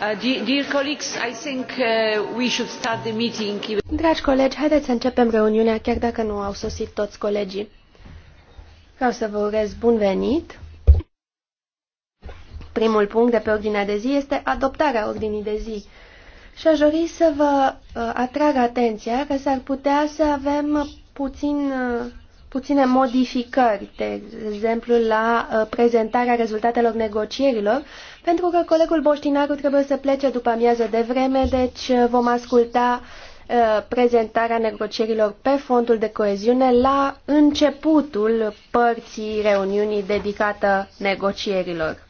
Dragi colegi, haideți să începem reuniunea, chiar dacă nu au sosit toți colegii. Vreau să vă urez bun venit. Primul punct de pe ordinea de zi este adoptarea ordinii de zi. Și aș dori să vă uh, atrag atenția că s-ar putea să avem puțin, uh, puține modificări, de exemplu, la uh, prezentarea rezultatelor negocierilor, pentru că colegul Boștinaru trebuie să plece după amiază de vreme, deci vom asculta prezentarea negocierilor pe fondul de coeziune la începutul părții reuniunii dedicată negocierilor.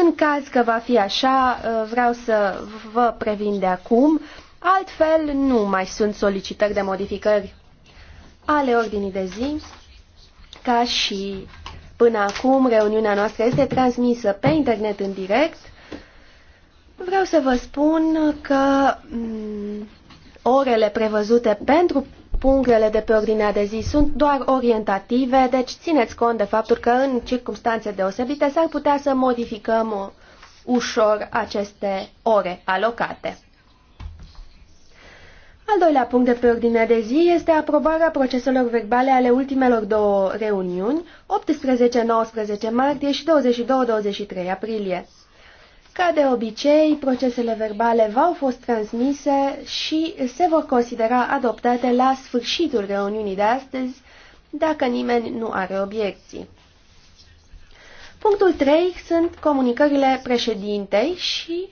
În caz că va fi așa, uh, vreau să vă previn de acum, altfel nu mai sunt solicitări de modificări ale ordinii de zi, ca și până acum reuniunea noastră este transmisă pe internet în direct. Vreau să vă spun că mm, orele prevăzute pentru punctele de pe ordinea de zi sunt doar orientative, deci țineți cont de faptul că în circunstanțe deosebite s-ar putea să modificăm uh, ușor aceste ore alocate. Al doilea punct de pe ordinea de zi este aprobarea proceselor verbale ale ultimelor două reuniuni, 18-19 martie și 22-23 aprilie. Ca de obicei, procesele verbale v-au fost transmise și se vor considera adoptate la sfârșitul reuniunii de astăzi, dacă nimeni nu are obiecții. Punctul 3 sunt comunicările președintei și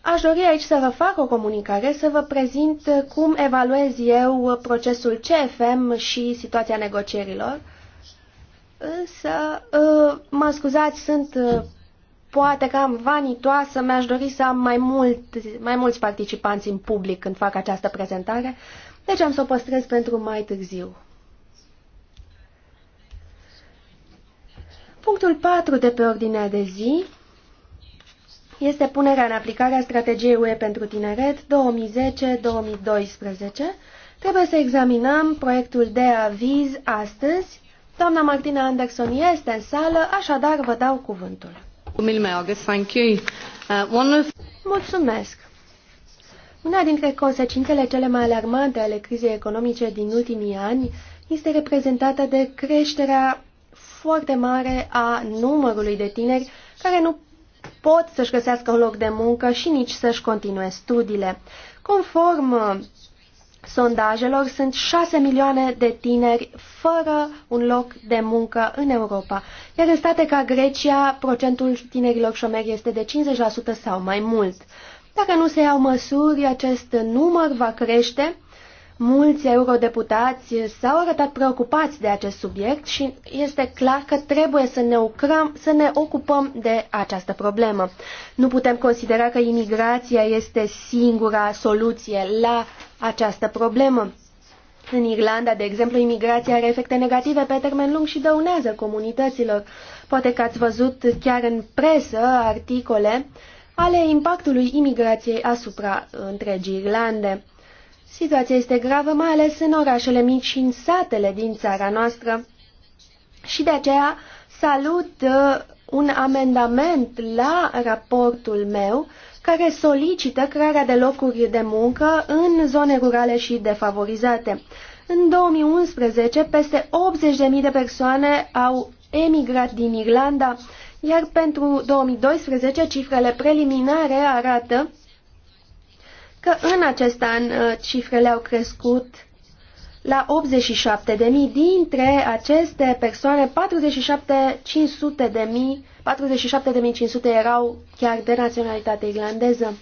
aș dori aici să vă fac o comunicare, să vă prezint cum evaluez eu procesul CFM și situația negocierilor. Însă, mă scuzați, sunt poate cam vanitoasă, mi-aș dori să am mai, mult, mai mulți participanți în public când fac această prezentare, deci am să o păstrez pentru mai târziu. Punctul 4 de pe ordinea de zi este punerea în aplicare a strategiei UE pentru tineret 2010-2012. Trebuie să examinăm proiectul de aviz astăzi. Doamna Martina Anderson este în sală, așadar vă dau cuvântul. Mulțumesc! Una dintre consecințele cele mai alarmante ale crizei economice din ultimii ani este reprezentată de creșterea foarte mare a numărului de tineri care nu pot să-și găsească un loc de muncă și nici să-și continue studiile. Conform sondajelor sunt 6 milioane de tineri fără un loc de muncă în Europa, iar în state ca Grecia, procentul tinerilor șomeri este de 50% sau mai mult. Dacă nu se iau măsuri, acest număr va crește Mulți eurodeputați s-au arătat preocupați de acest subiect și este clar că trebuie să ne, ucrăm, să ne ocupăm de această problemă. Nu putem considera că imigrația este singura soluție la această problemă. În Irlanda, de exemplu, imigrația are efecte negative pe termen lung și dăunează comunităților. Poate că ați văzut chiar în presă articole ale impactului imigrației asupra întregii Irlande. Situația este gravă, mai ales în orașele mici și în satele din țara noastră. Și de aceea salut uh, un amendament la raportul meu care solicită crearea de locuri de muncă în zone rurale și defavorizate. În 2011, peste 80.000 de persoane au emigrat din Irlanda, iar pentru 2012 cifrele preliminare arată că în acest an uh, cifrele au crescut la 87.000. Dintre aceste persoane, 47.500 47.500 erau chiar de naționalitate irlandeză.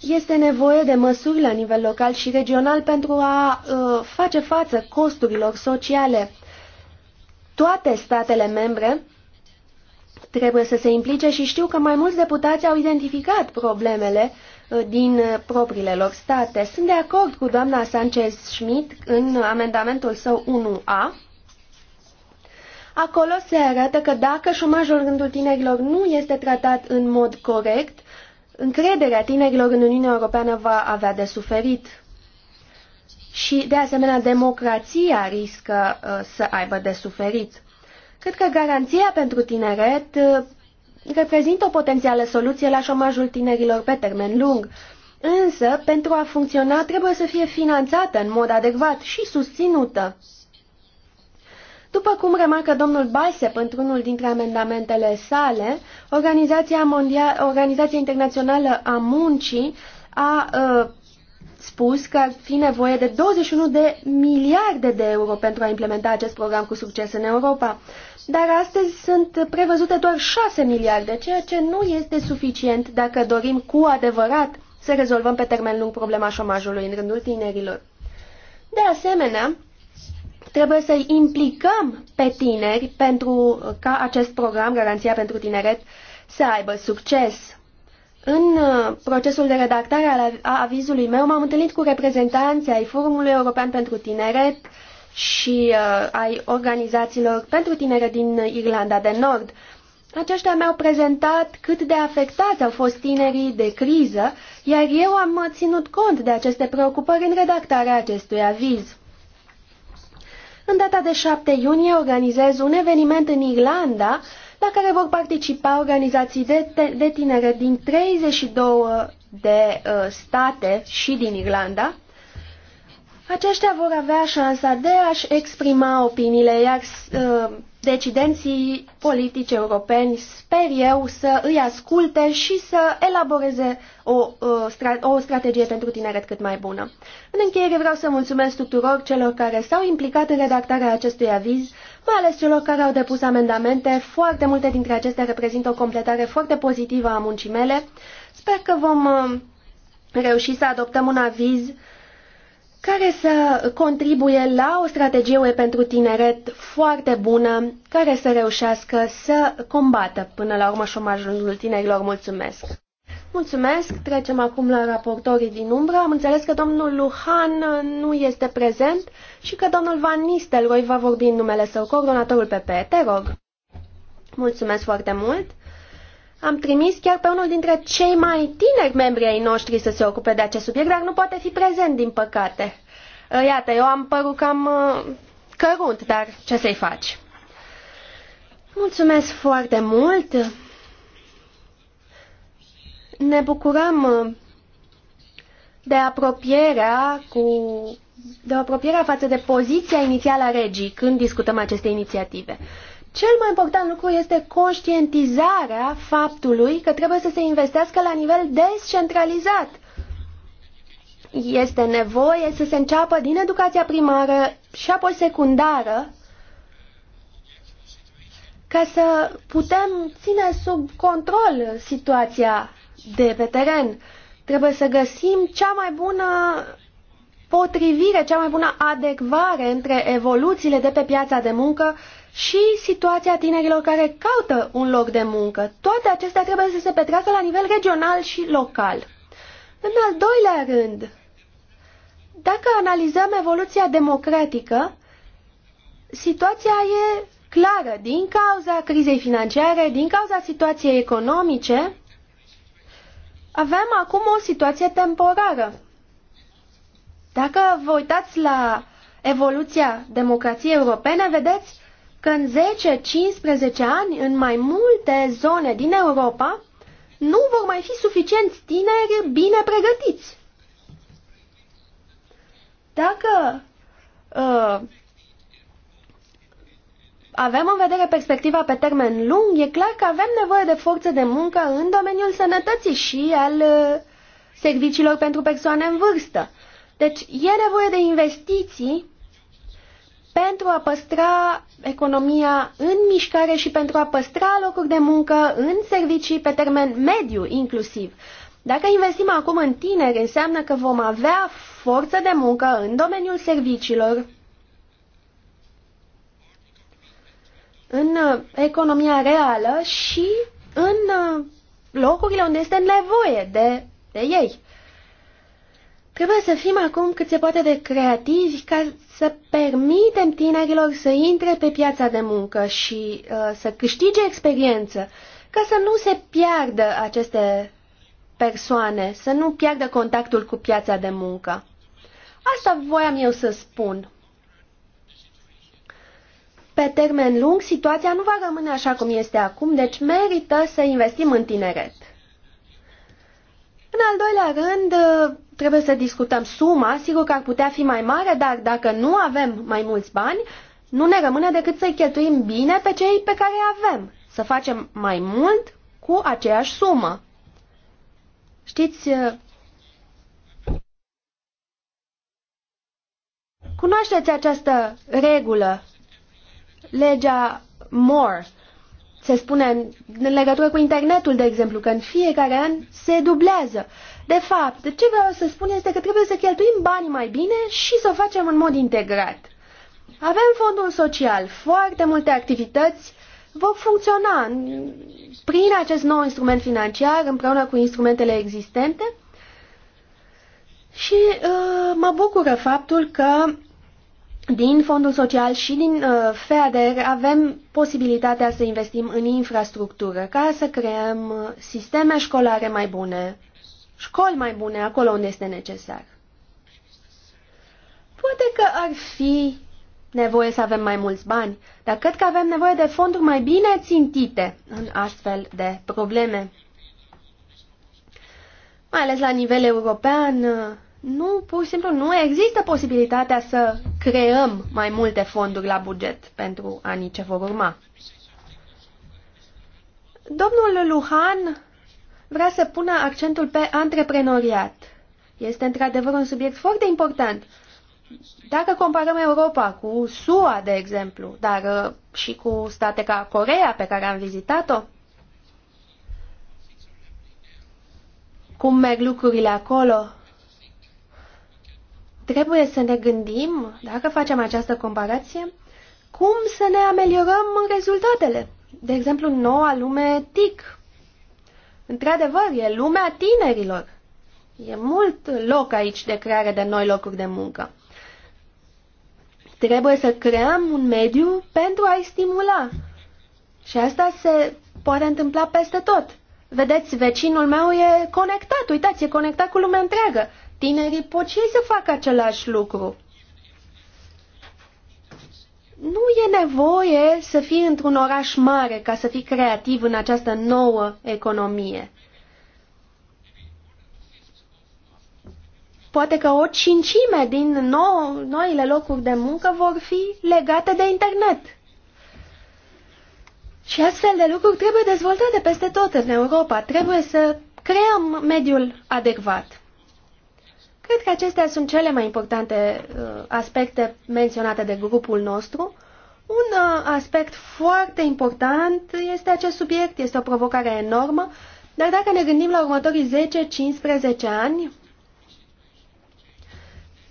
Este nevoie de măsuri la nivel local și regional pentru a uh, face față costurilor sociale. Toate statele membre trebuie să se implice și știu că mai mulți deputați au identificat problemele Uh, din uh, propriile lor state. Sunt de acord cu doamna Sanchez-Schmidt în amendamentul său 1A. Acolo se arată că dacă șomajul rândul tinerilor nu este tratat în mod corect, încrederea tinerilor în Uniunea Europeană va avea de suferit. Și, de asemenea, democrația riscă uh, să aibă de suferit. Cred că garanția pentru tineret uh, reprezintă o potențială soluție la șomajul tinerilor pe termen lung. Însă, pentru a funcționa, trebuie să fie finanțată în mod adecvat și susținută. După cum remarcă domnul Balsep într-unul dintre amendamentele sale, Organizația, Mondia Organizația Internațională a Muncii a uh, spus că ar fi nevoie de 21 de miliarde de euro pentru a implementa acest program cu succes în Europa dar astăzi sunt prevăzute doar 6 miliarde, ceea ce nu este suficient dacă dorim cu adevărat să rezolvăm pe termen lung problema șomajului în rândul tinerilor. De asemenea, trebuie să-i implicăm pe tineri pentru ca acest program, Garanția pentru Tineret, să aibă succes. În uh, procesul de redactare a avizului meu m-am întâlnit cu reprezentanții ai Forumului European pentru Tineret, și uh, ai organizațiilor pentru tinere din Irlanda de Nord. Aceștia mi-au prezentat cât de afectați au fost tinerii de criză, iar eu am uh, ținut cont de aceste preocupări în redactarea acestui aviz. În data de 7 iunie organizez un eveniment în Irlanda la care vor participa organizații de, de tinere din 32 de uh, state și din Irlanda aceștia vor avea șansa de a-și exprima opiniile, iar uh, decidenții politici europeni sper eu să îi asculte și să elaboreze o, uh, stra o strategie pentru tineret cât mai bună. În încheiere vreau să mulțumesc tuturor celor care s-au implicat în redactarea acestui aviz, mai ales celor care au depus amendamente. Foarte multe dintre acestea reprezintă o completare foarte pozitivă a muncii mele. Sper că vom uh, reuși să adoptăm un aviz care să contribuie la o strategie UE pentru tineret foarte bună, care să reușească să combată până la urmă șomajul tinerilor. Mulțumesc! Mulțumesc! Trecem acum la raportorii din umbră. Am înțeles că domnul Luhan nu este prezent și că domnul Van Nistelrooy va vorbi în numele său, coordonatorul PP. Te rog! Mulțumesc foarte mult! Am trimis chiar pe unul dintre cei mai tineri membri ai noștri să se ocupe de acest subiect, dar nu poate fi prezent, din păcate. Uh, iată, eu am părut cam uh, cărunt, dar ce să-i faci? Mulțumesc foarte mult! Ne bucurăm uh, de apropierea cu de apropierea față de poziția inițială a regii când discutăm aceste inițiative. Cel mai important lucru este conștientizarea faptului că trebuie să se investească la nivel descentralizat. Este nevoie să se înceapă din educația primară și apoi secundară ca să putem ține sub control situația de pe teren. Trebuie să găsim cea mai bună potrivire, cea mai bună adecvare între evoluțiile de pe piața de muncă și situația tinerilor care caută un loc de muncă. Toate acestea trebuie să se petreacă la nivel regional și local. În al doilea rând, dacă analizăm evoluția democratică, situația e clară. Din cauza crizei financiare, din cauza situației economice, avem acum o situație temporară. Dacă vă uitați la evoluția democrației europene, vedeți că în 10-15 ani, în mai multe zone din Europa, nu vor mai fi suficienți tineri bine pregătiți. Dacă uh, avem în vedere perspectiva pe termen lung, e clar că avem nevoie de forță de muncă în domeniul sănătății și al uh, serviciilor pentru persoane în vârstă. Deci e nevoie de investiții pentru a păstra economia în mișcare și pentru a păstra locuri de muncă în servicii pe termen mediu inclusiv. Dacă investim acum în tineri, înseamnă că vom avea forță de muncă în domeniul serviciilor, în economia reală și în locurile unde este nevoie de, de ei. Trebuie să fim acum cât se poate de creativi ca să permitem tinerilor să intre pe piața de muncă și uh, să câștige experiență, ca să nu se piardă aceste persoane, să nu piardă contactul cu piața de muncă. Asta voiam eu să spun. Pe termen lung, situația nu va rămâne așa cum este acum, deci merită să investim în tineret. În al doilea rând, uh, trebuie să discutăm suma, sigur că ar putea fi mai mare, dar dacă nu avem mai mulți bani, nu ne rămâne decât să-i cheltuim bine pe cei pe care îi avem, să facem mai mult cu aceeași sumă. Știți, uh, cunoașteți această regulă, legea Moore, se spune în, legătură cu internetul, de exemplu, că în fiecare an se dublează. De fapt, ce vreau să spun este că trebuie să cheltuim banii mai bine și să o facem în mod integrat. Avem fondul social, foarte multe activități vor funcționa prin acest nou instrument financiar împreună cu instrumentele existente și uh, mă bucură faptul că din Fondul Social și din uh, FEADER avem posibilitatea să investim în infrastructură ca să creăm uh, sisteme școlare mai bune, școli mai bune acolo unde este necesar. Poate că ar fi nevoie să avem mai mulți bani, dar cred că avem nevoie de fonduri mai bine țintite în astfel de probleme. Mai ales la nivel european, uh, nu, pur și simplu, nu există posibilitatea să creăm mai multe fonduri la buget pentru anii ce vor urma. Domnul Luhan vrea să pună accentul pe antreprenoriat. Este într-adevăr un subiect foarte important. Dacă comparăm Europa cu SUA, de exemplu, dar uh, și cu state ca Corea, pe care am vizitat-o, cum merg lucrurile acolo, Trebuie să ne gândim, dacă facem această comparație, cum să ne ameliorăm rezultatele. De exemplu, noua lume TIC. Într-adevăr, e lumea tinerilor. E mult loc aici de creare de noi locuri de muncă. Trebuie să creăm un mediu pentru a-i stimula. Și asta se poate întâmpla peste tot. Vedeți, vecinul meu e conectat, uitați, e conectat cu lumea întreagă tinerii pot și ei să facă același lucru. Nu e nevoie să fii într-un oraș mare ca să fii creativ în această nouă economie. Poate că o cincime din nou, noile locuri de muncă vor fi legate de internet. Și astfel de lucruri trebuie dezvoltate peste tot în Europa. Trebuie să creăm mediul adecvat. Cred că acestea sunt cele mai importante uh, aspecte menționate de grupul nostru. Un uh, aspect foarte important este acest subiect, este o provocare enormă, dar dacă ne gândim la următorii 10-15 ani,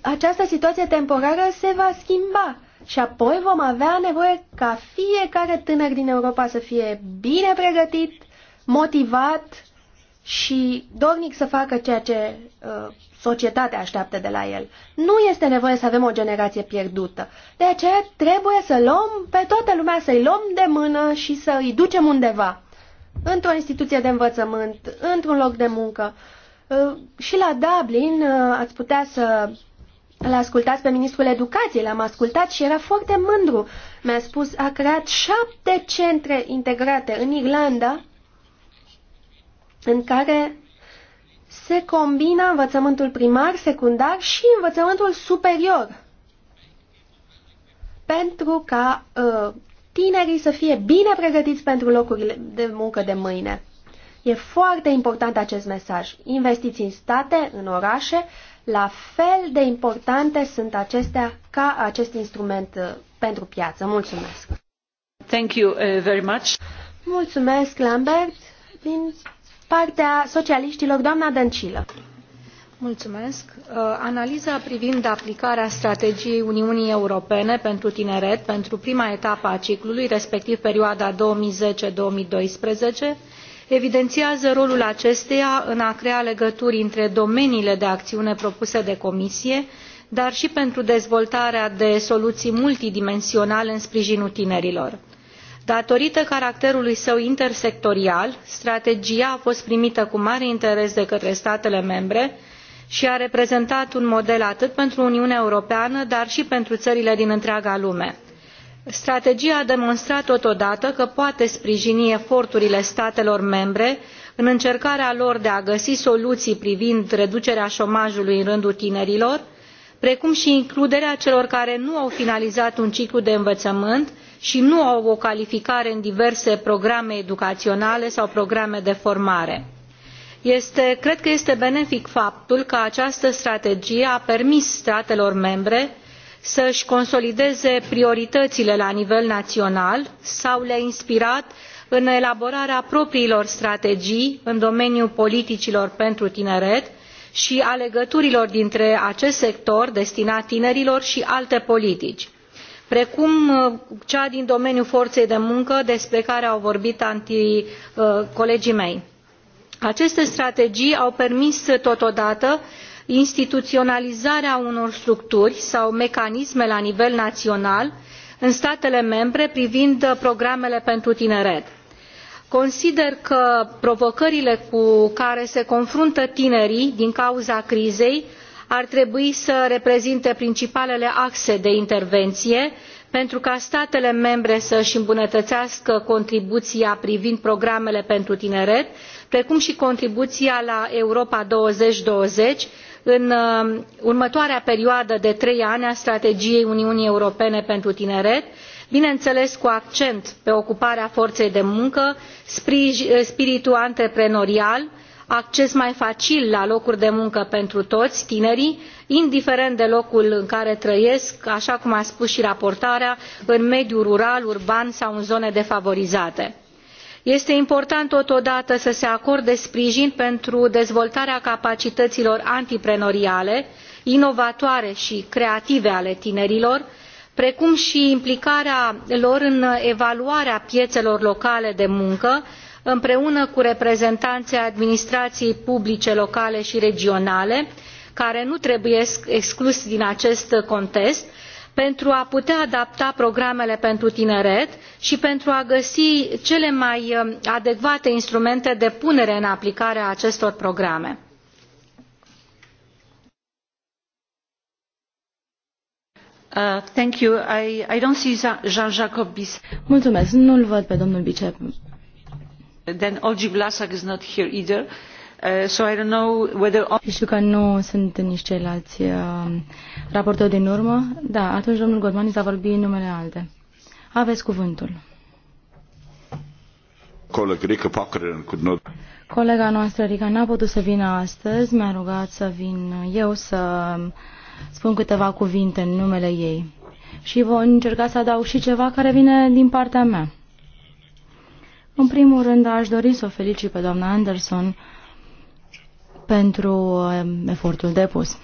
această situație temporară se va schimba și apoi vom avea nevoie ca fiecare tânăr din Europa să fie bine pregătit, motivat și dornic să facă ceea ce uh, societatea așteaptă de la el. Nu este nevoie să avem o generație pierdută. De aceea trebuie să luăm pe toată lumea, să-i luăm de mână și să îi ducem undeva. Într-o instituție de învățământ, într-un loc de muncă. Uh, și la Dublin uh, ați putea să l ascultați pe ministrul educației, l-am ascultat și era foarte mândru. Mi-a spus, a creat șapte centre integrate în Irlanda în care se combina învățământul primar, secundar și învățământul superior pentru ca uh, tinerii să fie bine pregătiți pentru locurile de muncă de mâine. E foarte important acest mesaj. Investiți în state, în orașe, la fel de importante sunt acestea ca acest instrument uh, pentru piață. Mulțumesc! Thank you uh, very much. Mulțumesc, Lambert. Din partea socialiștilor, doamna Dăncilă. Mulțumesc. Uh, analiza privind aplicarea strategiei Uniunii Europene pentru tineret pentru prima etapă a ciclului, respectiv perioada 2010-2012, evidențiază rolul acesteia în a crea legături între domeniile de acțiune propuse de Comisie, dar și pentru dezvoltarea de soluții multidimensionale în sprijinul tinerilor datorită caracterului său intersectorial strategia a fost primită cu mare interes de către statele membre și a reprezentat un model atât pentru uniunea europeană dar și pentru țările din întreaga lume. strategia a demonstrat totodată că poate sprijini eforturile statelor membre în încercarea lor de a găsi soluții privind reducerea șomajului în rândul tinerilor precum și includerea celor care nu au finalizat un ciclu de învățământ și nu au o calificare în diverse programe educaționale sau programe de formare. Este, cred că este benefic faptul că această strategie a permis statelor membre să își consolideze prioritățile la nivel național sau le-a inspirat în elaborarea propriilor strategii în domeniul politicilor pentru tineret și a legăturilor dintre acest sector destinat tinerilor și alte politici precum uh, cea din domeniul forței de muncă despre care au vorbit uh, colegii mei. Aceste strategii au permis totodată instituționalizarea unor structuri sau mecanisme la nivel național în statele membre privind programele pentru tineret. Consider că provocările cu care se confruntă tinerii din cauza crizei ar trebui să reprezinte principalele axe de intervenție pentru ca statele membre să își îmbunătățească contribuția privind programele pentru tineret precum și contribuția la europa două mii douăzeci în uh, următoarea perioadă de trei ani a strategiei uniunii europene pentru tineret bineînțeles cu accent pe ocuparea forței de muncă uh, spiritul antreprenorial acces mai facil la locuri de muncă pentru toți tinerii indiferent de locul în care trăiesc așa cum a spus și raportarea în mediul rural urban sau în zone defavorizate. este important totodată să se acorde sprijin pentru dezvoltarea capacităților antreprenoriale inovatoare și creative ale tinerilor precum și implicarea lor în evaluarea piețelor locale de muncă împreună cu reprezentanții administrației publice locale și regionale, care nu trebuie exclus din acest context, pentru a putea adapta programele pentru tineret și pentru a găsi cele mai um, adecvate instrumente de punere în aplicare a acestor programe. Uh, thank you. I, I don't see Jean Mulțumesc. Nu-l văd pe domnul vicepreședinte then Olgi Vlasak is not here either. Uh, so I don't know whether... Știu că nu sunt nici ceilalți uh, raportori din urmă. Da, atunci domnul Godmani s-a vorbit în numele ALDE. Aveți cuvântul. Coleg Colega noastră, Rica, n-a putut să vină astăzi. Mi-a rugat să vin eu să spun câteva cuvinte în numele ei. Și voi încerca să adaug și ceva care vine din partea mea. În primul rând, aș dori să o felicit pe doamna Anderson pentru um, efortul depus.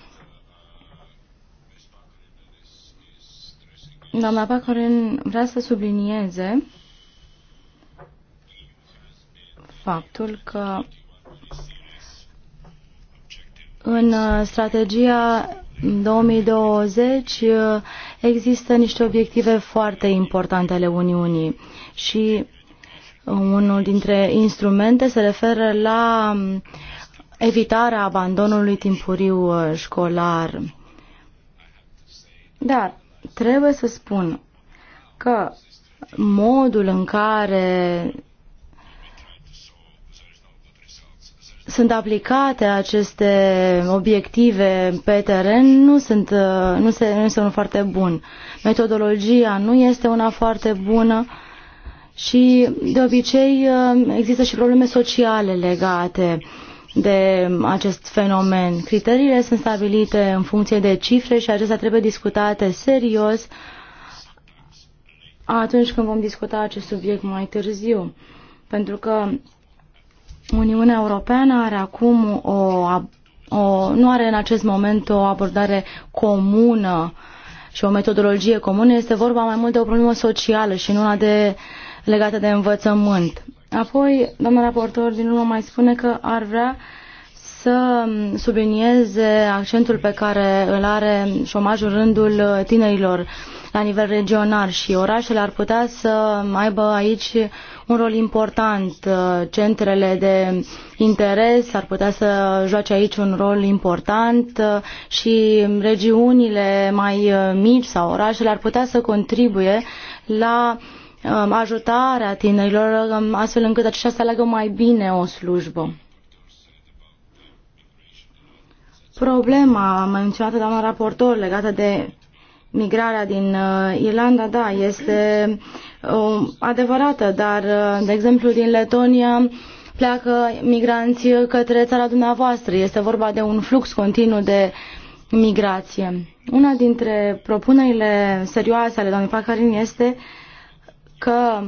Doamna Pacorin vrea să sublinieze faptul că în uh, strategia 2020 uh, există niște obiective foarte importante ale Uniunii și unul dintre instrumente se referă la mm, evitarea abandonului timpuriu uh, școlar. Dar trebuie să spun că modul în care sunt aplicate aceste obiective pe teren nu, sunt, uh, nu, se, nu este foarte bun. Metodologia nu este una foarte bună și de obicei uh, există și probleme sociale legate de acest fenomen. Criteriile sunt stabilite în funcție de cifre și acestea trebuie discutate serios atunci când vom discuta acest subiect mai târziu. Pentru că Uniunea Europeană are acum o, o, nu are în acest moment o abordare comună și o metodologie comună. Este vorba mai mult de o problemă socială și nu una de uh, legate de învățământ. Apoi, doamna raportor din urmă mai spune că ar vrea să sublinieze accentul pe care îl are șomajul rândul tinerilor la nivel regional și orașele ar putea să aibă aici un rol important. Centrele de interes ar putea să joace aici un rol important și regiunile mai mici sau orașele ar putea să contribuie la uh, Um, ajutarea tinerilor um, astfel încât aceștia să aleagă mai bine o slujbă. Problema menționată doamna raportor legată de migrarea din uh, Irlanda, da, este um, adevărată, dar, uh, de exemplu, din Letonia pleacă migranți către țara dumneavoastră. Este vorba de un flux continuu de migrație. Una dintre propunerile serioase ale doamnei Pacarin este uh, că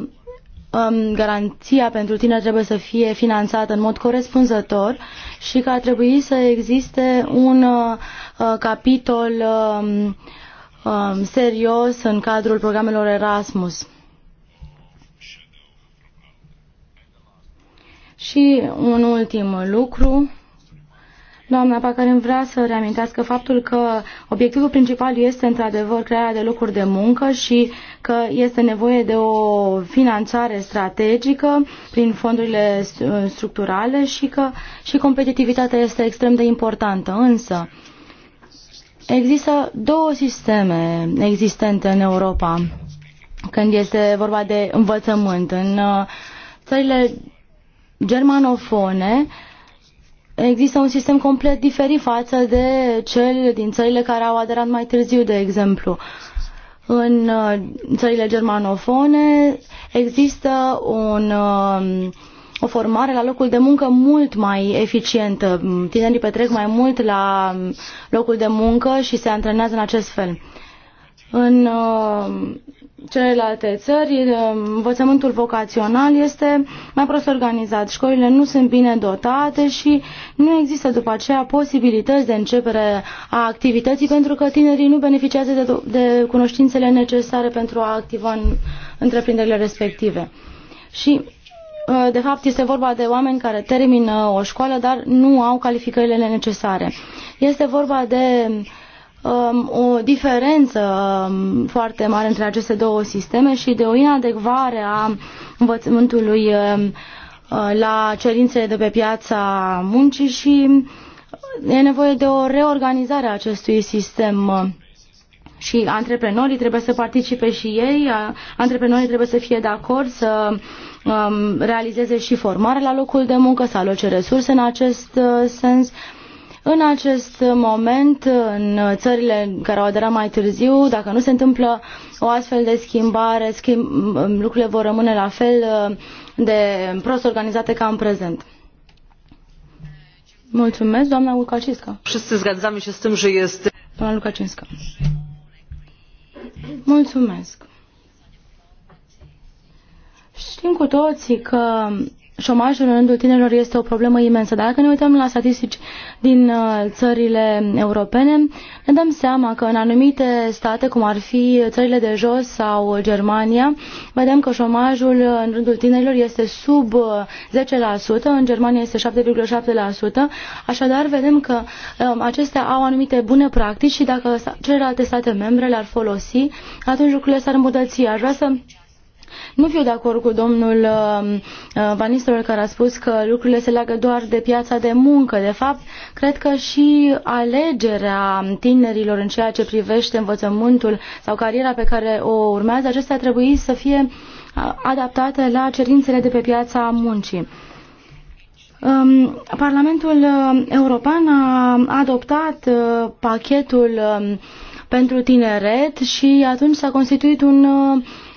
um, garanția pentru tine trebuie să fie finanțată în mod corespunzător și că ar trebui să existe un uh, capitol um, um, serios în cadrul programelor Erasmus. Și un ultim lucru. Doamna Pacarin vrea să reamintească faptul că obiectivul principal este într-adevăr crearea de locuri de muncă și că este nevoie de o finanțare strategică prin fondurile structurale și că și competitivitatea este extrem de importantă. Însă, există două sisteme existente în Europa când este vorba de învățământ. În uh, țările germanofone există un sistem complet diferit față de cel din țările care au aderat mai târziu, de exemplu. Uh, în uh, țările germanofone există un, uh, o formare la locul de muncă mult mai eficientă. Tinerii petrec mai mult la um, locul de muncă și se antrenează în acest fel. În uh, celelalte țări, învățământul vocațional este mai prost organizat, școlile nu sunt bine dotate și nu există după aceea posibilități de începere a activității pentru că tinerii nu beneficiază de, de cunoștințele necesare pentru a activa în întreprinderile respective. Și de fapt, este vorba de oameni care termină o școală, dar nu au calificările necesare. Este vorba de uh, Um, o diferență um, foarte mare între aceste două sisteme și de o inadecvare a învățământului um, uh, la cerințele de pe piața muncii și uh, e nevoie de o reorganizare a acestui sistem uh, și antreprenorii trebuie să participe și ei, antreprenorii trebuie să fie de acord să realizeze și formare la locul de muncă, să aloce resurse în acest sens. În acest moment, în țările care au aderat mai târziu, dacă nu se întâmplă o astfel de schimbare, schimb, lucrurile vor rămâne la fel de prost organizate ca în prezent. Mulțumesc, doamna Lukacinska. Wszyscy zgadzamy się z tym, że jest... Doamna Lukacinska. Mulțumesc. Știm cu toții că șomajul în rândul tinerilor este o problemă imensă. Dacă ne uităm la statistici din uh, țările europene, ne dăm seama că în anumite state, cum ar fi țările de jos sau Germania, vedem că șomajul uh, în rândul tinerilor este sub 10%, uh, în Germania este 7,7%, așadar vedem că um, acestea au anumite bune practici și dacă celelalte state membre le-ar folosi, atunci lucrurile s-ar îmbunătăți. Aș vrea să nu fiu de acord cu domnul um, uh, Van Nistelrooy care a spus că lucrurile se leagă doar de piața de muncă. De fapt, cred că și alegerea tinerilor în ceea ce privește învățământul sau cariera pe care o urmează, acestea trebuie să fie uh, adaptate la cerințele de pe piața muncii. Um, Parlamentul uh, European a adoptat pachetul um, pentru tineret și atunci s-a constituit un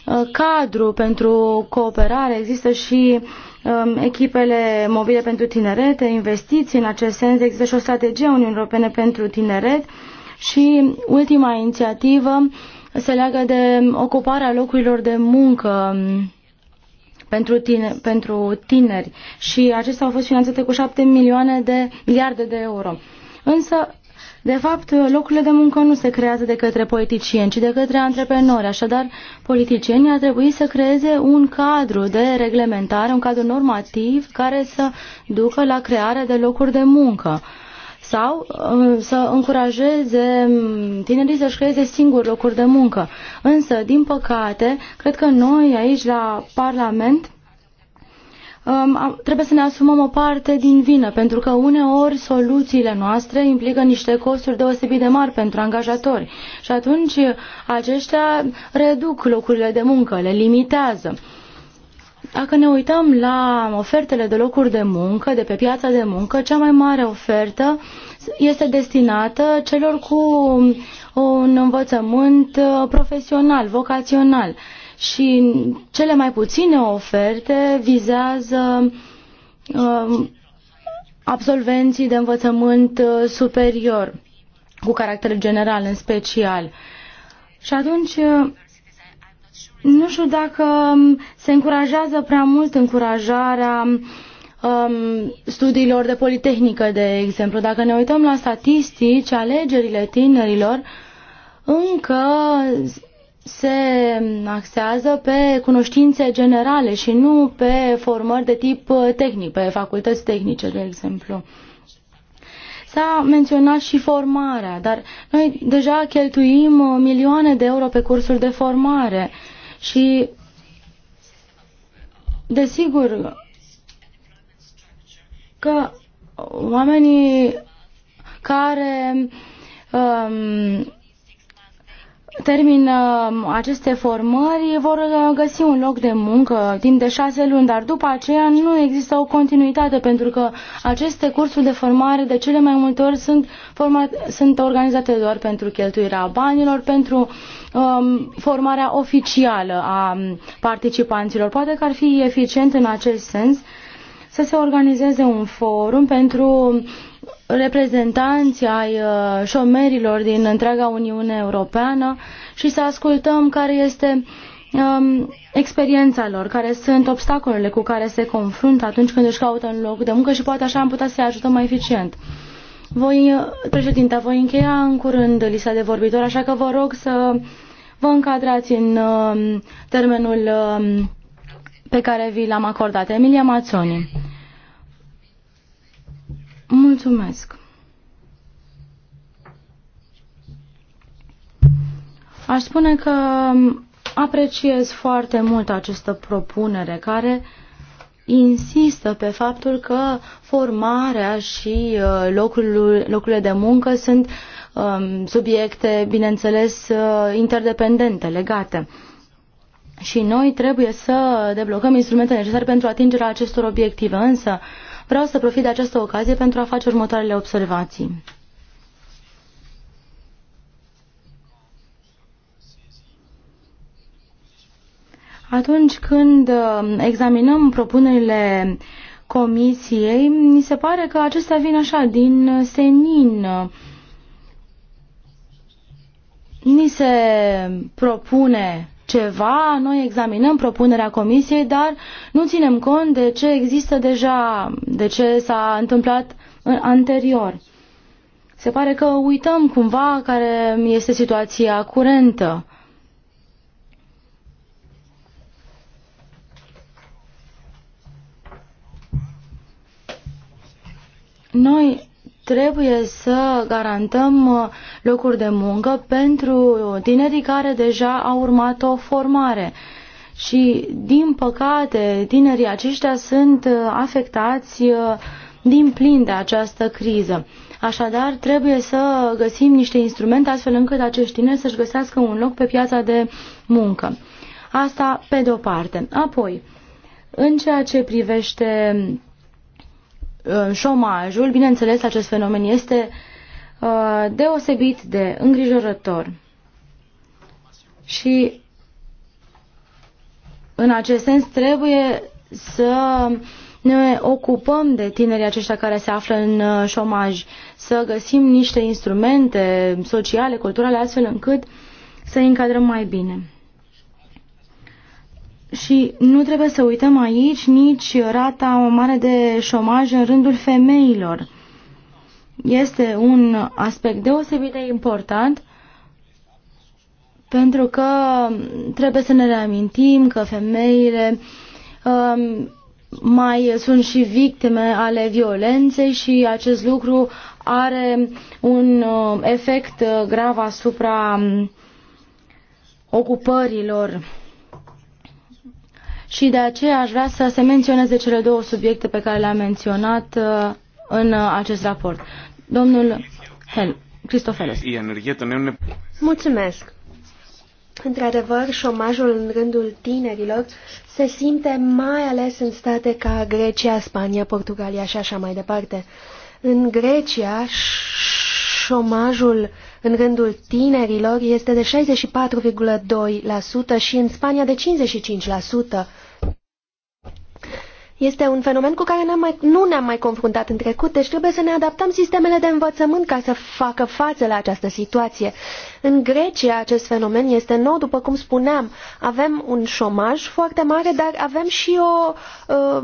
Uh, cadru pentru cooperare, există și um, echipele mobile pentru tineret, investiții în acest sens, există și o strategie a Uniunii Europene pentru tineret și ultima inițiativă se leagă de ocuparea locurilor de muncă um, pentru, tine, pentru tineri și acestea au fost finanțate cu 7 milioane de miliarde de euro. Însă de fapt, locurile de muncă nu se creează de către politicieni, ci de către antreprenori. Așadar, politicienii ar trebui să creeze un cadru de reglementare, un cadru normativ care să ducă la crearea de locuri de muncă sau uh, să încurajeze mm, tinerii să-și creeze singuri locuri de muncă. Însă, din păcate, cred că noi aici la Parlament Um, trebuie să ne asumăm o parte din vină, pentru că uneori soluțiile noastre implică niște costuri deosebit de mari pentru angajatori și atunci aceștia reduc locurile de muncă, le limitează. Dacă ne uităm la ofertele de locuri de muncă, de pe piața de muncă, cea mai mare ofertă este destinată celor cu un învățământ uh, profesional, vocațional și cele mai puține oferte vizează uh, absolvenții de învățământ uh, superior, cu caracter general în special. Și atunci uh, nu știu dacă um, se încurajează prea mult încurajarea um, studiilor de politehnică, de exemplu. Dacă ne uităm la statistici, alegerile tinerilor încă se axează pe cunoștințe generale și nu pe formări de tip uh, tehnic, pe facultăți tehnice, de exemplu. S-a menționat și formarea, dar noi deja cheltuim uh, milioane de euro pe cursuri de formare și, desigur, că oamenii care um, termină uh, aceste formări vor uh, găsi un loc de muncă timp de șase luni, dar după aceea nu există o continuitate pentru că aceste cursuri de formare de cele mai multe ori sunt, format, sunt organizate doar pentru cheltuirea banilor, pentru um, formarea oficială a participanților. Poate că ar fi eficient în acest sens să se organizeze un forum pentru reprezentanți ai uh, șomerilor din întreaga Uniune Europeană și să ascultăm care este um, experiența lor, care sunt obstacolele cu care se confruntă atunci când își caută un loc de muncă și poate așa am putea să-i ajutăm mai eficient. Voi, uh, președinte, voi încheia în curând lista de vorbitori, așa că vă rog să vă încadrați în um, termenul um, pe care vi l-am acordat. Emilia Mazzoni. Mulțumesc. Aș spune că apreciez foarte mult această propunere care insistă pe faptul că formarea și uh, locul, locurile de muncă sunt um, subiecte, bineînțeles, uh, interdependente, legate. Și noi trebuie să deblocăm instrumentele necesare pentru atingerea acestor obiective, însă Vreau să profit de această ocazie pentru a face următoarele observații. Atunci când uh, examinăm propunerile comisiei, mi se pare că acestea vin așa, din senin. Ni se propune ceva, noi examinăm propunerea comisiei, dar nu ținem cont de ce există deja, de ce s-a întâmplat anterior. Se pare că uităm cumva care este situația curentă. Noi trebuie să garantăm uh, locuri de muncă pentru tinerii care deja au urmat o formare. Și, din păcate, tinerii aceștia sunt uh, afectați uh, din plin de această criză. Așadar, trebuie să găsim niște instrumente astfel încât acești tineri să-și găsească un loc pe piața de muncă. Asta pe de o parte. Apoi, în ceea ce privește Uh, șomajul, bineînțeles acest fenomen este uh, deosebit de îngrijorător. Și în acest sens trebuie să ne ocupăm de tinerii aceștia care se află în uh, șomaj, să găsim niște instrumente sociale, culturale, astfel încât să îi încadrăm mai bine. Și nu trebuie să uităm aici nici rata o mare de șomaj în rândul femeilor. Este un aspect deosebit de important pentru că trebuie să ne reamintim că femeile um, mai sunt și victime ale violenței și acest lucru are un uh, efect grav asupra um, ocupărilor și de aceea aș vrea să se menționeze cele două subiecte pe care le-am menționat uh, în uh, acest raport. Domnul Hel, Cristofeles. Mulțumesc. Într-adevăr, șomajul în rândul tinerilor se simte mai ales în state ca Grecia, Spania, Portugalia și așa mai departe. În Grecia, șomajul uh, în rândul tinerilor este de 64,2% și în Spania de 55%. Este un fenomen cu care -am mai, nu ne-am mai confruntat în trecut, deci trebuie să ne adaptăm sistemele de învățământ ca să facă față la această situație. În Grecia acest fenomen este nou, după cum spuneam. Avem un șomaj foarte mare, dar avem și o, uh,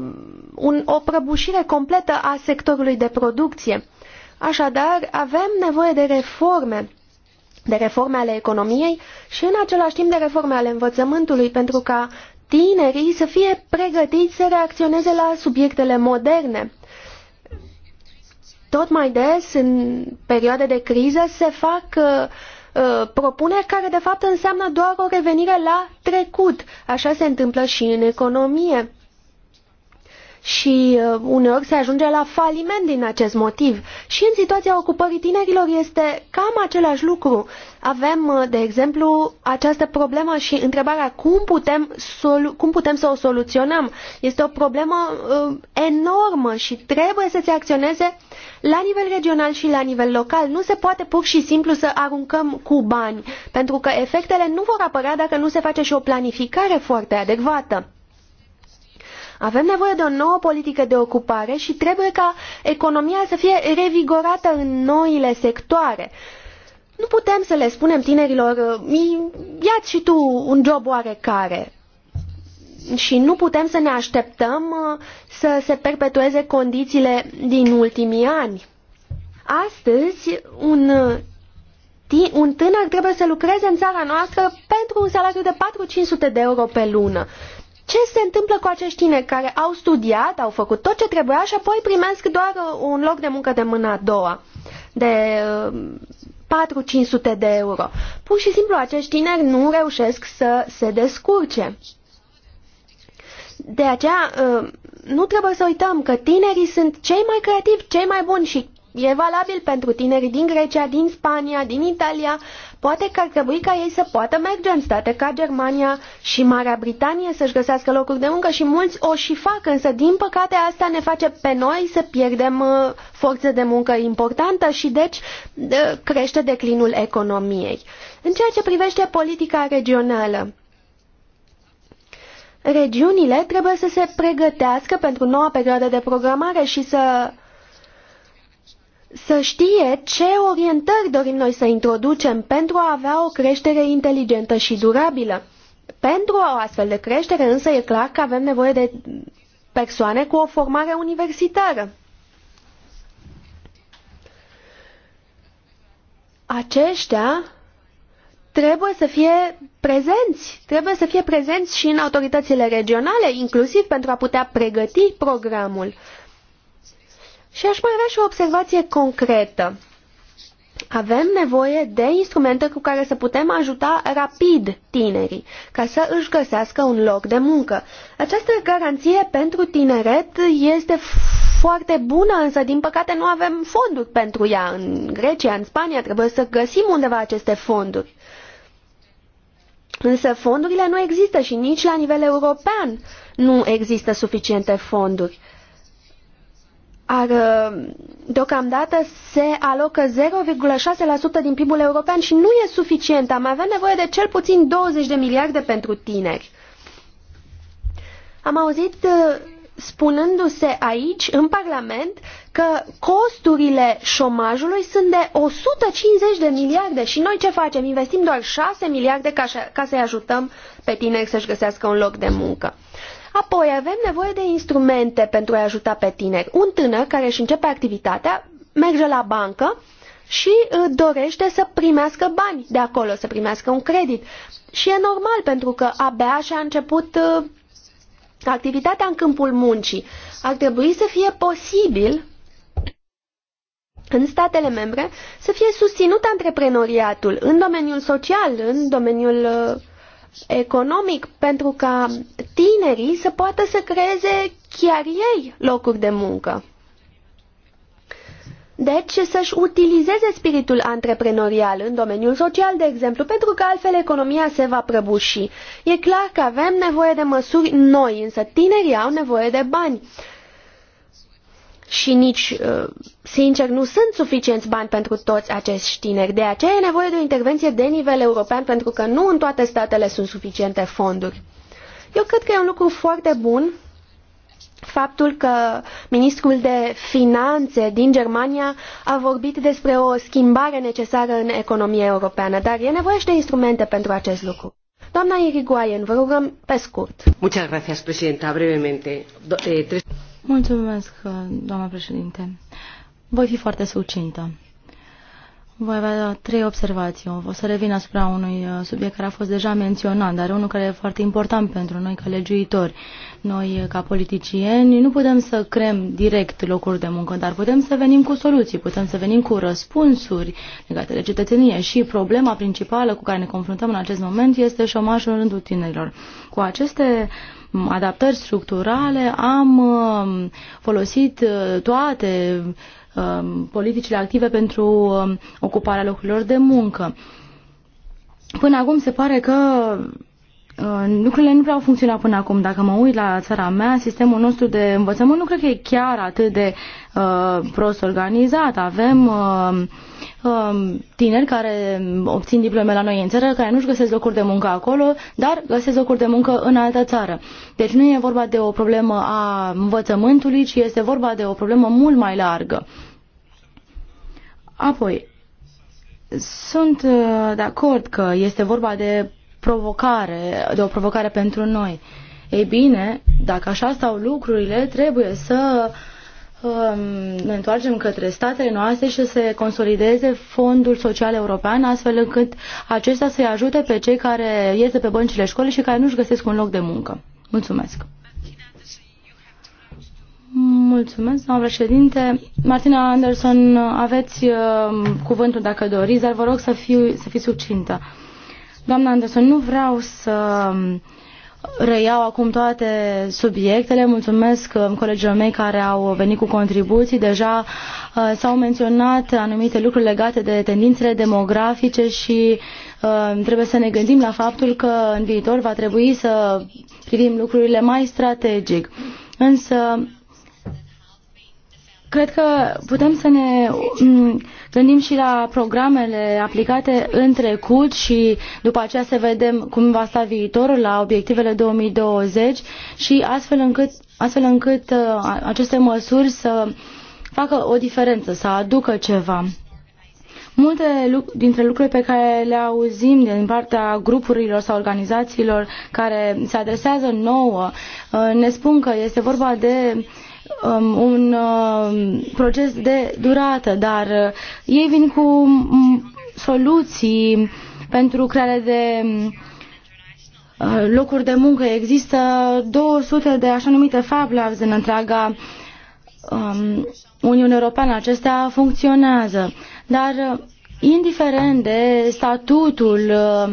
un, o prăbușire completă a sectorului de producție. Așadar, avem nevoie de reforme de reforme ale economiei și în același timp de reforme ale învățământului pentru ca tinerii să fie pregătiți să reacționeze la subiectele moderne. Tot mai des, în perioade de criză, se fac uh, uh, propuneri care de fapt înseamnă doar o revenire la trecut. Așa se întâmplă și în economie și uh, uneori se ajunge la faliment din acest motiv. Și în situația ocupării tinerilor este cam același lucru. Avem, uh, de exemplu, această problemă și întrebarea cum putem, cum putem să o soluționăm. Este o problemă uh, enormă și trebuie să se acționeze la nivel regional și la nivel local. Nu se poate pur și simplu să aruncăm cu bani, pentru că efectele nu vor apărea dacă nu se face și o planificare foarte adecvată. Avem nevoie de o nouă politică de ocupare și trebuie ca economia să fie revigorată în noile sectoare. Nu putem să le spunem tinerilor, ia-ți și tu un job oarecare. Și nu putem să ne așteptăm uh, să se perpetueze condițiile din ultimii ani. Astăzi, un, un tânăr trebuie să lucreze în țara noastră pentru un salariu de 4-500 de euro pe lună ce se întâmplă cu acești tineri care au studiat, au făcut tot ce trebuia și apoi primesc doar uh, un loc de muncă de mâna a doua, de 4-500 uh, de euro. Pur și simplu acești tineri nu reușesc să se descurce. De aceea uh, nu trebuie să uităm că tinerii sunt cei mai creativi, cei mai buni și e valabil pentru tinerii din Grecia, din Spania, din Italia, Poate că ar trebui ca ei să poată merge în state ca Germania și Marea Britanie să-și găsească locuri de muncă și mulți o și fac, însă din păcate asta ne face pe noi să pierdem uh, forță de muncă importantă și deci uh, crește declinul economiei. În ceea ce privește politica regională, regiunile trebuie să se pregătească pentru noua perioadă de programare și să să știe ce orientări dorim noi să introducem pentru a avea o creștere inteligentă și durabilă. Pentru o astfel de creștere însă e clar că avem nevoie de persoane cu o formare universitară. Aceștia trebuie să fie prezenți, trebuie să fie prezenți și în autoritățile regionale, inclusiv pentru a putea pregăti programul. Și aș mai avea și o observație concretă. Avem nevoie de instrumente cu care să putem ajuta rapid tinerii, ca să își găsească un loc de muncă. Această garanție pentru tineret este foarte bună, însă din păcate nu avem fonduri pentru ea. În Grecia, în Spania, trebuie să găsim undeva aceste fonduri. Însă fondurile nu există și nici la nivel european nu există suficiente fonduri ar, uh, deocamdată se alocă 0,6% din PIB-ul european și nu e suficient. Am avea nevoie de cel puțin 20 de miliarde pentru tineri. Am auzit uh, spunându-se aici, în Parlament, că costurile șomajului sunt de 150 de miliarde și noi ce facem? Investim doar 6 miliarde ca, să-i ajutăm pe tineri să-și găsească un loc de muncă. Apoi avem nevoie de instrumente pentru a ajuta pe tineri. Un tânăr care își începe activitatea merge la bancă și uh, dorește să primească bani de acolo, să primească un credit. Și e normal pentru că abia și-a început uh, activitatea în câmpul muncii. Ar trebui să fie posibil în statele membre să fie susținut antreprenoriatul în domeniul social, în domeniul uh, economic pentru ca tinerii să poată să creeze chiar ei locuri de muncă. Deci să-și utilizeze spiritul antreprenorial în domeniul social, de exemplu, pentru că altfel economia se va prăbuși. E clar că avem nevoie de măsuri noi, însă tinerii au nevoie de bani și nici, uh, sincer, nu sunt suficienți bani pentru toți acești tineri. De aceea e nevoie de o intervenție de nivel european, pentru că nu în toate statele sunt suficiente fonduri. Eu cred că e un lucru foarte bun faptul că ministrul de finanțe din Germania a vorbit despre o schimbare necesară în economia europeană, dar e nevoie și de instrumente pentru acest lucru. Doamna Irigoyen, vă rugăm pe scurt. Muchas gracias, presidenta. Brevemente. Eh, Mulțumesc, doamna președinte. Voi fi foarte succintă. Voi avea trei observații. O să revin asupra unui uh, subiect care a fost deja menționat, dar unul care e foarte important pentru noi ca legiuitori. Noi, uh, ca politicieni, nu putem să creăm direct locuri de muncă, dar putem să venim cu soluții, putem să venim cu răspunsuri legate de cetățenie și problema principală cu care ne confruntăm în acest moment este șomajul în rândul tinerilor. Cu aceste mm, adaptări structurale am uh, folosit toate Um, politicile active pentru um, ocuparea locurilor de muncă. Până acum se pare că Uh, lucrurile nu prea au funcționat până acum. Dacă mă uit la țara mea, sistemul nostru de învățământ nu cred că e chiar atât de uh, prost organizat. Avem uh, uh, tineri care obțin diplome la noi în țară, care nu-și găsesc locuri de muncă acolo, dar găsesc locuri de muncă în altă țară. Deci nu e vorba de o problemă a învățământului, ci este vorba de o problemă mult mai largă. Apoi, sunt uh, de acord că este vorba de provocare, de o provocare pentru noi. Ei bine, dacă așa stau lucrurile, trebuie să um, ne întoarcem către statele noastre și să se consolideze fondul social european, astfel încât acesta să-i ajute pe cei care iese pe băncile școlii și care nu-și găsesc un loc de muncă. Mulțumesc! Mulțumesc, doamna președinte. Martina Anderson, aveți uh, cuvântul dacă doriți, dar vă rog să, fiu, să fiți succintă. Uh, Doamna Anderson, nu vreau să um, reiau acum toate subiectele. Mulțumesc um, colegilor mei care au venit cu contribuții. Deja uh, s-au menționat anumite lucruri legate de tendințele demografice și um, trebuie să ne gândim la faptul că în viitor va trebui să privim lucrurile mai strategic. Însă Cred că putem să ne gândim și la programele aplicate în trecut și după aceea să vedem cum va sta viitorul la obiectivele 2020 și astfel încât, astfel încât uh, aceste măsuri să facă o diferență, să aducă ceva. Multe dintre lucrurile pe care le auzim din partea grupurilor sau organizațiilor care se adresează nouă uh, ne spun că este vorba de um, un um, proces de durată, dar uh, ei vin cu um, soluții pentru crearea de mm, uh, locuri de muncă. Există 200 de așa numite Fab Labs în întreaga um, Uniune Europeană. Acestea funcționează, dar uh, indiferent de statutul uh,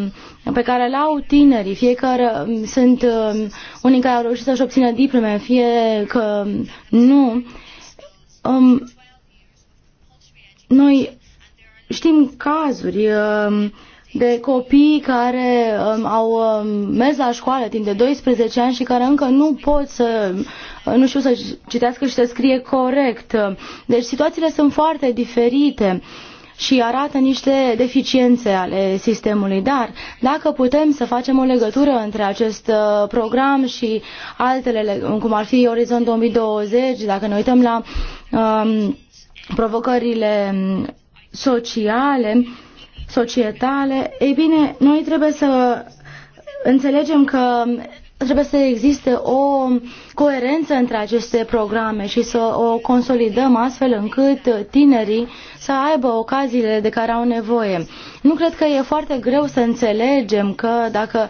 pe care le au tinerii, fie că sunt um, unii care au reușit să-și obțină diplome, fie că nu, um, noi știm cazuri uh, de copii care um, au um, mers la școală timp de 12 ani și care încă nu pot să, uh, nu știu, să citească și să scrie corect. Deci situațiile sunt foarte diferite. Uh, și arată niște deficiențe ale sistemului. Dar dacă putem să facem o legătură între acest uh, program și altele, cum ar fi Orizont 2020, dacă ne uităm la um, provocările um, sociale, societale, ei bine, noi trebuie să înțelegem că trebuie să existe o coerență între aceste programe și să o consolidăm astfel încât tinerii să aibă ocaziile de care au nevoie. Nu cred că e foarte greu să înțelegem că dacă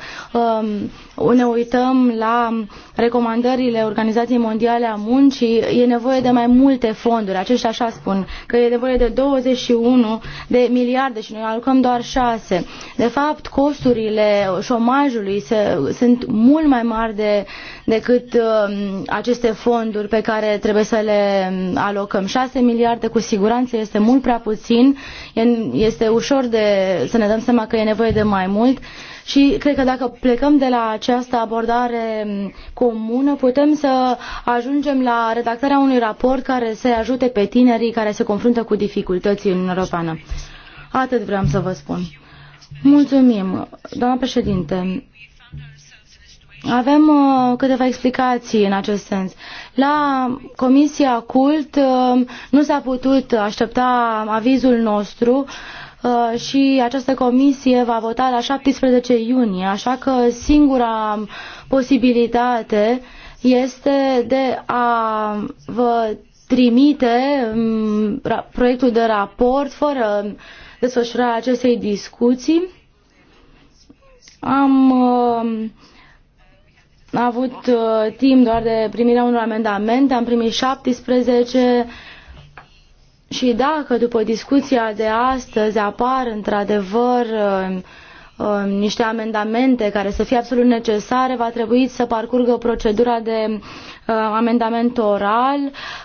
um, ne uităm la recomandările Organizației Mondiale a Muncii, e nevoie de mai multe fonduri. Aceștia așa spun, că e nevoie de 21 de miliarde și noi alocăm doar 6. De fapt, costurile șomajului se, sunt mult mai mari de, decât uh, Um, aceste fonduri pe care trebuie să le alocăm. 6 miliarde cu siguranță este mult prea puțin, este ușor de, să ne dăm seama că e nevoie de mai mult și cred că dacă plecăm de la această abordare um, comună, putem să ajungem la redactarea unui raport care să ajute pe tinerii care se confruntă cu dificultăți în Europeană. Atât vreau să vă spun. Mulțumim, doamna președinte. Avem uh, câteva explicații în acest sens. La Comisia Cult uh, nu s-a putut aștepta avizul nostru uh, și această comisie va vota la 17 iunie, așa că singura posibilitate este de a vă trimite um, proiectul de raport fără desfășurarea acestei discuții. Am uh, am avut uh, timp doar de primirea unor amendamente, am primit 17 și dacă după discuția de astăzi apar într-adevăr uh, uh, niște amendamente care să fie absolut necesare, va trebui să parcurgă procedura de uh, amendament oral,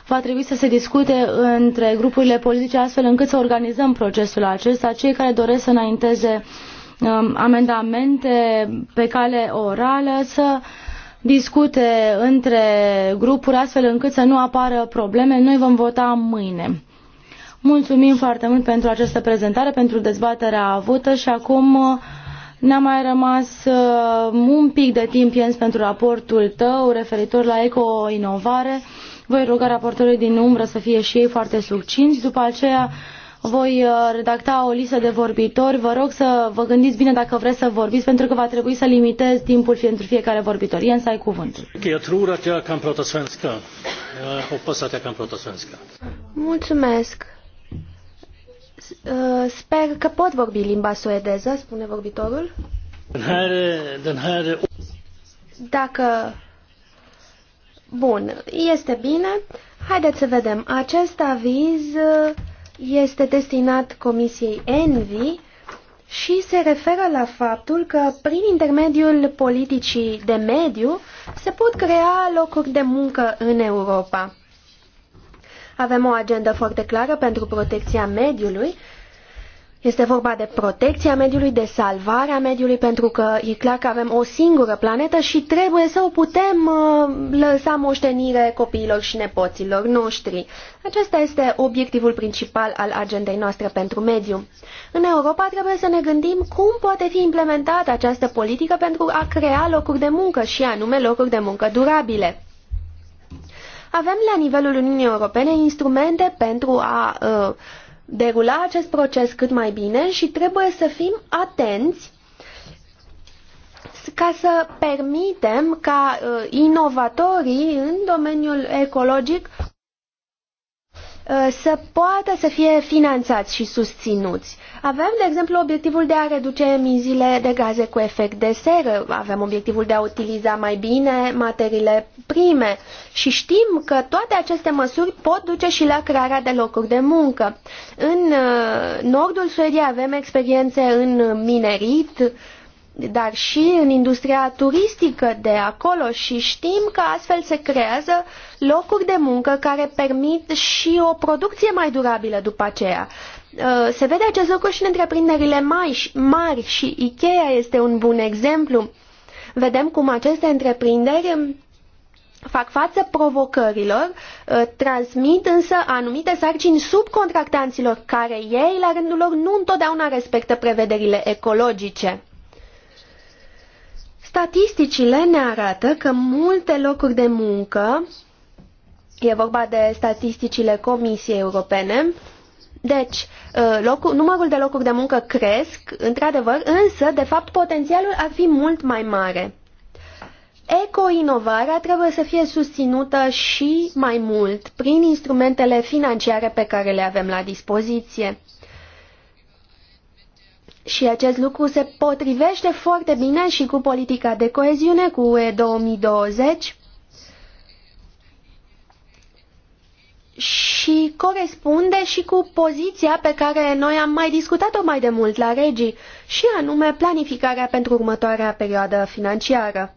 va trebui să se discute între grupurile politice astfel încât să organizăm procesul acesta. Cei care doresc să înainteze um, amendamente pe cale orală să uh, discute între grupuri astfel încât să nu apară probleme. Noi vom vota mâine. Mulțumim foarte mult pentru această prezentare, pentru dezbaterea avută și acum uh, ne-a mai rămas uh, un pic de timp, Jens, pentru raportul tău referitor la eco-inovare. Voi ruga raportorii din umbră să fie și ei foarte succinți. După aceea voi uh, redacta o listă de vorbitori. Vă rog să vă gândiți bine dacă vreți să vorbiți, pentru că va trebui să limitez timpul pentru fiecare vorbitor. Jens, ai cuvântul. Eu tror că jag kan prata svenska. Jag hoppas prata svenska. Mulțumesc. Uh, sper că pot vorbi limba suedeză, spune vorbitorul. Dacă... Bun, este bine. Haideți să vedem. Acest aviz uh, este destinat Comisiei ENVI și se referă la faptul că prin intermediul politicii de mediu se pot crea locuri de muncă în Europa. Avem o agendă foarte clară pentru protecția mediului este vorba de protecția mediului, de salvarea mediului, pentru că e clar că avem o singură planetă și trebuie să o putem uh, lăsa moștenire copiilor și nepoților noștri. Acesta este obiectivul principal al agendei noastre pentru mediu. În Europa trebuie să ne gândim cum poate fi implementată această politică pentru a crea locuri de muncă și anume locuri de muncă durabile. Avem la nivelul Uniunii Europene instrumente pentru a uh, derula acest proces cât mai bine și trebuie să fim atenți ca să permitem ca uh, inovatorii în domeniul ecologic Uh, să poată să fie finanțați și susținuți. Avem, de exemplu, obiectivul de a reduce emisiile de gaze cu efect de seră, avem obiectivul de a utiliza mai bine materiile prime și știm că toate aceste măsuri pot duce și la crearea de locuri de muncă. În uh, nordul Suediei avem experiențe în minerit, dar și în industria turistică de acolo și știm că astfel se creează locuri de muncă care permit și o producție mai durabilă după aceea. Uh, se vede acest lucru și în întreprinderile mari și Ikea este un bun exemplu. Vedem cum aceste întreprinderi fac față provocărilor, uh, transmit însă anumite sarcini subcontractanților care ei, la rândul lor, nu întotdeauna respectă prevederile ecologice. Statisticile ne arată că multe locuri de muncă, e vorba de statisticile Comisiei Europene, deci, ă, locul, numărul de locuri de muncă cresc, într-adevăr, însă, de fapt, potențialul ar fi mult mai mare. Ecoinovarea trebuie să fie susținută și mai mult prin instrumentele financiare pe care le avem la dispoziție. Și acest lucru se potrivește foarte bine și cu politica de coeziune, cu UE 2020 și corespunde și cu poziția pe care noi am mai discutat-o mai de mult la regii, și anume planificarea pentru următoarea perioadă financiară.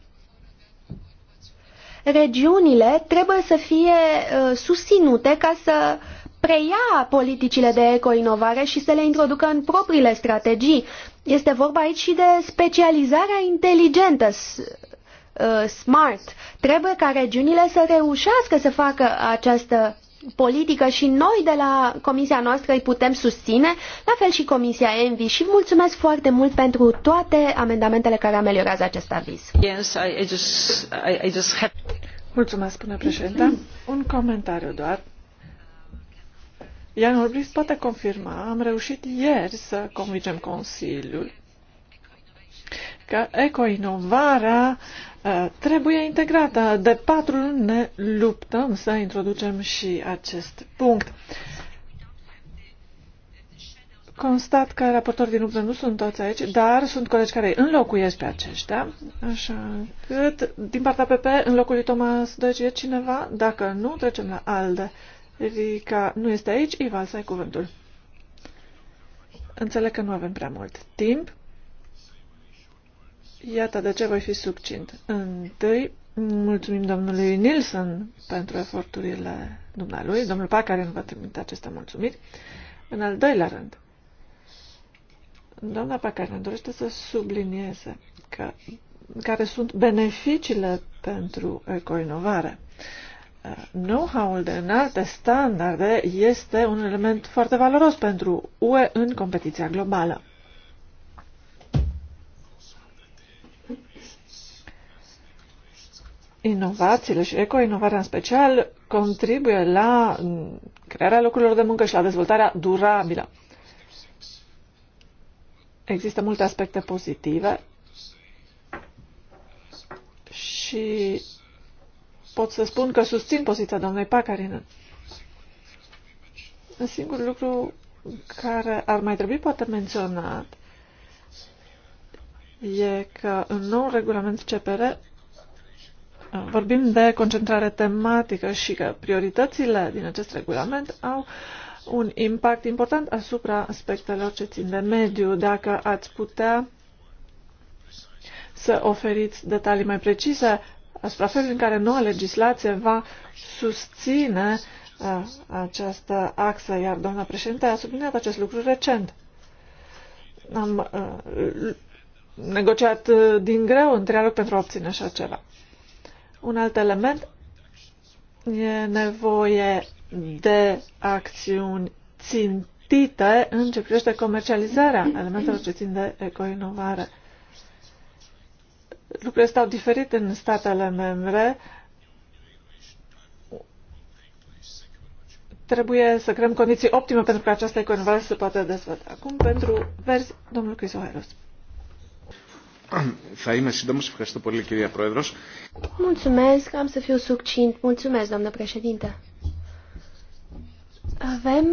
Regiunile trebuie să fie uh, susținute ca să uh, preia politicile de ecoinovare și să le introducă în propriile strategii. Este vorba aici și de specializarea inteligentă, uh, smart. Trebuie ca regiunile să reușească să facă această politică și noi de la comisia noastră îi putem susține, la fel și comisia ENVI și mulțumesc foarte mult pentru toate amendamentele care ameliorează acest aviz. Yes, I, I just, I, just have... Mulțumesc, până președinte. Un comentariu doar Ian Olbrist poate confirma, am reușit ieri să convingem Consiliul că ecoinovarea uh, trebuie integrată. De patru luni ne luptăm să introducem și acest punct. Constat că raportori din luptă nu sunt toți aici, dar sunt colegi care îi înlocuiesc pe aceștia, așa cât din partea PP lui Thomas Deci e cineva? Dacă nu, trecem la ALDE. Rica nu este aici, Ival, să ai cuvântul. Înțeleg că nu avem prea mult timp. Iată de ce voi fi succint. Întâi, mulțumim domnului Nilsson pentru eforturile dumnealui. Domnul nu va trimite aceste mulțumiri. În al doilea rând, doamna Pacaren dorește să sublinieze că, care sunt beneficiile pentru ecoinovare know-how-ul de înalte standarde este un element foarte valoros pentru UE în competiția globală. Inovațiile și eco eco-inovarea în special contribuie la crearea locurilor de muncă și la dezvoltarea durabilă. Există multe aspecte pozitive și pot să spun că susțin poziția doamnei Un Singurul lucru care ar mai trebui poate menționat e că în nou regulament CPR vorbim de concentrare tematică și că prioritățile din acest regulament au un impact important asupra aspectelor ce țin de mediu. Dacă ați putea să oferiți detalii mai precise asupra felului în care noua legislație va susține uh, această axă, iar doamna președinte a subliniat acest lucru recent. Am uh, negociat uh, din greu în trialog pentru a obține așa ceva. Un alt element e nevoie de acțiuni țintite în ce privește comercializarea elementelor ce țin de ecoinovare. Lucrurile stau diferit în statele membre. Trebuie să creăm condiții optime pentru că această economie să se poată dezvolta. Acum, pentru verzi, domnul Crisoheros. Θα είμαι σύντομος. Ευχαριστώ πολύ, κυρία Πρόεδρος. Mulțumesc, am să fiu succint. Mulțumesc, doamnă președinte. Avem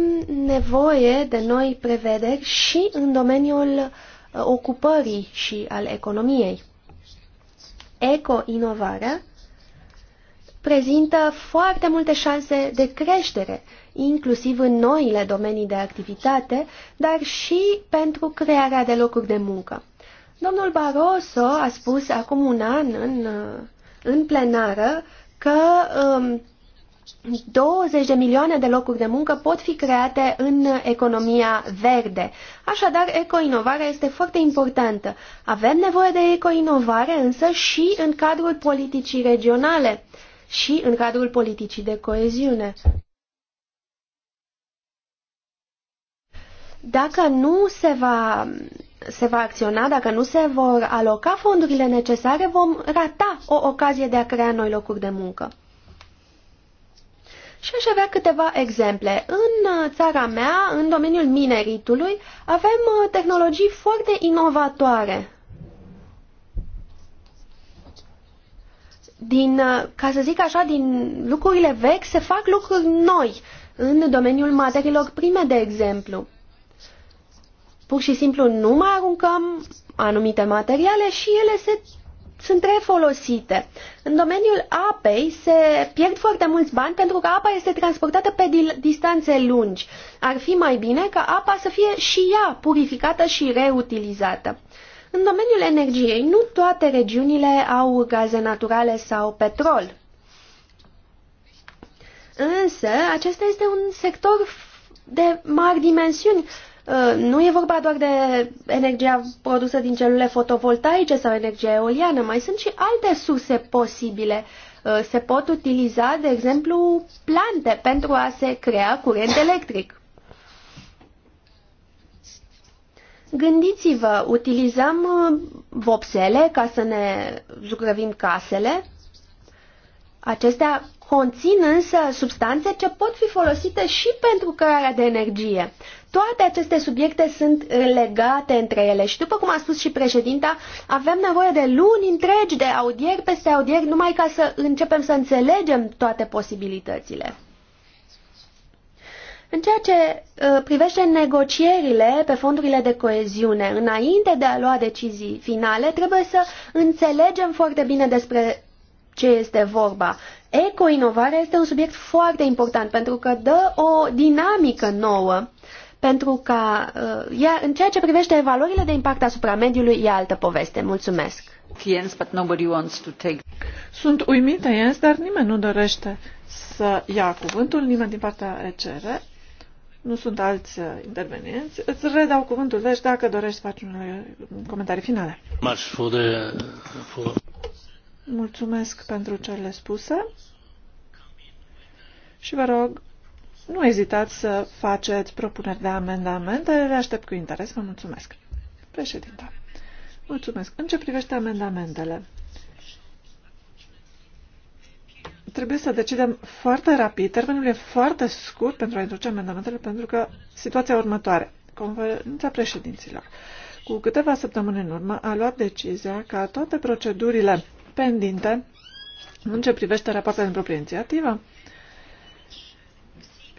nevoie de noi prevederi și în domeniul uh, ocupării și al economiei eco-inovarea prezintă foarte multe șanse de creștere, inclusiv în noile domenii de activitate, dar și pentru crearea de locuri de muncă. Domnul Barroso a spus acum un an în, în plenară că um, 20 de milioane de locuri de muncă pot fi create în economia verde. Așadar, ecoinovarea este foarte importantă. Avem nevoie de ecoinovare însă și în cadrul politicii regionale și în cadrul politicii de coeziune. Dacă nu se va, se va acționa, dacă nu se vor aloca fondurile necesare, vom rata o ocazie de a crea noi locuri de muncă. Și aș avea câteva exemple. În uh, țara mea, în domeniul mineritului, avem uh, tehnologii foarte inovatoare. Din, uh, ca să zic așa, din lucrurile vechi se fac lucruri noi în domeniul materiilor prime, de exemplu. Pur și simplu nu mai aruncăm anumite materiale și ele se sunt refolosite. În domeniul apei se pierd foarte mulți bani pentru că apa este transportată pe distanțe lungi. Ar fi mai bine ca apa să fie și ea purificată și reutilizată. În domeniul energiei, nu toate regiunile au gaze naturale sau petrol. Însă, acesta este un sector de mari dimensiuni Uh, nu e vorba doar de energia produsă din celule fotovoltaice sau energia eoliană, mai sunt și alte surse posibile. Uh, se pot utiliza, de exemplu, plante pentru a se crea curent electric. Gândiți-vă, utilizăm uh, vopsele ca să ne zugrăvim casele. Acestea conțin însă substanțe ce pot fi folosite și pentru crearea de energie. Toate aceste subiecte sunt legate între ele și, după cum a spus și președinta, avem nevoie de luni întregi de audieri peste audieri numai ca să începem să înțelegem toate posibilitățile. În ceea ce uh, privește negocierile pe fondurile de coeziune, înainte de a lua decizii finale, trebuie să înțelegem foarte bine despre ce este vorba. Ecoinovarea este un subiect foarte important pentru că dă o dinamică nouă pentru ca, uh, ea, în ceea ce privește evaluările de impact asupra mediului, e altă poveste. Mulțumesc! Sunt uimită, Jens, dar nimeni nu dorește să ia cuvântul, nimeni din partea ECR. Nu sunt alți uh, intervenienți. Îți redau cuvântul, deci, dacă dorești să faci un comentarii finale. Mulțumesc pentru cele spuse și vă rog, nu ezitați să faceți propuneri de amendamente, le aștept cu interes, vă mulțumesc. Președinte, mulțumesc. În ce privește amendamentele, trebuie să decidem foarte rapid, termenul e foarte scurt pentru a introduce amendamentele, pentru că situația următoare, conferința președinților, cu câteva săptămâni în urmă, a luat decizia ca toate procedurile pendinte în ce privește rapoartele din proprie inițiativă,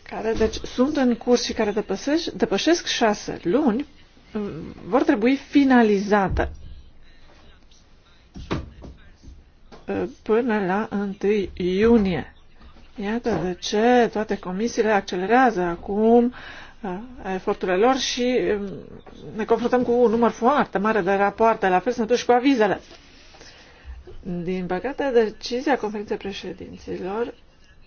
care deci sunt în curs și care depășesc, depășesc șase luni, mm, vor trebui finalizate până la 1 iunie. Iată de ce toate comisiile accelerează acum eforturile lor și mm, ne confruntăm cu un număr foarte mare de rapoarte, la fel sunt și cu avizele. Din păcate, decizia conferinței președinților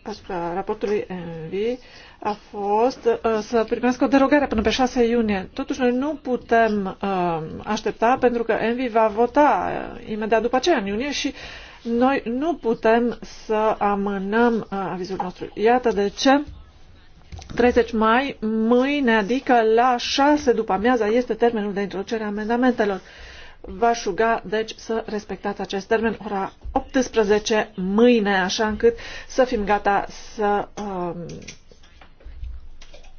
asupra raportului ENVI a fost uh, să primească o derogare până pe 6 iunie. Totuși, noi nu putem uh, aștepta pentru că ENVI va vota uh, imediat după aceea, în iunie, și noi nu putem să amânăm uh, avizul nostru. Iată de ce 30 mai, mâine, adică la 6 după amiaza, este termenul de introducere a amendamentelor va șuga, deci, să respectați acest termen, ora 18, mâine, așa încât să fim gata să uh,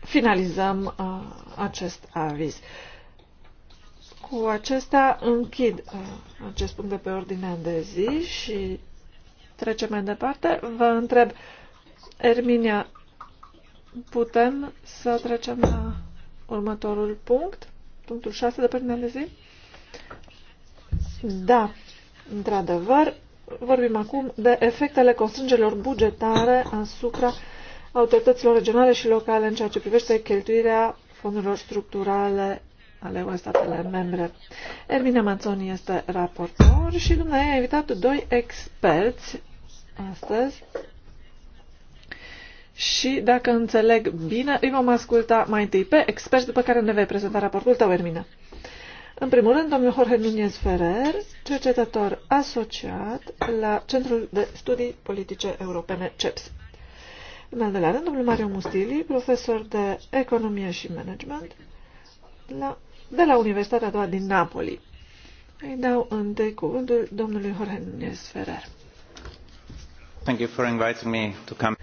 finalizăm uh, acest aviz. Cu acesta închid uh, acest punct de pe ordinea de zi și trecem mai departe. Vă întreb, Erminia, putem să trecem la următorul punct, punctul 6 de pe ordinea de zi? Da, într-adevăr, vorbim acum de efectele constrângerilor bugetare asupra autorităților regionale și locale în ceea ce privește cheltuirea fondurilor structurale ale UE statele membre. Ermina Manzoni este raportor și dumneavoastră a invitat doi experți astăzi și, dacă înțeleg bine, îi vom asculta mai întâi pe experți, după care ne vei prezenta raportul tău, Ermina. În primul rând, domnul Jorge Núñez Ferrer, cercetător asociat la Centrul de Studii Politice Europene, CEPS. În al doilea rând, domnul Mario Mustili, profesor de Economie și Management la, de la Universitatea a doua din Napoli. Îi dau întâi cuvântul domnului Jorge Núñez Ferrer. Thank you for inviting me to come.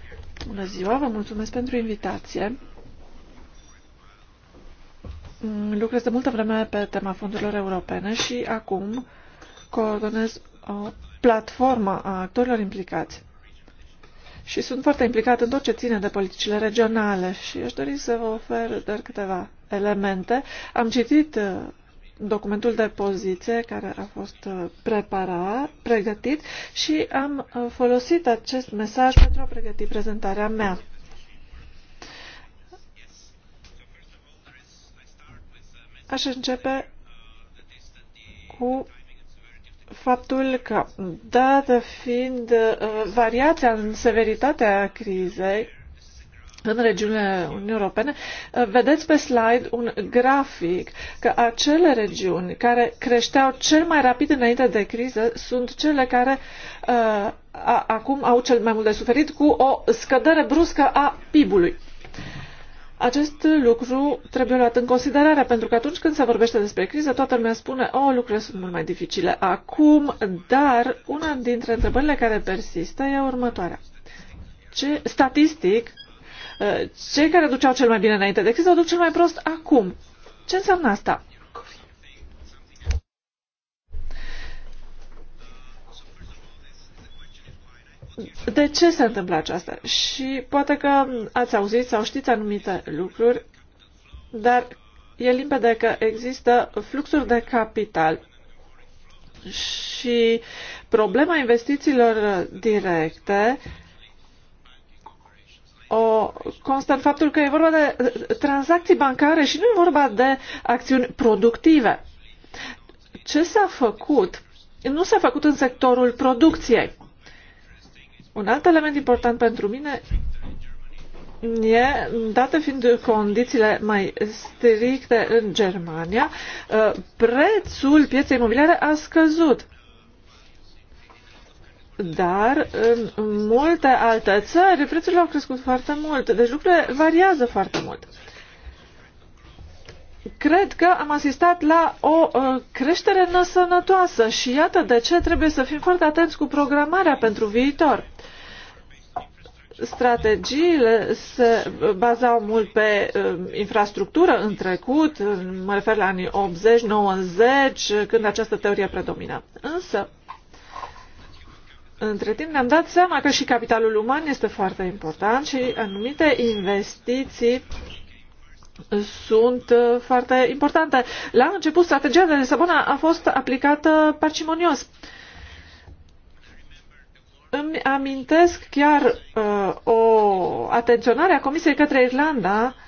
Bună ziua, vă mulțumesc pentru invitație lucrez de multă vreme pe tema fondurilor europene și acum coordonez o platformă a actorilor implicați. Și sunt foarte implicat în tot ce ține de politicile regionale și aș dori să vă ofer doar câteva elemente. Am citit uh, documentul de poziție care a fost uh, preparat, pregătit și am uh, folosit acest mesaj pentru a pregăti prezentarea mea. Aș începe cu faptul că, dată fiind uh, variația în severitatea crizei în regiunile Uniunii Europene, uh, vedeți pe slide un grafic că acele regiuni care creșteau cel mai rapid înainte de criză sunt cele care uh, a, acum au cel mai mult de suferit cu o scădere bruscă a PIB-ului. Acest lucru trebuie luat în considerare, pentru că atunci când se vorbește despre criză, toată lumea spune, o, lucrurile sunt mult mai dificile acum, dar una dintre întrebările care persistă e următoarea. Ce, statistic, eh, cei care duceau cel mai bine înainte de criză duc cel mai prost acum. Ce înseamnă asta? de ce se întâmplă aceasta? Și poate că ați auzit sau știți anumite lucruri, dar e limpede că există fluxuri de capital și problema investițiilor directe o constă în faptul că e vorba de uh, uh, tranzacții bancare și nu e vorba de acțiuni productive. Ce s-a făcut? Nu s-a făcut în sectorul producției un alt element important pentru mine e, date fiind condițiile mai stricte în Germania, uh, prețul pieței imobiliare a scăzut. Dar în multe alte țări prețurile au crescut foarte mult, deci lucrurile variază foarte mult cred că am asistat la o uh, creștere nesănătoasă și iată de ce trebuie să fim foarte atenți cu programarea pentru viitor. Strategiile se bazau mult pe uh, infrastructură în trecut, mă refer la anii 80-90, când această teorie predomina. Însă, între timp ne-am dat seama că și capitalul uman este foarte important și anumite investiții sunt uh, foarte importante. La început, strategia de Lisabona a fost aplicată parcimonios. Îmi amintesc chiar uh, o atenționare a Comisiei către Irlanda uh,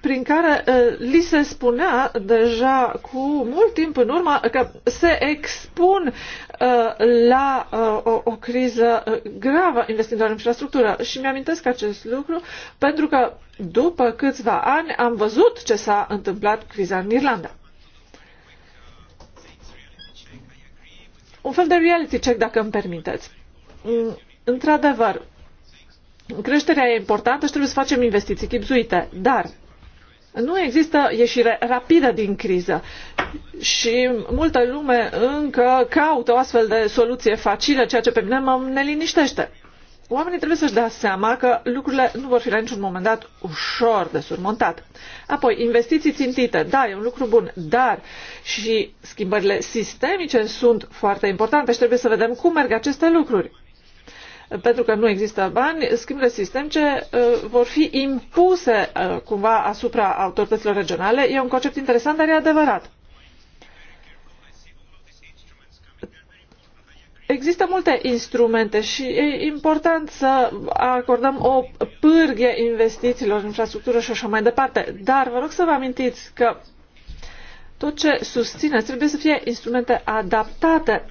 prin care li se spunea deja cu mult timp în urmă că se expun la o, o criză gravă investind în infrastructură. Și mi-amintesc acest lucru pentru că după câțiva ani am văzut ce s-a întâmplat criza în Irlanda. Un fel de reality check, dacă îmi permiteți. Mm, într-adevăr, creșterea e importantă și trebuie să facem investiții chipzuite, dar nu există ieșire rapidă din criză și multă lume încă caută o astfel de soluție facilă, ceea ce pe mine mă neliniștește. Oamenii trebuie să-și dea seama că lucrurile nu vor fi la niciun moment dat ușor de surmontat. Apoi, investiții țintite, da, e un lucru bun, dar și schimbările sistemice sunt foarte importante și trebuie să vedem cum merg aceste lucruri pentru că nu există bani, schimbări sistemice uh, vor fi impuse uh, cumva asupra autorităților regionale. E un concept interesant, dar e adevărat. Există multe instrumente și e important să acordăm o pârghie investițiilor în infrastructură și așa mai departe. Dar vă rog să vă amintiți că tot ce susțineți trebuie să fie instrumente adaptate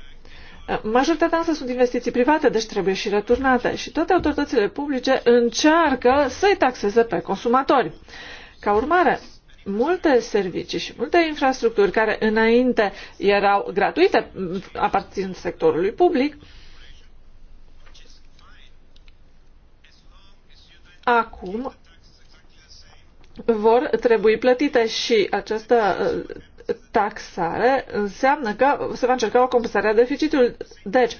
Majoritatea însă sunt investiții private, deci trebuie și returnate și toate autoritățile publice încearcă să-i taxeze pe consumatori. Ca urmare, multe servicii și multe infrastructuri care înainte erau gratuite, aparțin sectorului public, acum vor trebui plătite și această taxare înseamnă că se va încerca o compensare a deficitului. Deci,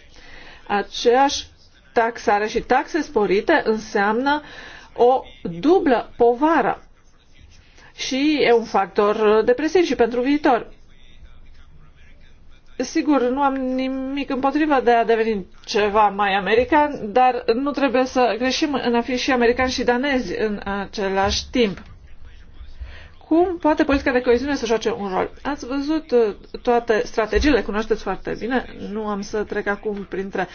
aceeași taxare și taxe sporite înseamnă o dublă povară și e un factor depresiv și pentru viitor. Sigur, nu am nimic împotriva de a deveni ceva mai american, dar nu trebuie să greșim în a fi și americani și danezi în același timp. Cum poate politica de coeziune să joace un rol? Ați văzut uh, toate strategiile, cunoașteți foarte bine, nu am să trec acum printre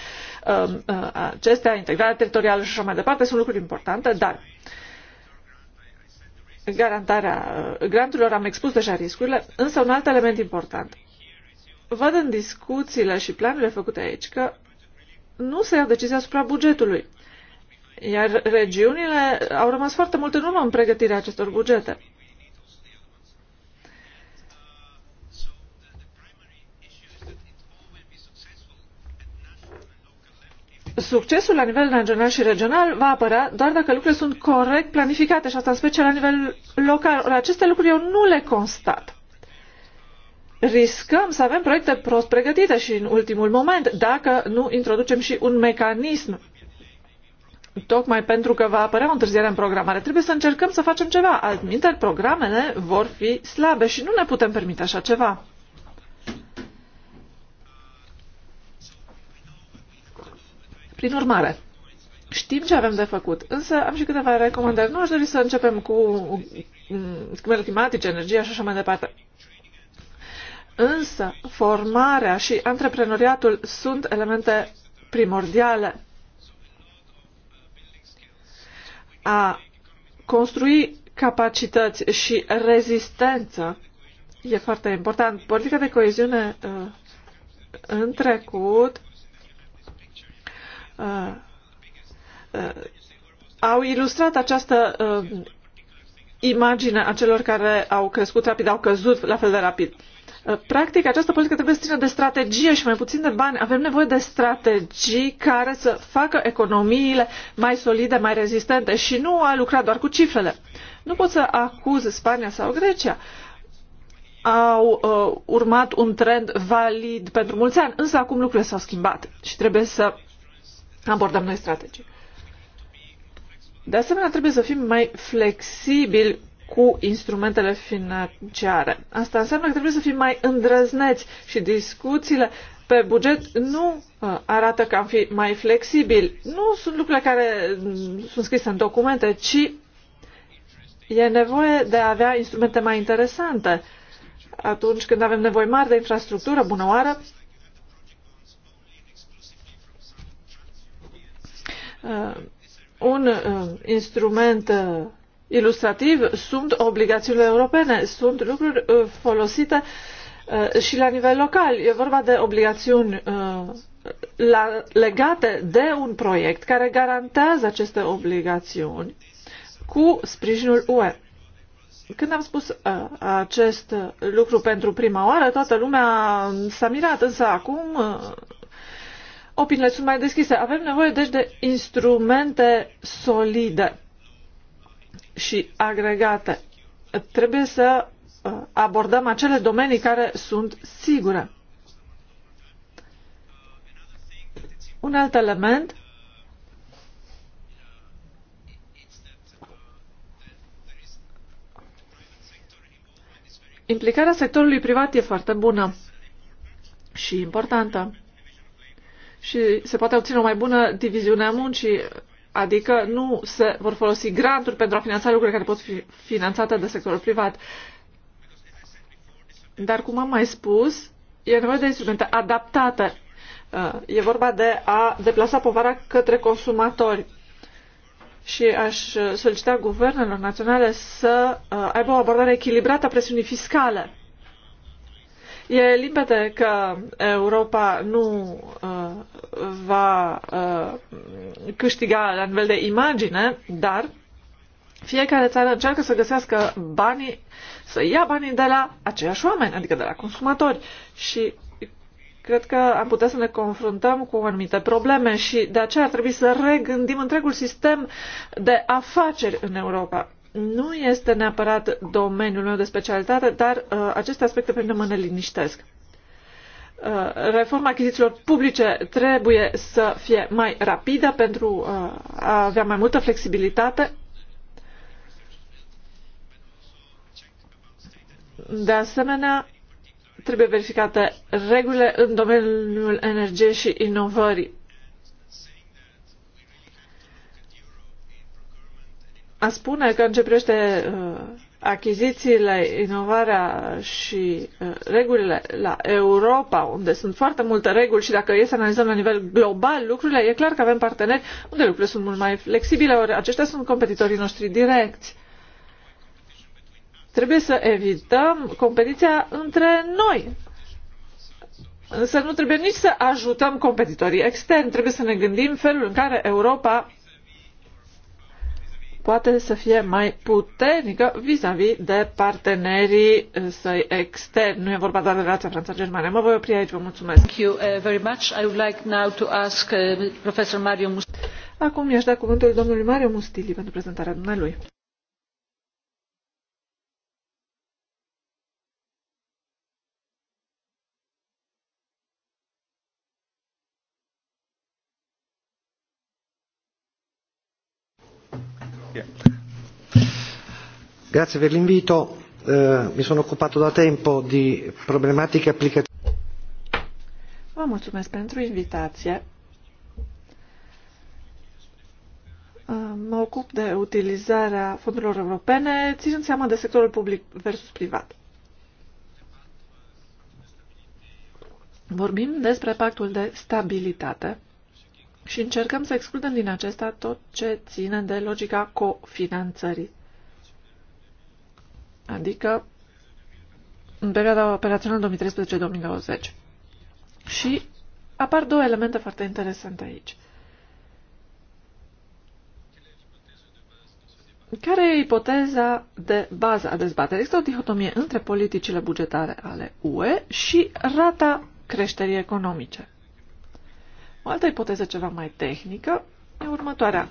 um, uh, acestea, integrarea teritorială și așa mai departe, sunt lucruri importante, dar garantarea uh, granturilor am expus deja riscurile, însă un alt element important. Văd în discuțiile și planurile făcute aici că nu se ia decizia asupra bugetului, iar regiunile au rămas foarte mult în urmă în pregătirea acestor bugete succesul la nivel național și regional va apărea doar dacă lucrurile sunt corect planificate și asta în special la nivel local. Or, aceste lucruri eu nu le constat. Riscăm să avem proiecte prost pregătite și în ultimul moment dacă nu introducem și un mecanism tocmai pentru că va apărea o întârziere în programare. Trebuie să încercăm să facem ceva. Altminteri, programele vor fi slabe și nu ne putem permite așa ceva. Prin urmare, știm ce avem de făcut, însă am și câteva recomandări. Nu aș dori să începem cu schimbările climatice, energia și așa mai departe. Însă, formarea și antreprenoriatul sunt elemente primordiale. A construi capacități și rezistență e foarte important. Politica de coeziune uh, în trecut Uh, uh, au ilustrat această uh, imagine a celor care au crescut rapid, au căzut la fel de rapid. Uh, practic, această politică trebuie să țină de strategie și mai puțin de bani. Avem nevoie de strategii care să facă economiile mai solide, mai rezistente și nu a lucrat doar cu cifrele. Nu pot să acuz Spania sau Grecia. Au uh, urmat un trend valid pentru mulți ani, însă acum lucrurile s-au schimbat și trebuie să abordăm noi strategii. De asemenea, trebuie să fim mai flexibili cu instrumentele financiare. Asta înseamnă că trebuie să fim mai îndrăzneți și discuțiile pe buget nu uh, arată că am fi mai flexibili. Nu sunt lucrurile care mm, sunt scrise în documente, ci e nevoie de a avea instrumente mai interesante. Atunci când avem nevoie mari de infrastructură, bună oară, un uh, instrument uh, ilustrativ sunt obligațiile europene, sunt lucruri uh, folosite și la nivel local. E vorba de obligațiuni legate de un proiect care garantează aceste obligațiuni cu sprijinul UE. Când am spus uh, acest lucru pentru prima oară, toată lumea s-a mirat, însă acum uh, opiniile sunt mai deschise. Avem nevoie, deci, de instrumente solide și agregate. Trebuie să uh, abordăm acele domenii care sunt sigure. Un alt element Implicarea sectorului privat e foarte bună și importantă și se poate obține o mai bună diviziune a muncii, adică nu se vor folosi granturi pentru a finanța lucruri care pot fi finanțate de sectorul privat. Dar, cum am mai spus, e nevoie de instrumente adaptate. Uh, e vorba de a deplasa povara către consumatori. Și aș uh, solicita guvernelor naționale să uh, aibă o abordare echilibrată a presiunii fiscale E limpede că Europa nu uh, va uh, câștiga la nivel de imagine, dar fiecare țară încearcă să găsească banii, să ia banii de la aceiași oameni, adică de la consumatori. Și cred că am putea să ne confruntăm cu anumite probleme și de aceea ar trebui să regândim întregul sistem de afaceri în Europa nu este neapărat domeniul meu de specialitate, dar uh, aceste aspecte pe mine mă neliniștesc. Uh, reforma achizițiilor publice trebuie să fie mai rapidă pentru uh, a avea mai multă flexibilitate. De asemenea, trebuie verificate regulile în domeniul energiei și inovării a spune că în ce privește uh, achizițiile, inovarea și uh, regulile la Europa, unde sunt foarte multe reguli și dacă e să analizăm la nivel global lucrurile, e clar că avem parteneri unde lucrurile sunt mult mai flexibile, ori aceștia sunt competitorii noștri direcți. Trebuie să evităm competiția între noi. Însă nu trebuie nici să ajutăm competitorii externi. Trebuie să ne gândim felul în care Europa poate să fie mai puternică vis-a-vis -vis de partenerii uh, săi externi. Nu e vorba doar de relația Franța-Germania. Mă voi opri aici. Vă mulțumesc. Thank you uh, very much. I would like now to ask uh, Professor Mario Acum i-aș da cuvântul domnului Mario Mustili pentru prezentarea dumnealui. Grazie per l'invito. Eh, mi sono occupato da tempo di problematiche applicative. Vă mulțumesc pentru invitație. Eh, mă ocup de utilizarea fondurilor europene, ținând seama de sectorul public versus privat. Vorbim despre pactul de stabilitate și încercăm să excludem din acesta tot ce ține de logica cofinanțării. Adică în perioada operațională 2013-2020. Și apar două elemente foarte interesante aici. Care e ipoteza de bază a dezbaterii? Există o dihotomie între politicile bugetare ale UE și rata creșterii economice. O altă ipoteză ceva mai tehnică e următoarea.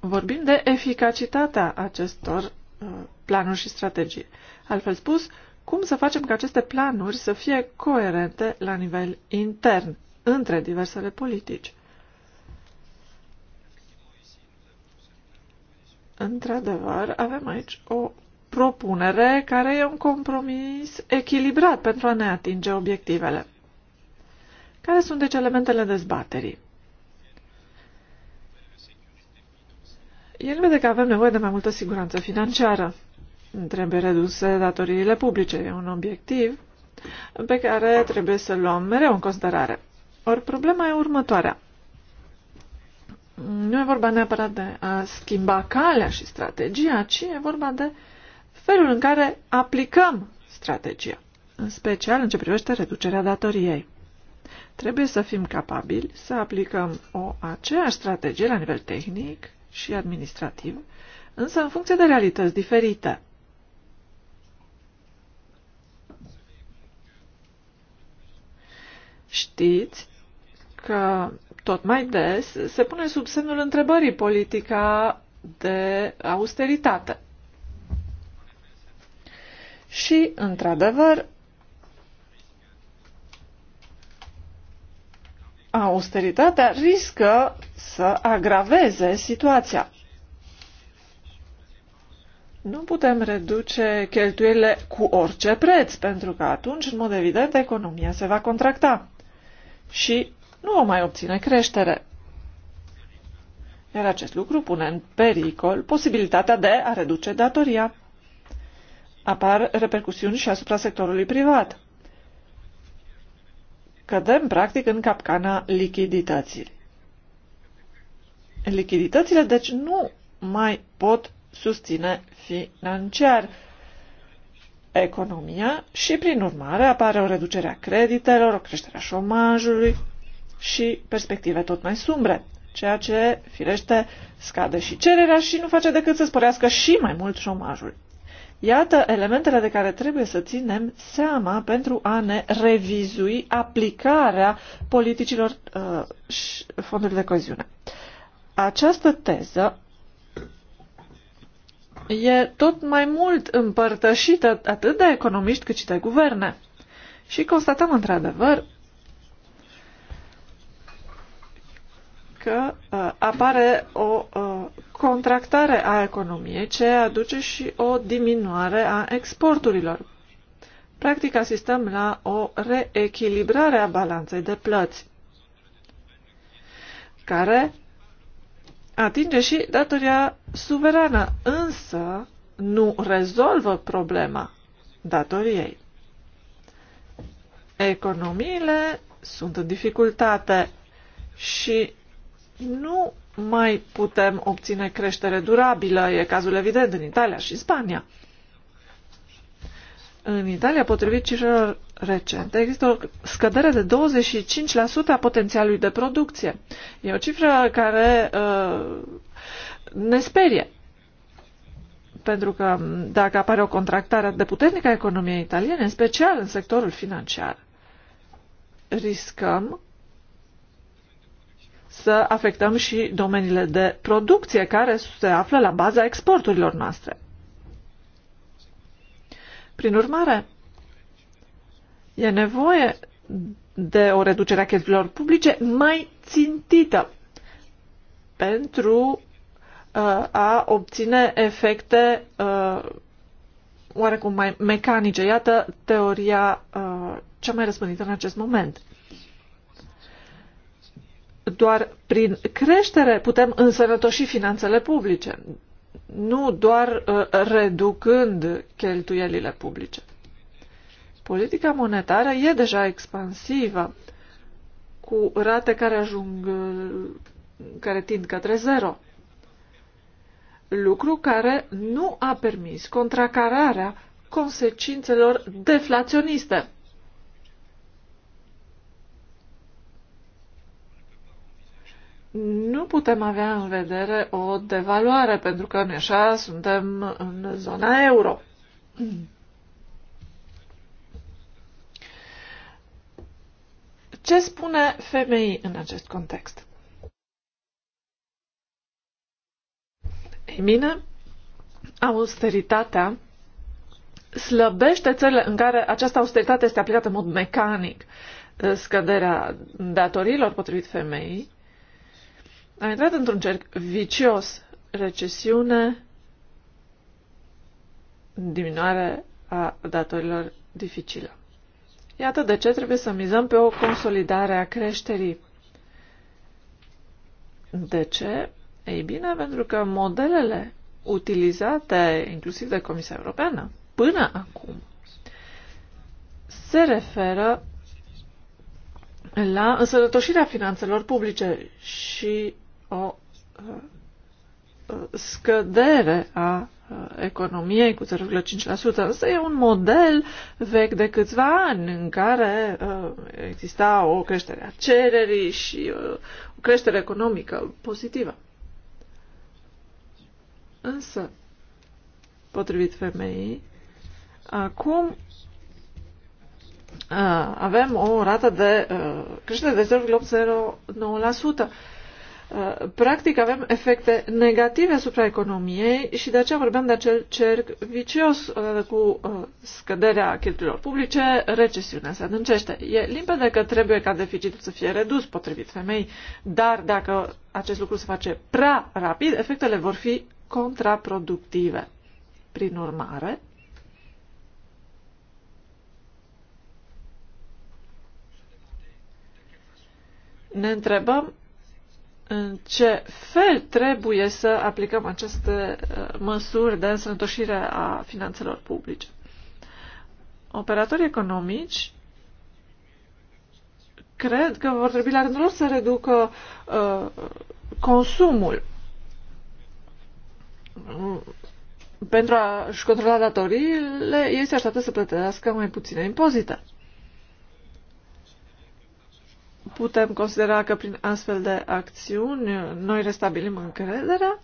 Vorbim de eficacitatea acestor uh, planuri și strategii. Altfel spus, cum să facem ca aceste planuri să fie coerente la nivel intern, între diversele politici. Într-adevăr, avem aici o propunere care e un compromis echilibrat pentru a ne atinge obiectivele. Care sunt deci elementele dezbaterii? El vede că avem nevoie de mai multă siguranță financiară. Trebuie reduse datoriile publice. E un obiectiv pe care trebuie să luăm mereu în considerare. Ori problema e următoarea. Nu e vorba neapărat de a schimba calea și strategia, ci e vorba de felul în care aplicăm strategia, în special în ce privește reducerea datoriei. Trebuie să fim capabili să aplicăm o aceeași strategie la nivel tehnic și administrativ, însă în funcție de realități diferite. Știți că tot mai des se pune sub semnul întrebării politica de austeritate. Și, într-adevăr, austeritatea riscă să agraveze situația. Nu putem reduce cheltuielile cu orice preț, pentru că atunci, în mod evident, economia se va contracta și nu o mai obține creștere. Iar acest lucru pune în pericol posibilitatea de a reduce datoria. Apar repercusiuni și asupra sectorului privat cădem practic în capcana lichidității. Lichiditățile, deci, nu mai pot susține financiar economia și, prin urmare, apare o reducere a creditelor, o creștere a șomajului și perspective tot mai sumbre, ceea ce, firește, scade și cererea și nu face decât să sporească și mai mult șomajul. Iată elementele de care trebuie să ținem seama pentru a ne revizui aplicarea politicilor uh, și fondurilor de coziune. Această teză e tot mai mult împărtășită atât de economiști cât și de guverne. Și constatăm într-adevăr că uh, apare o uh, contractare a economiei, ce aduce și o diminuare a exporturilor. Practic asistăm la o reechilibrare a balanței de plăți, care atinge și datoria suverană, însă nu rezolvă problema datoriei. Economiile sunt în dificultate și nu mai putem obține creștere durabilă. E cazul evident în Italia și în Spania. În Italia, potrivit cifrelor recente, există o scădere de 25% a potențialului de producție. E o cifră care uh, ne sperie. Pentru că dacă apare o contractare de puternică a economiei italiene, în special în sectorul financiar, riscăm să afectăm și domeniile de producție care se află la baza exporturilor noastre. Prin urmare, e nevoie de o reducere a cheltuielor publice mai țintită pentru uh, a obține efecte uh, oarecum mai mecanice. Iată teoria uh, cea mai răspândită în acest moment. Doar prin creștere putem însănătoși finanțele publice, nu doar uh, reducând cheltuielile publice. Politica monetară e deja expansivă, cu rate care ajung, uh, care tind către zero. Lucru care nu a permis contracararea consecințelor deflaționiste nu putem avea în vedere o devaluare, pentru că noi așa suntem în zona euro. Ce spune femei în acest context? Ei bine, austeritatea slăbește țările în care această austeritate este aplicată în mod mecanic. Scăderea datorilor potrivit femeii am intrat într-un cerc vicios, recesiune, diminuare a datorilor dificilă. Iată de ce trebuie să mizăm pe o consolidare a creșterii. De ce? Ei bine, pentru că modelele utilizate, inclusiv de Comisia Europeană, până acum, se referă la însănătoșirea finanțelor publice și o uh, scădere a uh, economiei cu 0,5%, însă e un model vechi de câțiva ani în care uh, exista o creștere a cererii și o creștere economică pozitivă. Însă, potrivit femeii, acum avem o rată de creștere de 0,89%. Uh, practic avem efecte negative asupra economiei și de aceea vorbeam de acel cerc vicios uh, cu uh, scăderea cheltuielor publice, recesiunea se adâncește. E limpede că trebuie ca deficitul să fie redus potrivit femei, dar dacă acest lucru se face prea rapid, efectele vor fi contraproductive. Prin urmare, ne întrebăm în ce fel trebuie să aplicăm aceste uh, măsuri de însănătoșire a finanțelor publice. Operatorii economici cred că vor trebui la rândul lor să reducă uh, consumul pentru a-și controla datoriile, ei se așteaptă să plătească mai puține impozite putem considera că prin astfel de acțiuni noi restabilim încrederea?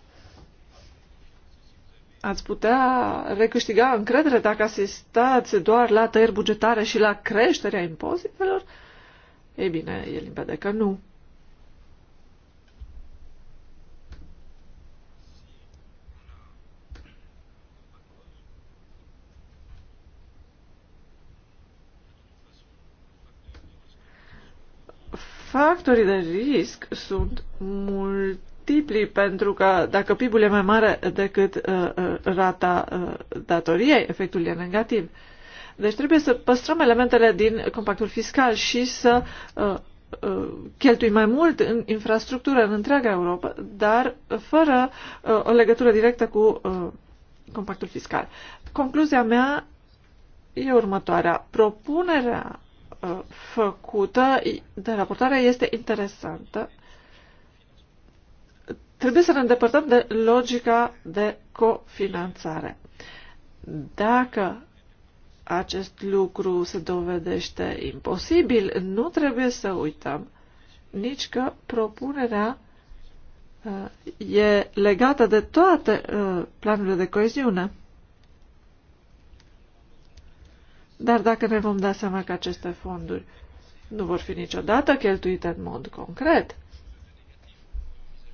Ați putea recâștiga încredere dacă asistați doar la tăieri bugetare și la creșterea impozitelor? Ei bine, e limpede că nu. Factorii de risc sunt multipli pentru că dacă PIB-ul e mai mare decât uh, uh, rata uh, datoriei, efectul e negativ. Deci trebuie să păstrăm elementele din compactul fiscal și să uh, uh, cheltui mai mult în infrastructură în întreaga Europa, dar fără uh, o legătură directă cu uh, compactul fiscal. Concluzia mea e următoarea. Propunerea Uh, făcută de raportare este interesantă. Trebuie să ne îndepărtăm de logica de cofinanțare. Dacă acest lucru se dovedește imposibil, nu trebuie să uităm nici că propunerea uh, e legată de toate uh, planurile de coeziune. Dar dacă ne vom da seama că aceste fonduri nu vor fi niciodată cheltuite în mod concret,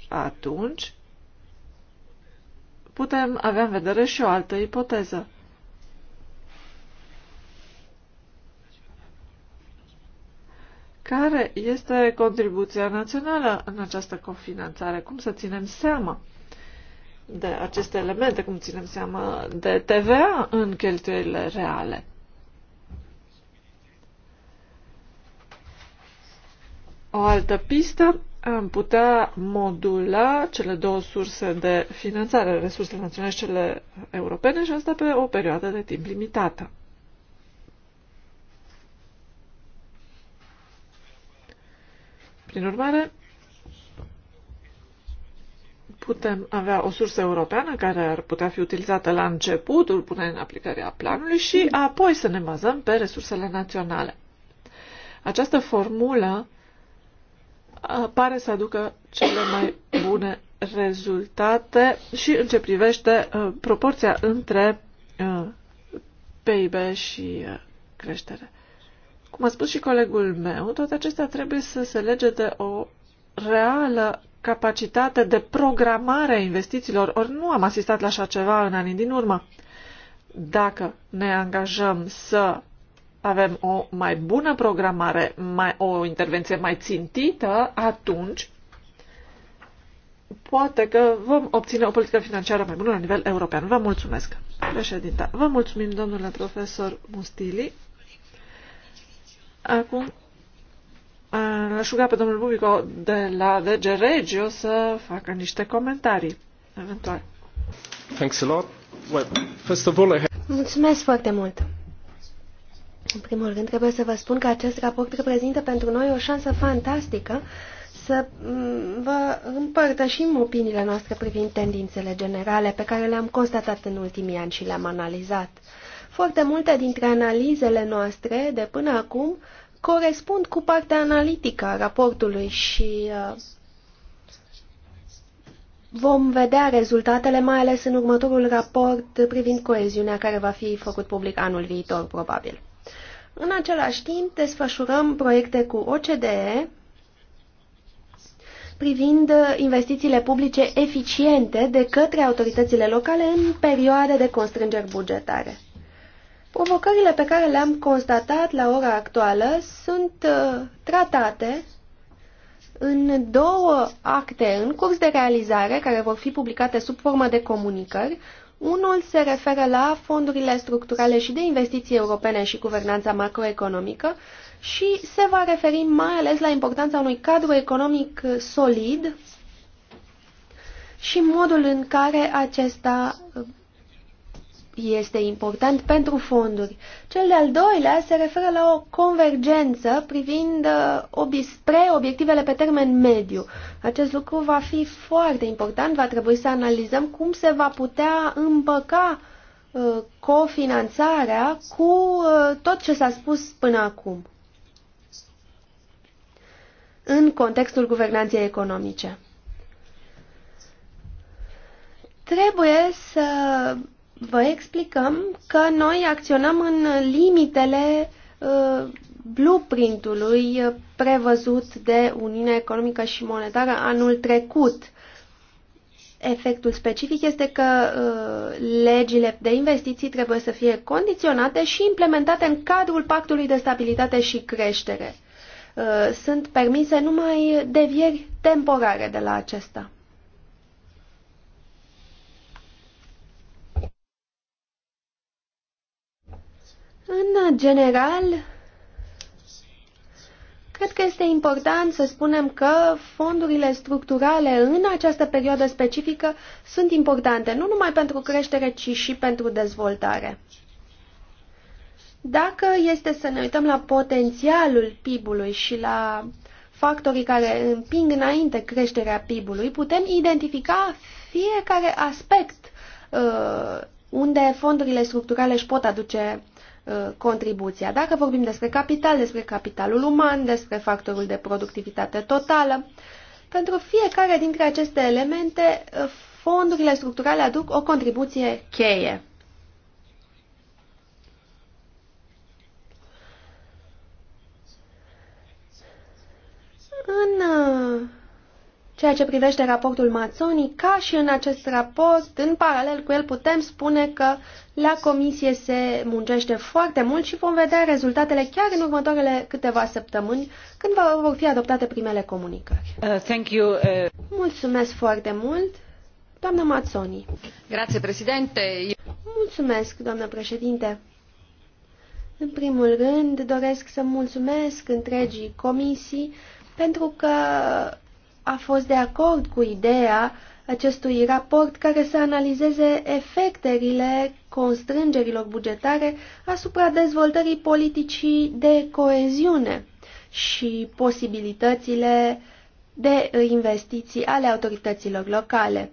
atunci putem avea în vedere și o altă ipoteză. Care este contribuția națională în această cofinanțare? Cum să ținem seama de aceste elemente? Cum ținem seama de TVA în cheltuielile reale? O altă pistă, am putea modula cele două surse de finanțare, resursele naționale și cele europene, și asta pe o perioadă de timp limitată. Prin urmare, putem avea o sursă europeană care ar putea fi utilizată la începutul punerii în aplicare a planului și apoi să ne bazăm pe resursele naționale. Această formulă pare să aducă cele mai bune rezultate și în ce privește proporția între PIB și creștere. Cum a spus și colegul meu, toate acestea trebuie să se lege de o reală capacitate de programare a investițiilor, ori nu am asistat la așa ceva în anii din urmă. Dacă ne angajăm să avem o mai bună programare, mai, o intervenție mai țintită, atunci poate că vom obține o politică financiară mai bună la nivel european. Vă mulțumesc, președinta. Vă mulțumim, domnule profesor Mustili. Acum l-aș ruga pe domnul Bubico de la DG Regio să facă niște comentarii, eventual. Thanks a lot. Well, first of all, I have... Mulțumesc foarte mult. În primul rând, trebuie să vă spun că acest raport reprezintă pentru noi o șansă fantastică să mm, vă împărtășim opiniile noastre privind tendințele generale pe care le-am constatat în ultimii ani și le-am analizat. Foarte multe dintre analizele noastre de până acum corespund cu partea analitică a raportului și uh, vom vedea rezultatele mai ales în următorul raport privind coeziunea care va fi făcut public anul viitor, probabil. În același timp, desfășurăm proiecte cu OCDE privind investițiile publice eficiente de către autoritățile locale în perioade de constrângeri bugetare. Provocările pe care le-am constatat la ora actuală sunt uh, tratate în două acte în curs de realizare, care vor fi publicate sub formă de comunicări, unul se referă la fondurile structurale și de investiții europene și guvernanța macroeconomică și se va referi mai ales la importanța unui cadru economic solid și modul în care acesta este important pentru fonduri. Cel de-al doilea se referă la o convergență privind uh, obi spre obiectivele pe termen mediu. Acest lucru va fi foarte important, va trebui să analizăm cum se va putea împăca uh, cofinanțarea cu uh, tot ce s-a spus până acum în contextul guvernanței economice trebuie să vă explicăm că noi acționăm în limitele uh, blueprintului uh, prevăzut de Uniunea Economică și Monetară anul trecut. Efectul specific este că uh, legile de investiții trebuie să fie condiționate și implementate în cadrul Pactului de Stabilitate și Creștere. sunt permise numai devieri temporare de la acesta. În general, cred că este important să spunem că fondurile structurale în această perioadă specifică sunt importante, nu numai pentru creștere, ci și pentru dezvoltare. Dacă este să ne uităm la potențialul PIB-ului și la factorii care împing înainte creșterea PIB-ului, putem identifica fiecare aspect uh, unde fondurile structurale își pot aduce Uh, contribuția. Dacă vorbim despre capital, despre capitalul uman, despre factorul de productivitate totală, pentru fiecare dintre aceste elemente, uh, fondurile structurale aduc o contribuție cheie. În uh, Ceea ce privește raportul Mazzoni, ca și în acest raport, în paralel cu el putem spune că la comisie se muncește foarte mult și vom vedea rezultatele chiar în următoarele câteva săptămâni, când vor fi adoptate primele comunicări. Uh, thank you, uh... Mulțumesc foarte mult, doamna Mazzoni. Grazie, președinte. Mulțumesc, doamnă președinte. În primul rând, doresc să mulțumesc întregii comisii pentru că a fost de acord cu ideea acestui raport care să analizeze efectele constrângerilor bugetare asupra dezvoltării politicii de coeziune și posibilitățile de investiții ale autorităților locale.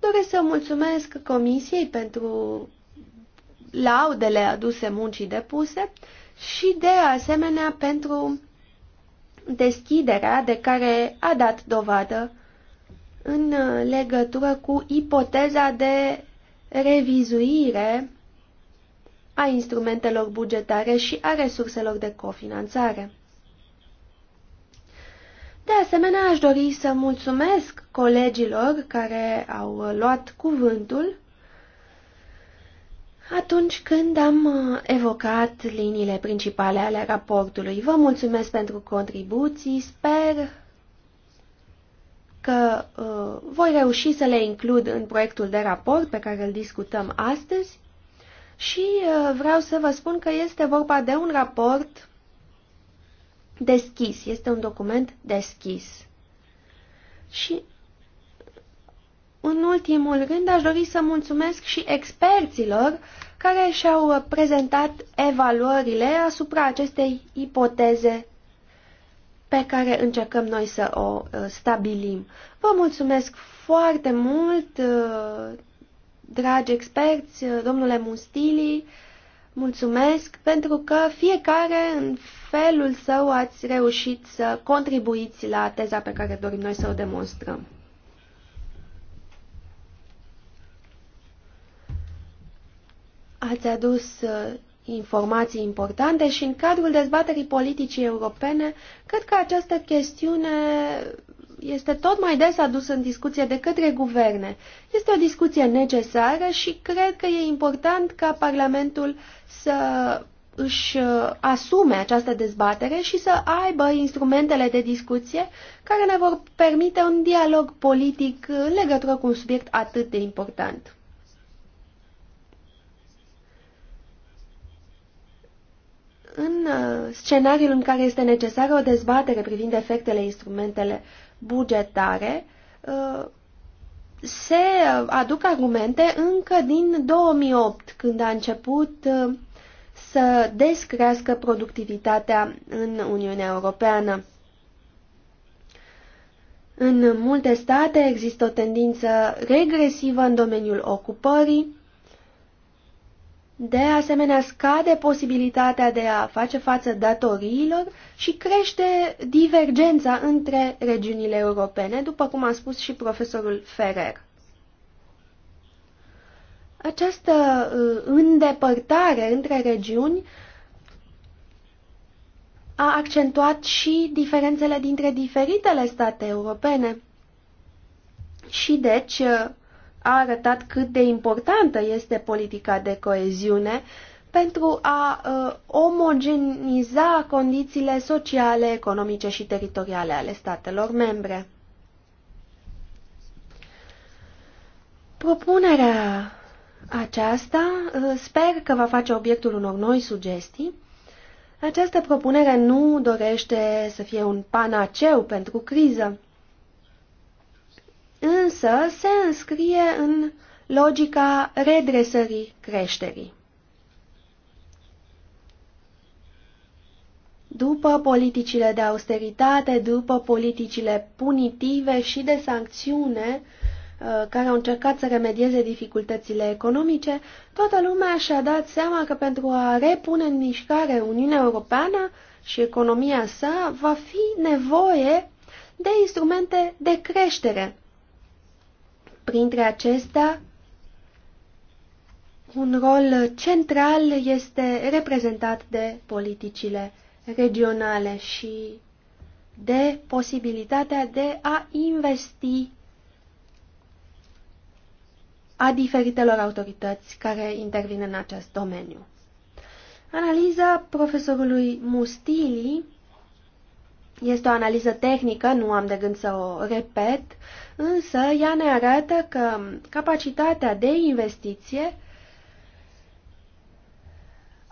Doresc să mulțumesc Comisiei pentru laudele aduse muncii depuse și, de asemenea, pentru deschiderea de care a dat dovadă în legătură cu ipoteza de revizuire a instrumentelor bugetare și a resurselor de cofinanțare. De asemenea, aș dori să mulțumesc colegilor care au luat cuvântul atunci când am uh, evocat liniile principale ale raportului. Vă mulțumesc pentru contribuții, sper că uh, voi reuși să le includ în proiectul de raport pe care îl discutăm astăzi și uh, vreau să vă spun că este vorba de un raport deschis, este un document deschis. Și în ultimul rând, aș dori să mulțumesc și experților care și-au prezentat evaluările asupra acestei ipoteze pe care încercăm noi să o uh, stabilim. Vă mulțumesc foarte mult, uh, dragi experți, uh, domnule Mustili, mulțumesc pentru că fiecare în felul său ați reușit să contribuiți la teza pe care dorim noi să o demonstrăm. Ați adus uh, informații importante și în cadrul dezbaterii politicii europene, cred că această chestiune este tot mai des adusă în discuție de către guverne. Este o discuție necesară și cred că e important ca Parlamentul să își uh, asume această dezbatere și să aibă instrumentele de discuție care ne vor permite un dialog politic în legătură cu un subiect atât de important. în uh, scenariul în care este necesară o dezbatere privind efectele instrumentele bugetare, uh, se aduc argumente încă din 2008, când a început uh, să descrească productivitatea în Uniunea Europeană. În multe state există o tendință regresivă în domeniul ocupării, de asemenea, scade posibilitatea de a face față datoriilor și crește divergența între regiunile europene, după cum a spus și profesorul Ferrer. Această uh, îndepărtare între regiuni a accentuat și diferențele dintre diferitele state europene. Și deci, uh, a arătat cât de importantă este politica de coeziune pentru a uh, omogeniza condițiile sociale, economice și teritoriale ale statelor membre. Propunerea aceasta uh, sper că va face obiectul unor noi sugestii. Această propunere nu dorește să fie un panaceu pentru criză, însă se înscrie în logica redresării creșterii. După politicile de austeritate, după politicile punitive și de sancțiune, uh, care au încercat să remedieze dificultățile economice, toată lumea și-a dat seama că pentru a repune în mișcare Uniunea Europeană și economia sa va fi nevoie de instrumente de creștere, Printre acestea, un rol central este reprezentat de politicile regionale și de posibilitatea de a investi a diferitelor autorități care intervin în acest domeniu. Analiza profesorului Mustili este o analiză tehnică, nu am de gând să o repet, însă ea ne arată că capacitatea de investiție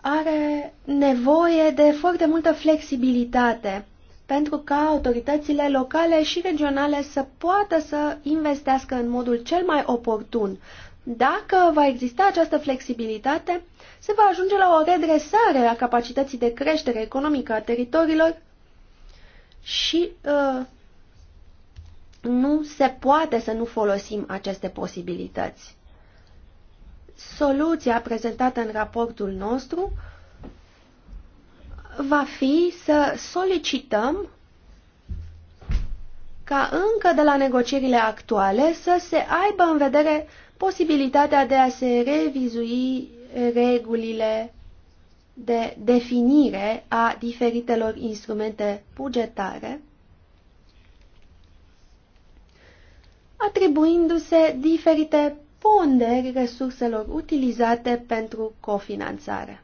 are nevoie de foarte multă flexibilitate pentru ca autoritățile locale și regionale să poată să investească în modul cel mai oportun. Dacă va exista această flexibilitate, se va ajunge la o redresare a capacității de creștere economică a teritoriilor și uh, nu se poate să nu folosim aceste posibilități. Soluția prezentată în raportul nostru va fi să solicităm ca încă de la negocierile actuale să se aibă în vedere posibilitatea de a se revizui regulile de definire a diferitelor instrumente bugetare atribuindu-se diferite ponderi resurselor utilizate pentru cofinanțare.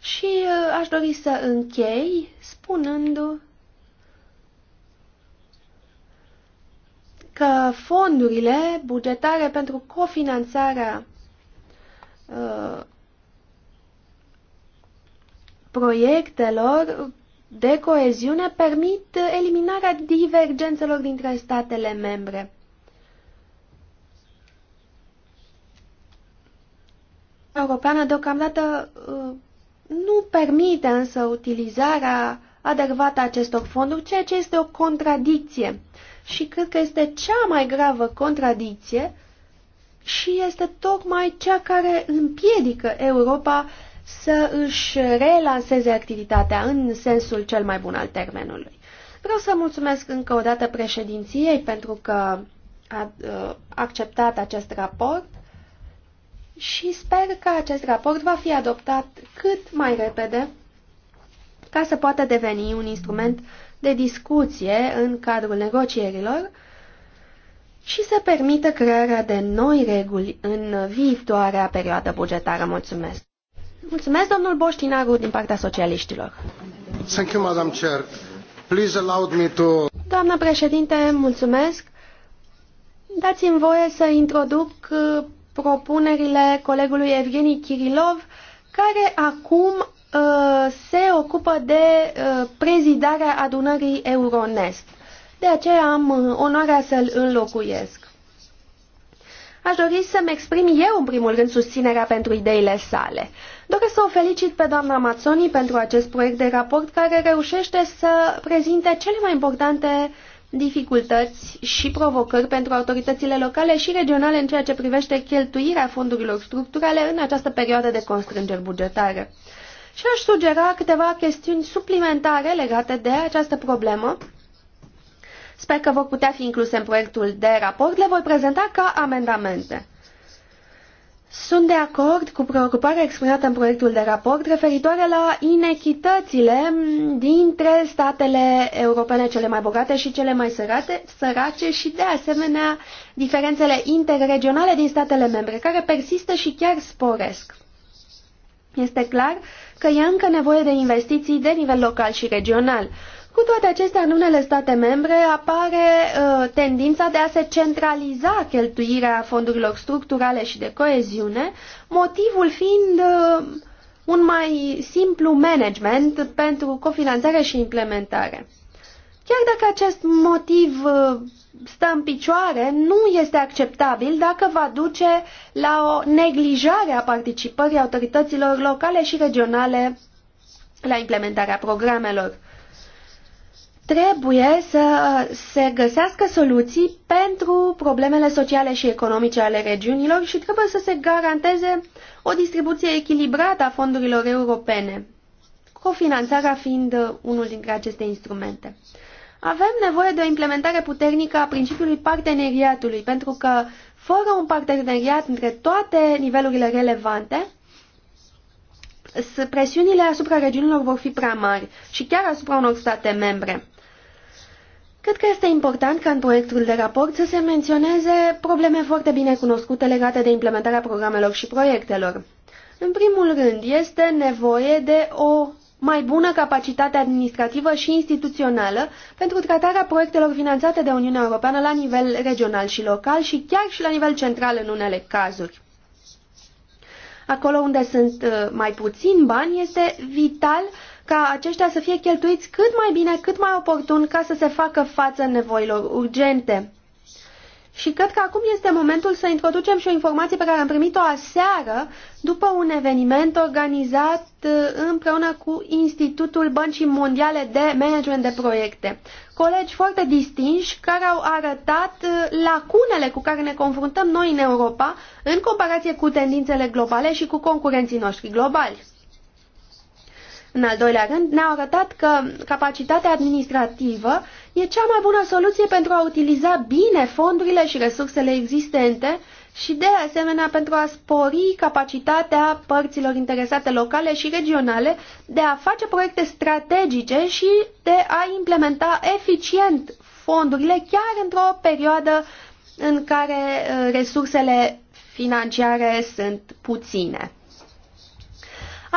Și uh, aș dori să închei spunându că fondurile bugetare pentru cofinanțarea uh, proiectelor de coeziune permit eliminarea divergențelor dintre statele membre. Europeană deocamdată uh, nu permite însă utilizarea adecvată a acestor fonduri, ceea ce este o contradicție. Și cred că este cea mai gravă contradicție și este tocmai cea care împiedică Europa să își relanseze activitatea în sensul cel mai bun al termenului. Vreau să mulțumesc încă o dată președinției pentru că a acceptat acest raport și sper că acest raport va fi adoptat cât mai repede ca să poată deveni un instrument de discuție în cadrul negocierilor și să permită crearea de noi reguli în viitoarea perioadă bugetară. Mulțumesc! Mulțumesc, domnul Boștinaru, din partea socialiștilor. Thank you, Madam Chair. Please allow me to... Doamnă președinte, mulțumesc. Dați-mi voie să introduc uh, propunerile colegului Evgeni Kirilov, care acum uh, se ocupă de uh, prezidarea adunării Euronest. De aceea am uh, onoarea să-l înlocuiesc. Aș dori să-mi exprim eu, în primul rând, susținerea pentru ideile sale. Uh, Doresc să o felicit pe doamna Mazzoni pentru acest proiect de raport care reușește să prezinte cele mai importante dificultăți și provocări pentru autoritățile locale și regionale în ceea ce privește cheltuirea fondurilor structurale în această perioadă de constrângeri bugetare. Și aș sugera câteva chestiuni suplimentare legate de această problemă. Sper că vor putea fi incluse în proiectul de raport, le voi prezenta ca amendamente. Sunt de acord cu preocuparea exprimată în proiectul de raport referitoare la inechitățile dintre statele europene cele mai bogate și cele mai sărate, sărace și de asemenea diferențele interregionale din statele membre, care persistă și chiar sporesc. Este clar că e încă nevoie de investiții de nivel local și regional. Cu toate acestea, în unele state membre apare uh, tendința de a se centraliza cheltuirea fondurilor structurale și de coeziune, motivul fiind uh, un mai simplu management pentru cofinanțare și implementare. Chiar dacă acest motiv uh, stă în picioare, nu este acceptabil dacă va duce la o neglijare a participării autorităților locale și regionale la implementarea programelor. Trebuie să uh, se găsească soluții pentru problemele sociale și economice ale regiunilor și trebuie să se garanteze o distribuție echilibrată a fondurilor europene, cofinanțarea fiind uh, unul dintre aceste instrumente. Avem nevoie de o implementare puternică a principiului parteneriatului, pentru că fără un parteneriat între toate nivelurile relevante, presiunile asupra regiunilor vor fi prea mari și chiar asupra unor state membre. Cred că este important ca în proiectul de raport să se menționeze probleme foarte bine cunoscute legate de implementarea programelor și proiectelor. În primul rând, este nevoie de o mai bună capacitate administrativă și instituțională pentru tratarea proiectelor finanțate de Uniunea Europeană la nivel regional și local și chiar și la nivel central în unele cazuri. Acolo unde sunt uh, mai puțini bani, este vital ca aceștia să fie cheltuiți cât mai bine, cât mai oportun, ca să se facă față nevoilor urgente. Și cred că acum este momentul să introducem și o informație pe care am primit-o aseară după un eveniment organizat uh, împreună cu Institutul Băncii Mondiale de Management de Proiecte. Colegi foarte distinși care au arătat uh, lacunele cu care ne confruntăm noi în Europa în comparație cu tendințele globale și cu concurenții noștri globali. În al doilea rând, ne-au arătat că capacitatea administrativă e cea mai bună soluție pentru a utiliza bine fondurile și resursele existente și, de asemenea, pentru a spori capacitatea părților interesate locale și regionale de a face proiecte strategice și de a implementa eficient fondurile chiar într-o perioadă în care uh, resursele financiare sunt puține.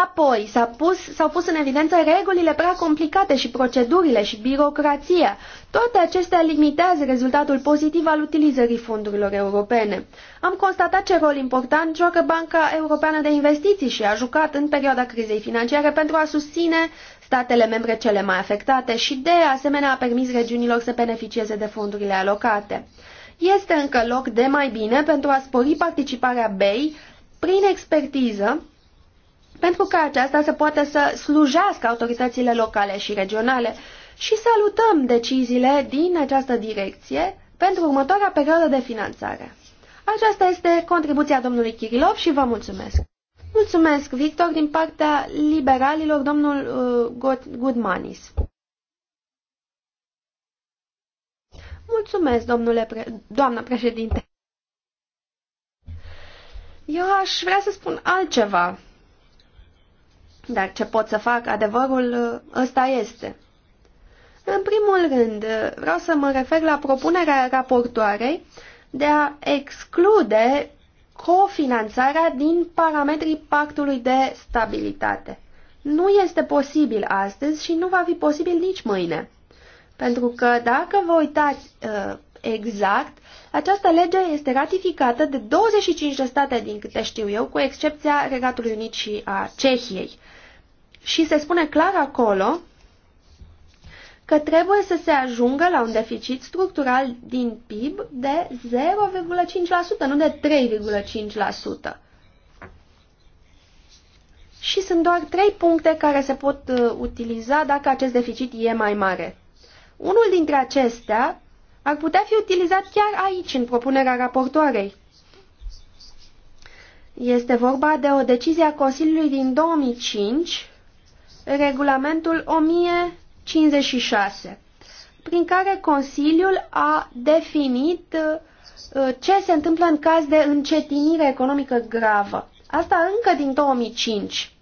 Apoi s-au pus, pus în evidență regulile prea complicate și procedurile și birocrația. Toate acestea limitează rezultatul pozitiv al utilizării fondurilor europene. Am constatat ce rol important joacă Banca Europeană de Investiții și a jucat în perioada crizei financiare pentru a susține statele membre cele mai afectate și de asemenea a permis regiunilor să beneficieze de fondurile alocate. Este încă loc de mai bine pentru a spori participarea BEI prin expertiză pentru ca aceasta să poată să slujească autoritățile locale și regionale și salutăm deciziile din această direcție pentru următoarea perioadă de finanțare. Aceasta este contribuția domnului Kirilov și vă mulțumesc. Mulțumesc, Victor, din partea liberalilor, domnul uh, Goodmanis. Mulțumesc, domnule pre doamnă președinte. Eu aș vrea să spun altceva dar ce pot să fac? Adevărul uh, ăsta este. În primul rând, uh, vreau să mă refer la propunerea raportoarei de a exclude cofinanțarea din parametrii pactului de stabilitate. Nu este posibil astăzi și nu va fi posibil nici mâine. Pentru că dacă vă uitați uh, exact, această lege este ratificată de 25 de state din câte știu eu, cu excepția Regatului Unit și a Cehiei. Și se spune clar acolo că trebuie să se ajungă la un deficit structural din PIB de 0,5%, nu de 3,5%. Și sunt doar trei puncte care se pot uh, utiliza dacă acest deficit e mai mare. Unul dintre acestea ar putea fi utilizat chiar aici, în propunerea raportoarei. Este vorba de o decizie a Consiliului din 2005 regulamentul 1056, prin care Consiliul a definit uh, ce se întâmplă în caz de încetinire economică gravă. Asta încă din 2005.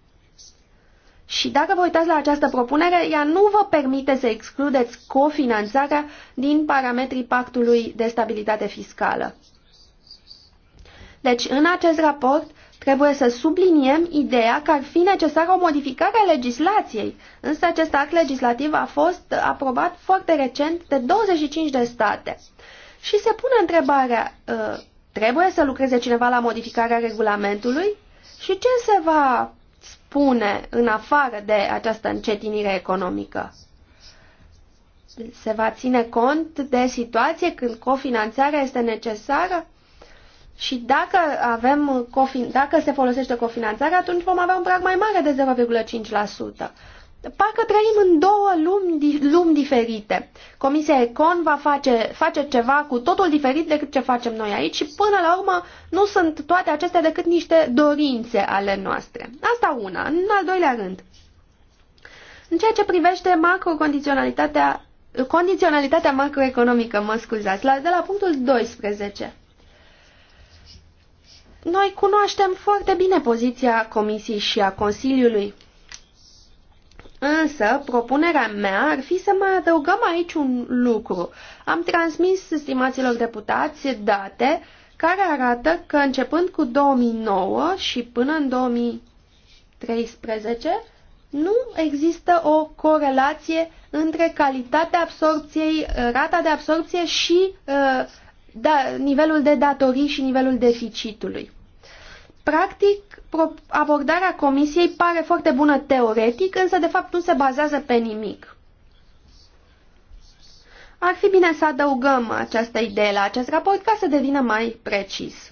Și dacă vă uitați la această propunere, ea nu vă permite să excludeți cofinanțarea din parametrii pactului de stabilitate fiscală. Deci, în acest raport, Trebuie să subliniem ideea că ar fi necesară o modificare a legislației, însă acest act legislativ a fost aprobat foarte recent de 25 de state. Și se pune întrebarea, ă, trebuie să lucreze cineva la modificarea regulamentului? Și ce se va spune în afară de această încetinire economică? Se va ține cont de situație când cofinanțarea este necesară? Și dacă, avem, uh, dacă se folosește cofinanțare, atunci vom avea un prag mai mare de 0,5%. Parcă trăim în două lumi, lumi diferite. Comisia Econ va face, face ceva cu totul diferit decât ce facem noi aici și până la urmă nu sunt toate acestea decât niște dorințe ale noastre. Asta una. În al doilea rând, în ceea ce privește macrocondiționalitatea condiționalitatea macroeconomică, mă scuzați, la, de la punctul 12. Noi cunoaștem foarte bine poziția Comisiei și a Consiliului. Însă, propunerea mea ar fi să mai adăugăm aici un lucru. Am transmis stimaților deputați date care arată că începând cu 2009 și până în 2013 nu există o corelație între calitatea absorpției, rata de absorpție și uh, da, nivelul de datorii și nivelul deficitului. Practic, abordarea comisiei pare foarte bună teoretic, însă de fapt nu se bazează pe nimic. Ar fi bine să adăugăm această idee la acest raport ca să devină mai precis.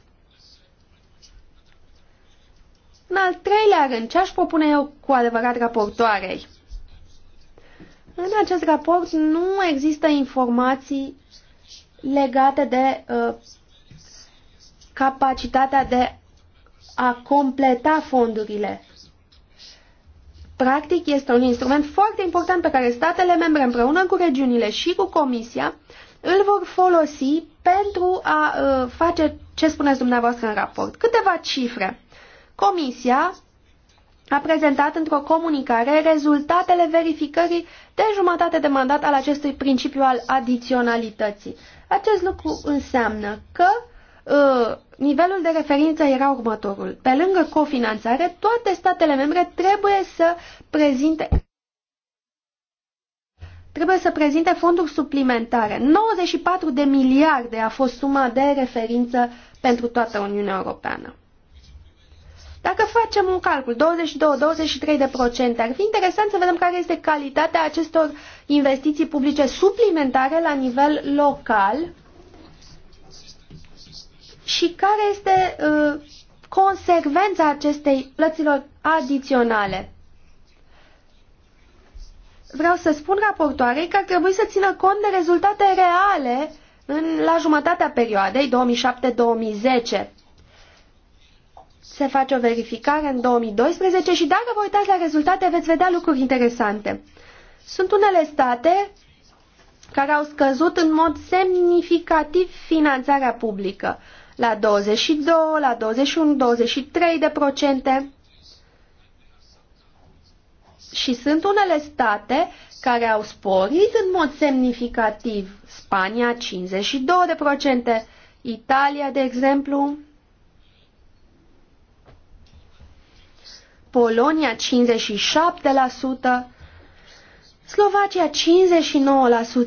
În al treilea rând, ce aș propune eu cu adevărat raportoarei? În acest raport nu există informații legate de uh, capacitatea de a completa fondurile. Practic, este un instrument foarte important pe care statele membre împreună cu regiunile și cu Comisia îl vor folosi pentru a uh, face ce spuneți dumneavoastră în raport. Câteva cifre. Comisia a prezentat într-o comunicare rezultatele verificării de jumătate de mandat al acestui principiu al adiționalității. Acest lucru înseamnă că uh, Uh, nivelul de referință era următorul. Pe lângă cofinanțare, toate statele membre trebuie să prezinte trebuie să prezinte fonduri suplimentare. 94 de miliarde a fost suma de referință pentru toată Uniunea Europeană. Dacă facem un calcul, 22-23% de procente, ar fi interesant să vedem care este calitatea acestor investiții publice suplimentare la nivel local, și care este uh, consecvența acestei plăților adiționale. Vreau să spun raportoarei că ar trebui să țină cont de rezultate reale în, la jumătatea perioadei 2007-2010. Se face o verificare în 2012 și dacă vă uitați la rezultate veți vedea lucruri interesante. Sunt unele state care au scăzut în mod semnificativ finanțarea publică la 22, la 21, 23 de procente. Și sunt unele state care au sporit în mod semnificativ. Spania 52 de procente, Italia, de exemplu, Polonia 57%, Slovacia 59%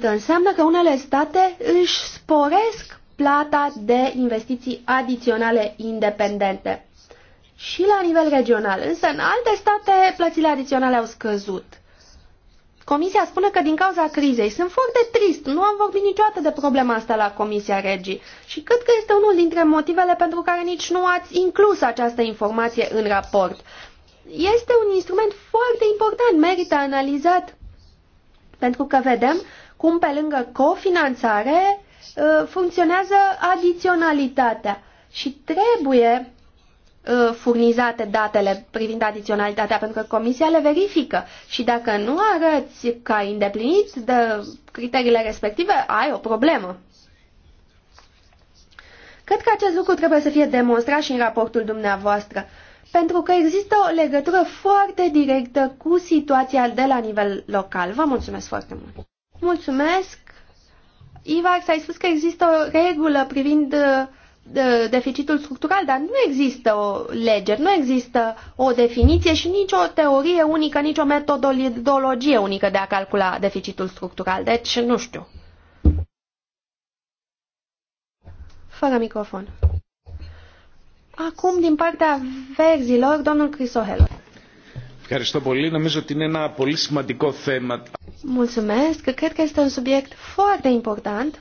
înseamnă că unele state își sporesc plata de investiții adiționale independente. Și la nivel regional, însă în alte state plățile adiționale au scăzut. Comisia spune că din cauza crizei sunt foarte trist, nu am vorbit niciodată de problema asta la Comisia Regii și cred că este unul dintre motivele pentru care nici nu ați inclus această informație în raport. Este un instrument foarte important, merită analizat, pentru că vedem cum pe lângă cofinanțare Uh, funcționează adiționalitatea și trebuie uh, furnizate datele privind adiționalitatea, pentru că comisia le verifică și dacă nu arăți că ai îndeplinit de criteriile respective, ai o problemă. Cred că acest lucru trebuie să fie demonstrat și în raportul dumneavoastră, pentru că există o legătură foarte directă cu situația de la nivel local. Vă mulțumesc foarte mult! Mulțumesc! Ivax, ai spus că există o regulă privind uh, deficitul structural, dar nu există o lege, nu există o definiție și nici o teorie unică, nici o metodologie unică de a calcula deficitul structural. Deci, nu știu. Fără microfon. Acum, din partea verzilor, domnul Crisohelo. Ευχαριστώ πολύ. Νομίζω ότι είναι ένα πολύ σημαντικό θέμα. Mulțumesc. Cred că este un subiect foarte important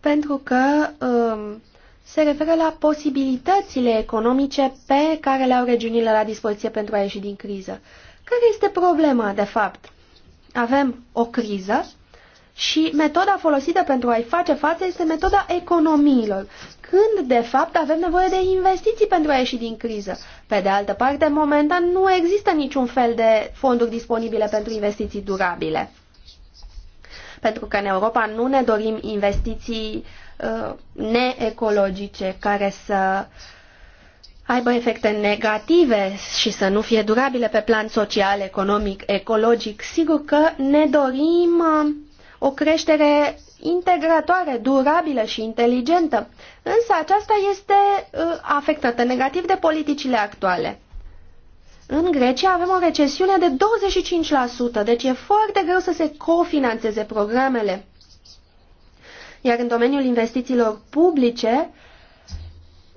pentru că um, se referă la posibilitățile economice pe care le au regiunile la dispoziție pentru a ieși din criză. Care este problema, de fapt? Avem o criză și metoda folosită pentru a-i face față este metoda economiilor când, de fapt, avem nevoie de investiții pentru a ieși din criză. Pe de altă parte, momentan nu există niciun fel de fonduri disponibile pentru investiții durabile. Pentru că în Europa nu ne dorim investiții uh, neecologice care să aibă efecte negative și să nu fie durabile pe plan social, economic, ecologic. Sigur că ne dorim uh, o creștere integratoare, durabilă și inteligentă, însă aceasta este uh, afectată negativ de politicile actuale. În Grecia avem o recesiune de 25%, deci e foarte greu să se cofinanțeze programele. Iar în domeniul investițiilor publice,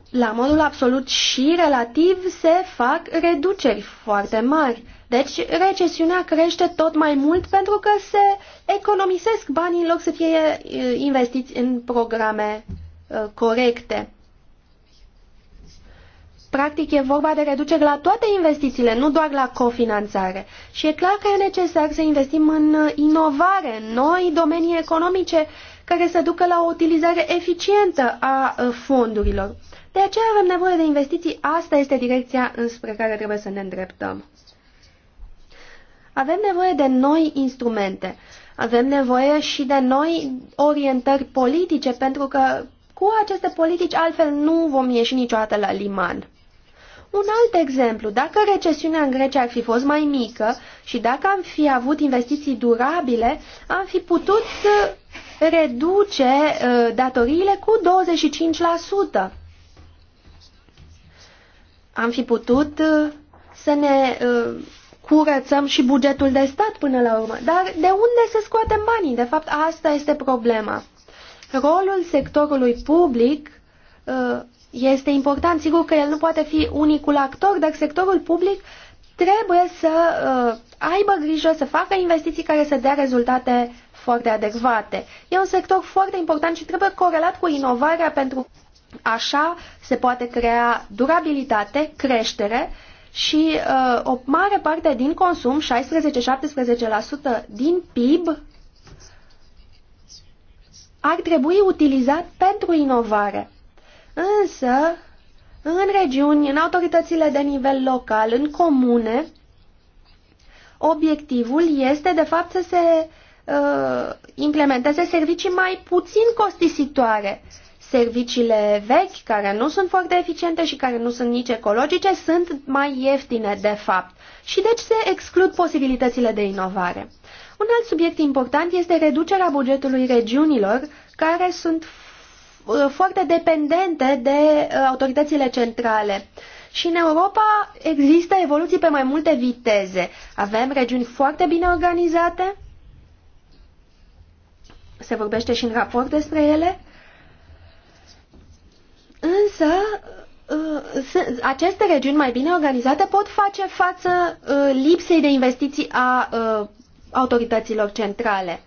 la modul absolut și relativ, se fac reduceri foarte mari. Deci, recesiunea crește tot mai mult pentru că se economisesc banii în loc să fie uh, investiți în programe uh, corecte. Practic, e vorba de reducere la toate investițiile, nu doar la cofinanțare. Și e clar că e necesar să investim în uh, inovare, în noi domenii economice care să ducă la o utilizare eficientă a fondurilor. De aceea avem nevoie de investiții, asta este direcția înspre care trebuie să ne îndreptăm. Avem nevoie de noi instrumente, avem nevoie și de noi orientări politice, pentru că cu aceste politici altfel nu vom ieși niciodată la liman. Un alt exemplu, dacă recesiunea în Grecia ar fi fost mai mică și dacă am fi avut investiții durabile, am fi putut reduce uh, datoriile cu 25%. Am fi putut uh, să ne uh, curățăm și bugetul de stat până la urmă. Dar de unde să scoatem banii? De fapt, asta este problema. Rolul sectorului public uh, este important. Sigur că el nu poate fi unicul actor, dar sectorul public trebuie să uh, aibă grijă să facă investiții care să dea rezultate foarte adecvate. E un sector foarte important și trebuie corelat cu inovarea pentru așa se poate crea durabilitate, creștere și uh, o mare parte din consum, 16-17% din PIB, ar trebui utilizat pentru inovare. Însă, în regiuni, în autoritățile de nivel local, în comune, obiectivul este, de fapt, să se uh, implementeze servicii mai puțin costisitoare. Uh, serviciile vechi, care nu sunt foarte eficiente și care nu sunt nici ecologice, sunt mai ieftine, de fapt. Și deci se exclud posibilitățile de inovare. Un alt subiect important este reducerea bugetului regiunilor, care sunt uh, foarte dependente de uh, autoritățile centrale. Și în Europa există evoluții pe mai multe viteze. Avem regiuni foarte bine organizate, se vorbește și în raport despre ele, Însă, uh, aceste regiuni mai bine organizate pot face față uh, lipsei de investiții a uh, autorităților centrale.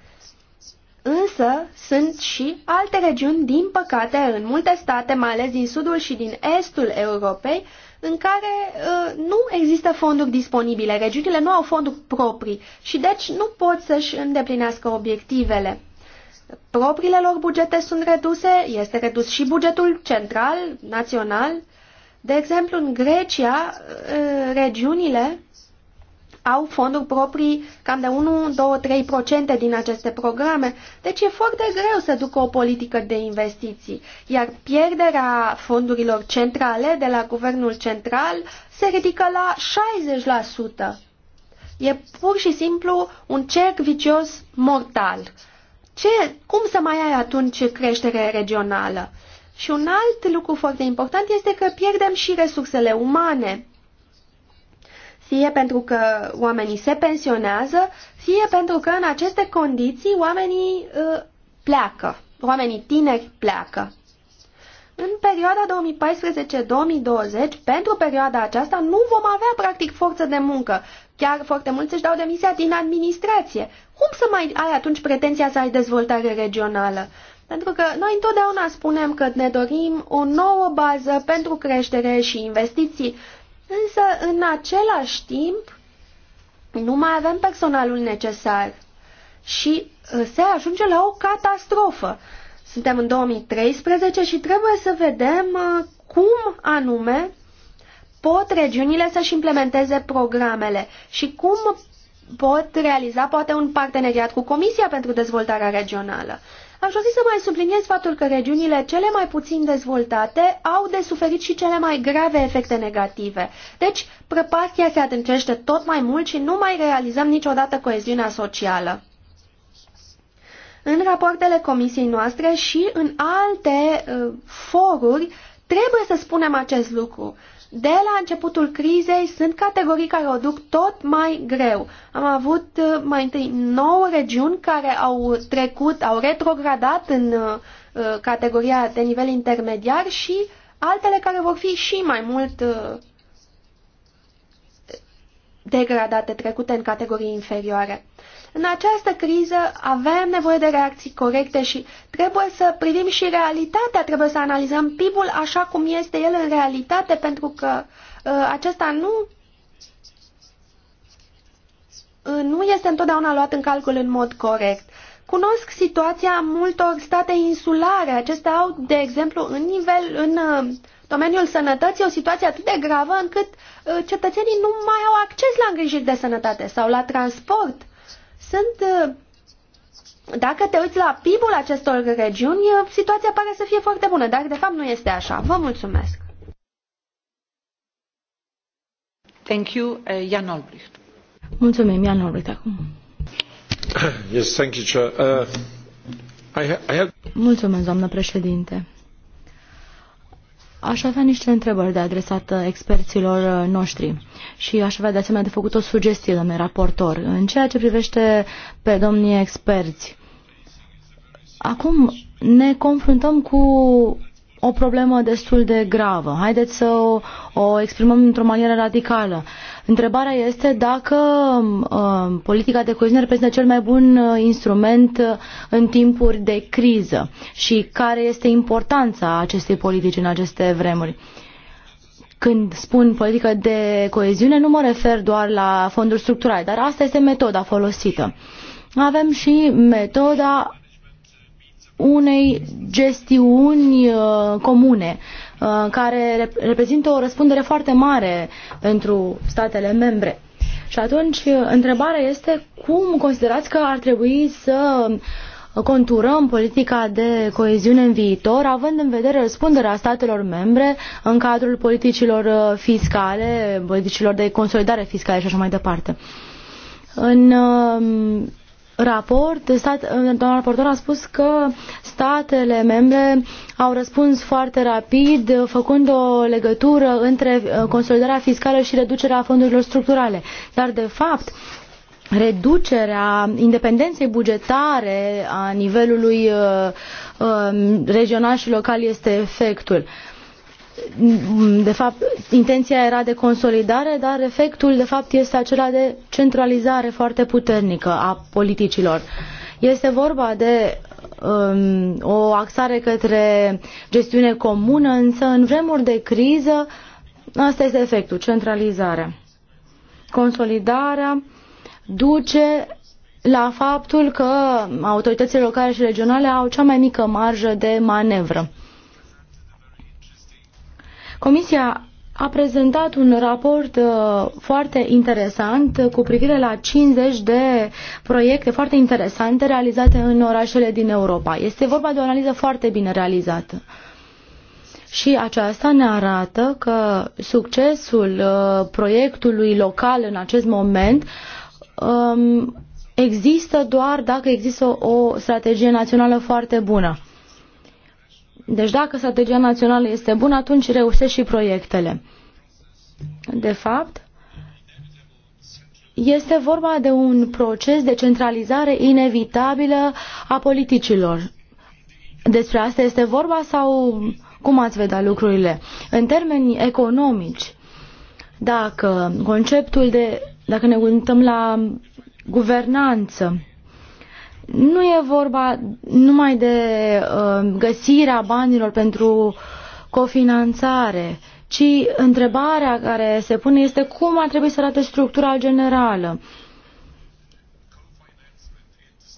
Însă sunt și alte regiuni, din păcate, în multe state, mai ales din sudul și din estul Europei, în care uh, nu există fonduri disponibile, regiunile nu au fonduri proprii și deci nu pot să-și îndeplinească obiectivele propriile lor bugete sunt reduse, este redus și bugetul central, național. De exemplu, în Grecia, ă, regiunile au fonduri proprii cam de 1-2-3% din aceste programe, deci e foarte greu să ducă o politică de investiții, iar pierderea fondurilor centrale de la guvernul central se ridică la 60%. E pur și simplu un cerc vicios mortal ce, cum să mai ai atunci creștere regională? Și un alt lucru foarte important este că pierdem și resursele umane. Fie pentru că oamenii se pensionează, fie pentru că în aceste condiții oamenii uh, pleacă, oamenii tineri pleacă. În perioada 2014-2020, pentru perioada aceasta, nu vom avea practic forță de muncă, Chiar foarte mulți își dau demisia din administrație. Cum să mai ai atunci pretenția să ai dezvoltare regională? Pentru că noi întotdeauna spunem că ne dorim o nouă bază pentru creștere și investiții, însă în același timp nu mai avem personalul necesar și uh, se ajunge la o catastrofă. Suntem în 2013 și trebuie să vedem uh, cum anume pot regiunile să-și implementeze programele și cum pot realiza poate un parteneriat cu Comisia pentru Dezvoltarea Regională. Aș vrea să mai subliniez faptul că regiunile cele mai puțin dezvoltate au de suferit și cele mai grave efecte negative. Deci, prăpastia se adâncește tot mai mult și nu mai realizăm niciodată coeziunea socială. În rapoartele comisiei noastre și în alte uh, foruri trebuie să spunem acest lucru de la începutul crizei sunt categorii care o duc tot mai greu. Am avut uh, mai întâi 9 regiuni care au trecut, au retrogradat în uh, uh, categoria de nivel intermediar și altele care vor fi și mai mult uh, degradate, trecute în categorii inferioare. În această criză avem nevoie de reacții corecte și trebuie să privim și realitatea, trebuie să analizăm PIB-ul așa cum este el în realitate, pentru că uh, acesta nu uh, nu este întotdeauna luat în calcul în mod corect. Cunosc situația multor state insulare. Acestea au, de exemplu, în, nivel, în uh, domeniul sănătății o situație atât de gravă încât uh, cetățenii nu mai au acces la îngrijiri de sănătate sau la transport sunt uh, dacă te uiți la PIB-ul acestor regiuni, uh, situația pare să fie foarte bună, dar de fapt nu este așa. Vă mulțumesc. Thank you, uh, Jan Olbricht. Mulțumim, Jan Olbricht, acum. Yes, thank you, Chair. Uh, I I have... Mulțumesc, doamnă președinte. Aș avea niște întrebări de adresat uh, experților uh, noștri și aș avea de asemenea de făcut o sugestie, domnule raportor, în ceea ce privește pe domnii experți. Acum ne confruntăm cu o problemă destul de gravă. Haideți să o, o exprimăm într-o manieră radicală. Întrebarea este dacă uh, politica de coeziune reprezintă cel mai bun uh, instrument uh, în timpuri de criză și care este importanța acestei politici în aceste vremuri. Când spun politică de coeziune, nu mă refer doar la fonduri structurale, dar asta este metoda folosită. Avem și metoda unei gestiuni uh, comune uh, care reprezintă o răspundere foarte mare pentru statele membre. Și atunci, uh, întrebarea este cum considerați că ar trebui să conturăm politica de coeziune în viitor, având în vedere răspunderea statelor membre în cadrul politicilor fiscale, politicilor de consolidare fiscale și așa mai departe. În um, raport, stat, doamna raportor a spus că statele membre au răspuns foarte rapid, făcând o legătură între uh, consolidarea fiscală și reducerea fondurilor structurale. Dar, de fapt, reducerea independenței bugetare a nivelului uh, uh, regional și local este efectul. Uh, de fapt, intenția era de consolidare, dar efectul, de fapt, este acela de centralizare foarte puternică a politicilor. Este vorba de um, o axare către gestiune comună, însă în vremuri de criză, asta este efectul, Centralizarea, Consolidarea duce la faptul că autoritățile locale și regionale au cea mai mică marjă de manevră. Comisia a prezentat un raport uh, foarte interesant uh, cu privire la 50 de proiecte foarte interesante realizate în orașele din Europa. Este vorba de o analiză foarte bine realizată. Și aceasta ne arată că succesul uh, proiectului local în acest moment um, există doar dacă există o, o strategie națională foarte bună. Deci dacă strategia națională este bună, atunci reușesc și proiectele. De fapt, este vorba de un proces de centralizare inevitabilă a politicilor. Despre asta este vorba sau cum ați vedea lucrurile? În termeni economici, dacă conceptul de, dacă ne uităm la guvernanță, nu e vorba numai de uh, găsirea banilor pentru cofinanțare, ci întrebarea care se pune este cum ar trebui să arate structura generală.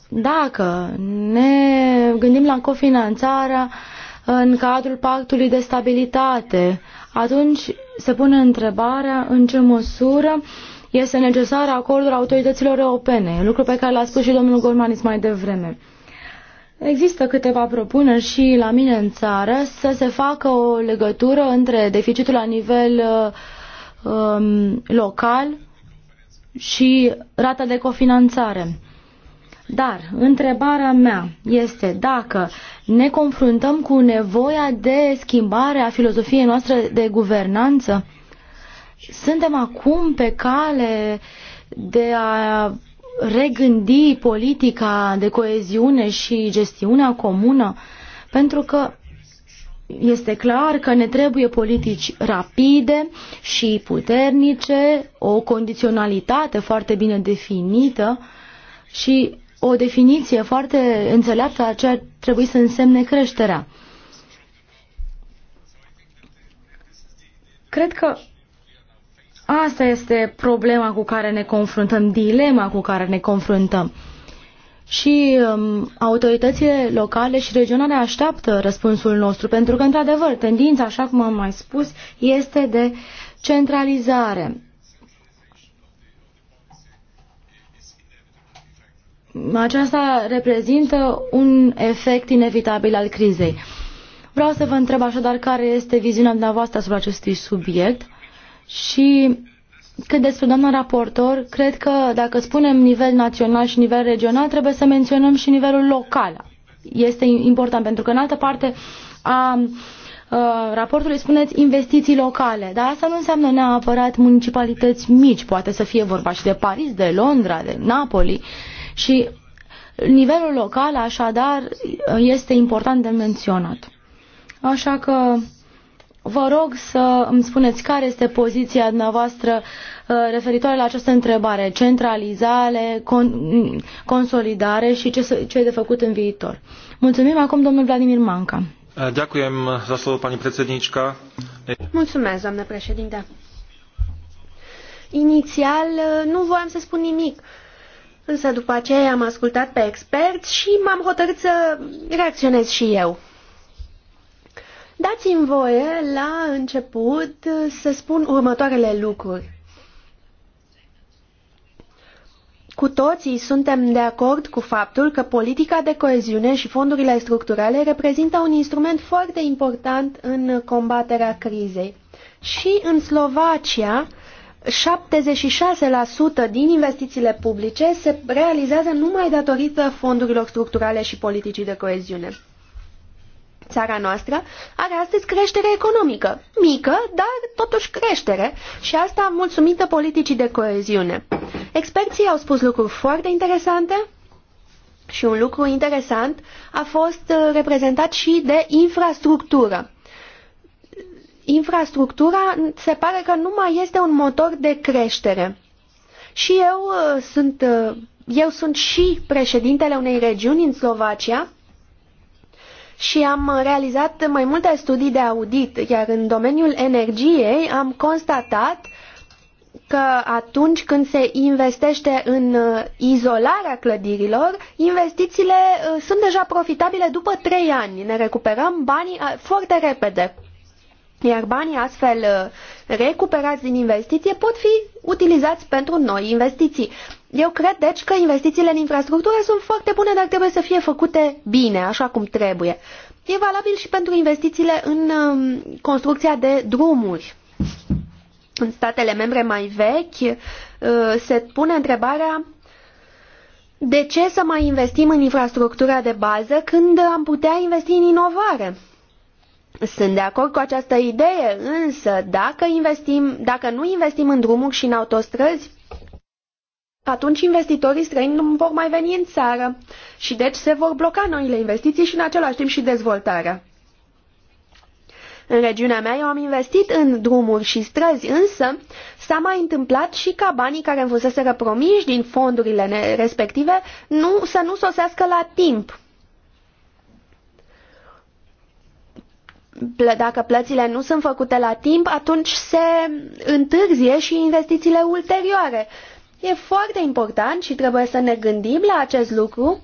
Dacă ne gândim la cofinanțarea în cadrul pactului de stabilitate, atunci se pune întrebarea în ce măsură uh, este necesar acordul autorităților europene, lucru pe care l-a spus și domnul Gormanis mai devreme. Există câteva propuneri și la mine în țară să se facă o legătură între deficitul la nivel um, local și rata de cofinanțare. Dar întrebarea mea este dacă ne confruntăm cu nevoia de schimbare a filozofiei noastre de guvernanță, suntem acum pe cale de a regândi politica de coeziune și gestiunea comună, pentru că este clar că ne trebuie politici rapide și puternice, o condiționalitate foarte bine definită și o definiție foarte înțeleaptă a ceea trebuie să însemne creșterea. Cred că Asta este problema cu care ne confruntăm, dilema cu care ne confruntăm. Și um, autoritățile locale și regionale așteaptă răspunsul nostru, pentru că, într-adevăr, tendința, așa cum am mai spus, este de centralizare. Aceasta reprezintă un efect inevitabil al crizei. Vreau să vă întreb așadar care este viziunea dumneavoastră asupra acestui subiect și cât despre doamna raportor, cred că dacă spunem nivel național și nivel regional, trebuie să menționăm și nivelul local. Este important pentru că în altă parte a raportului spuneți investiții locale, dar asta nu înseamnă neapărat municipalități mici, poate să fie vorba și de Paris, de Londra, de Napoli și nivelul local așadar este important de menționat. Așa că Vă rog să îmi spuneți care este poziția dumneavoastră uh, referitoare la această întrebare, centralizare, con, consolidare și ce, ce e de făcut în viitor. Mulțumim acum domnul Vladimir Manca. Ďakujem uh, za pani predsednička. Mulțumesc, doamnă președinte. Inițial uh, nu voiam să spun nimic, însă după aceea am ascultat pe experți și m-am hotărât să reacționez și eu. Dați-mi voie la început să spun următoarele lucruri. Cu toții suntem de acord cu faptul că politica de coeziune și fondurile structurale reprezintă un instrument foarte important în combaterea crizei. Și în Slovacia, 76% din investițiile publice se realizează numai datorită fondurilor structurale și politicii de coeziune. Țara noastră are astăzi creștere economică, mică, dar totuși creștere și asta mulțumită politicii de coeziune. Experții au spus lucruri foarte interesante și un lucru interesant a fost uh, reprezentat și de infrastructură. Infrastructura se pare că nu mai este un motor de creștere. Și eu uh, sunt, uh, eu sunt și președintele unei regiuni în Slovacia, și am uh, realizat mai multe studii de audit, iar în domeniul energiei am constatat că atunci când se investește în uh, izolarea clădirilor, investițiile uh, sunt deja profitabile după trei ani. Ne recuperăm banii foarte repede. Iar banii astfel recuperați din investiție pot fi utilizați pentru noi investiții. Eu cred, deci, că investițiile în infrastructură sunt foarte bune, dar trebuie să fie făcute bine, așa cum trebuie. E valabil și pentru investițiile în um, construcția de drumuri. În statele membre mai vechi uh, se pune întrebarea de ce să mai investim în infrastructura de bază când am putea investi în inovare? Sunt de acord cu această idee, însă dacă, investim, dacă nu investim în drumuri și în autostrăzi, atunci investitorii străini nu vor mai veni în țară și deci se vor bloca noile investiții și în același timp și dezvoltarea. În regiunea mea eu am investit în drumuri și străzi, însă s-a mai întâmplat și ca banii care îmi fuseseră promiși din fondurile respective nu, să nu sosească la timp. Dacă plățile nu sunt făcute la timp, atunci se întârzie și investițiile ulterioare E foarte important și trebuie să ne gândim la acest lucru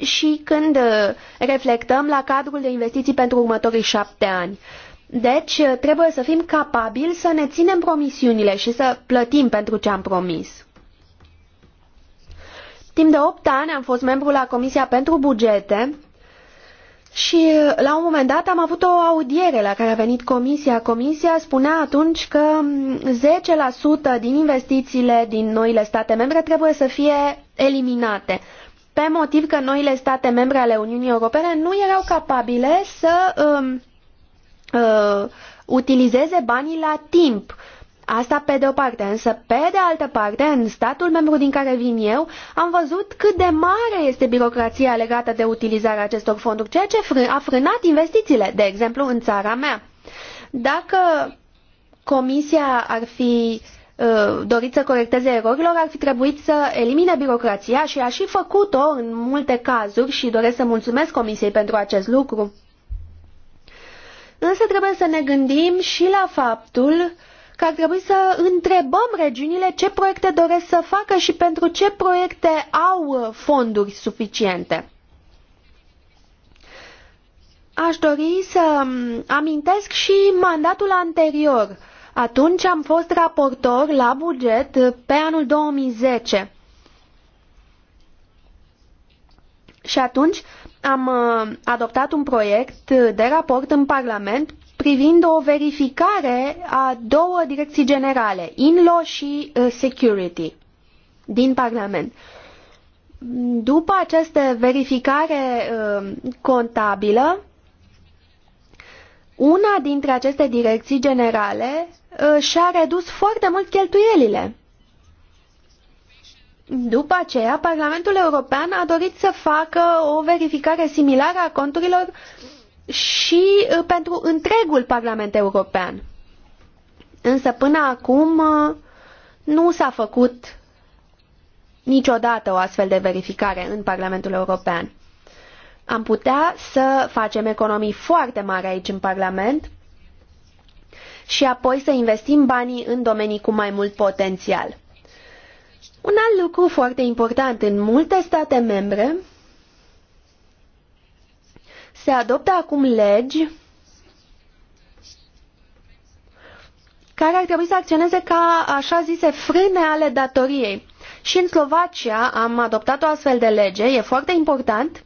și când uh, reflectăm la cadrul de investiții pentru următorii șapte ani. Deci, uh, trebuie să fim capabili să ne ținem promisiunile și să plătim pentru ce am promis. Timp de opt ani am fost membru la Comisia pentru Bugete și uh, la un moment dat am avut o audiere la care a venit comisia. Comisia spunea atunci că 10% mm, din investițiile din noile state membre trebuie să fie eliminate pe motiv că noile state membre ale Uniunii Europene nu erau capabile să um, uh, utilizeze banii la timp. Uh, Asta pe de o parte, însă pe de altă parte, în statul membru din care vin eu, am văzut cât de mare este birocrația legată de utilizarea acestor fonduri, ceea ce a frânat investițiile, de exemplu în țara mea. Dacă comisia ar fi uh, dorit să corecteze erorilor, ar fi trebuit să elimine birocrația și a și făcut-o în multe cazuri și doresc să mulțumesc comisiei pentru acest lucru. Însă trebuie să ne gândim și la faptul că ar trebui să întrebăm regiunile ce proiecte doresc să facă și pentru ce proiecte au uh, fonduri suficiente. Aș dori să um, amintesc și mandatul anterior. Atunci am fost raportor la buget uh, pe anul 2010. Și atunci am uh, adoptat un proiect de raport în Parlament privind o verificare a două direcții generale, INLO și uh, Security, din Parlament. După această verificare uh, contabilă, una dintre aceste direcții generale uh, și-a redus foarte mult cheltuielile. După aceea, Parlamentul European a dorit să facă o verificare similară a conturilor uh, și uh, pentru întregul Parlament European. Însă până acum uh, nu s-a făcut niciodată o astfel de verificare în Parlamentul European. Am putea să facem economii foarte mari aici în Parlament și apoi să investim banii în domenii cu mai mult potențial. Un alt lucru foarte important în multe state membre se adoptă acum legi care ar trebui să acționeze ca așa zise frâne ale datoriei. Și în Slovacia am adoptat o astfel de lege, e foarte important.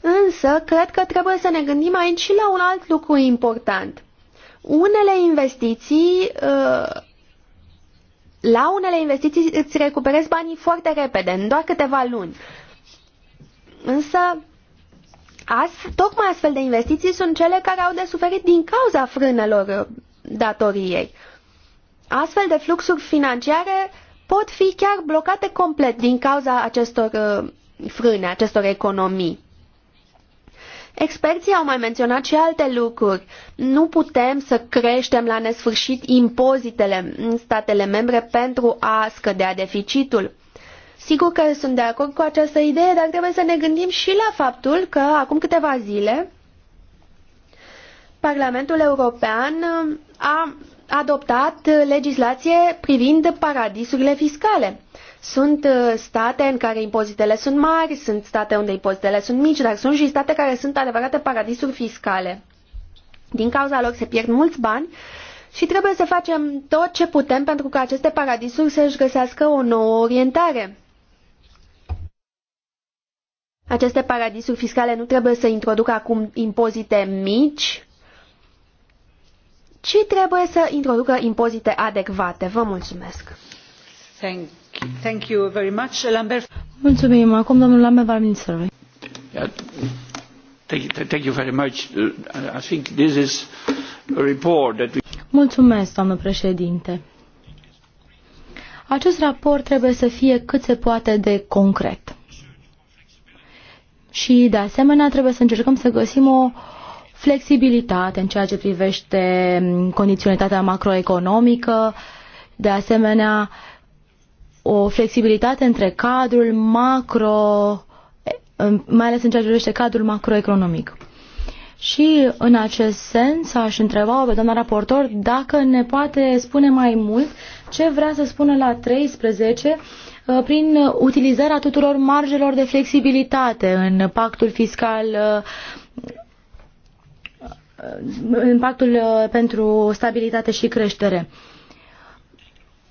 Însă, cred că trebuie să ne gândim aici și la un alt lucru important. Unele investiții, uh, la unele investiții îți recuperezi banii foarte repede, în doar câteva luni. Însă, As, tocmai astfel de investiții sunt cele care au de suferit din cauza frânelor uh, datoriei. Astfel de fluxuri financiare pot fi chiar blocate complet din cauza acestor uh, frâne, acestor economii. Experții au mai menționat și alte lucruri. Nu putem să creștem la nesfârșit impozitele în statele membre pentru a scădea deficitul. Sigur că sunt de acord cu această idee, dar trebuie să ne gândim și la faptul că acum câteva zile Parlamentul European a adoptat legislație privind paradisurile fiscale. Sunt uh, state în care impozitele sunt mari, sunt state unde impozitele sunt mici, dar sunt și state care sunt adevărate paradisuri fiscale. Din cauza lor se pierd mulți bani și trebuie să facem tot ce putem pentru ca aceste paradisuri să-și găsească o nouă orientare. Aceste paradisuri fiscale nu trebuie să introducă acum impozite mici, ci trebuie să introducă impozite adecvate. Vă mulțumesc! Thank, thank you very much, Lambert. Mulțumim. Acum domnul Lambert va ministrului. Yeah. Thank you very much. Uh, I think this is a report that we... Mulțumesc, doamnă președinte. Acest raport trebuie să fie cât se poate de concret și, de asemenea, trebuie să încercăm să găsim o flexibilitate în ceea ce privește condiționalitatea macroeconomică, de asemenea, o flexibilitate între cadrul macro, mai ales în ceea ce privește cadrul macroeconomic. Și în acest sens aș întreba pe doamna raportor dacă ne poate spune mai mult ce vrea să spună la 13 Uh, prin utilizarea tuturor marjelor de flexibilitate în pactul fiscal uh, în pactul uh, pentru stabilitate și creștere.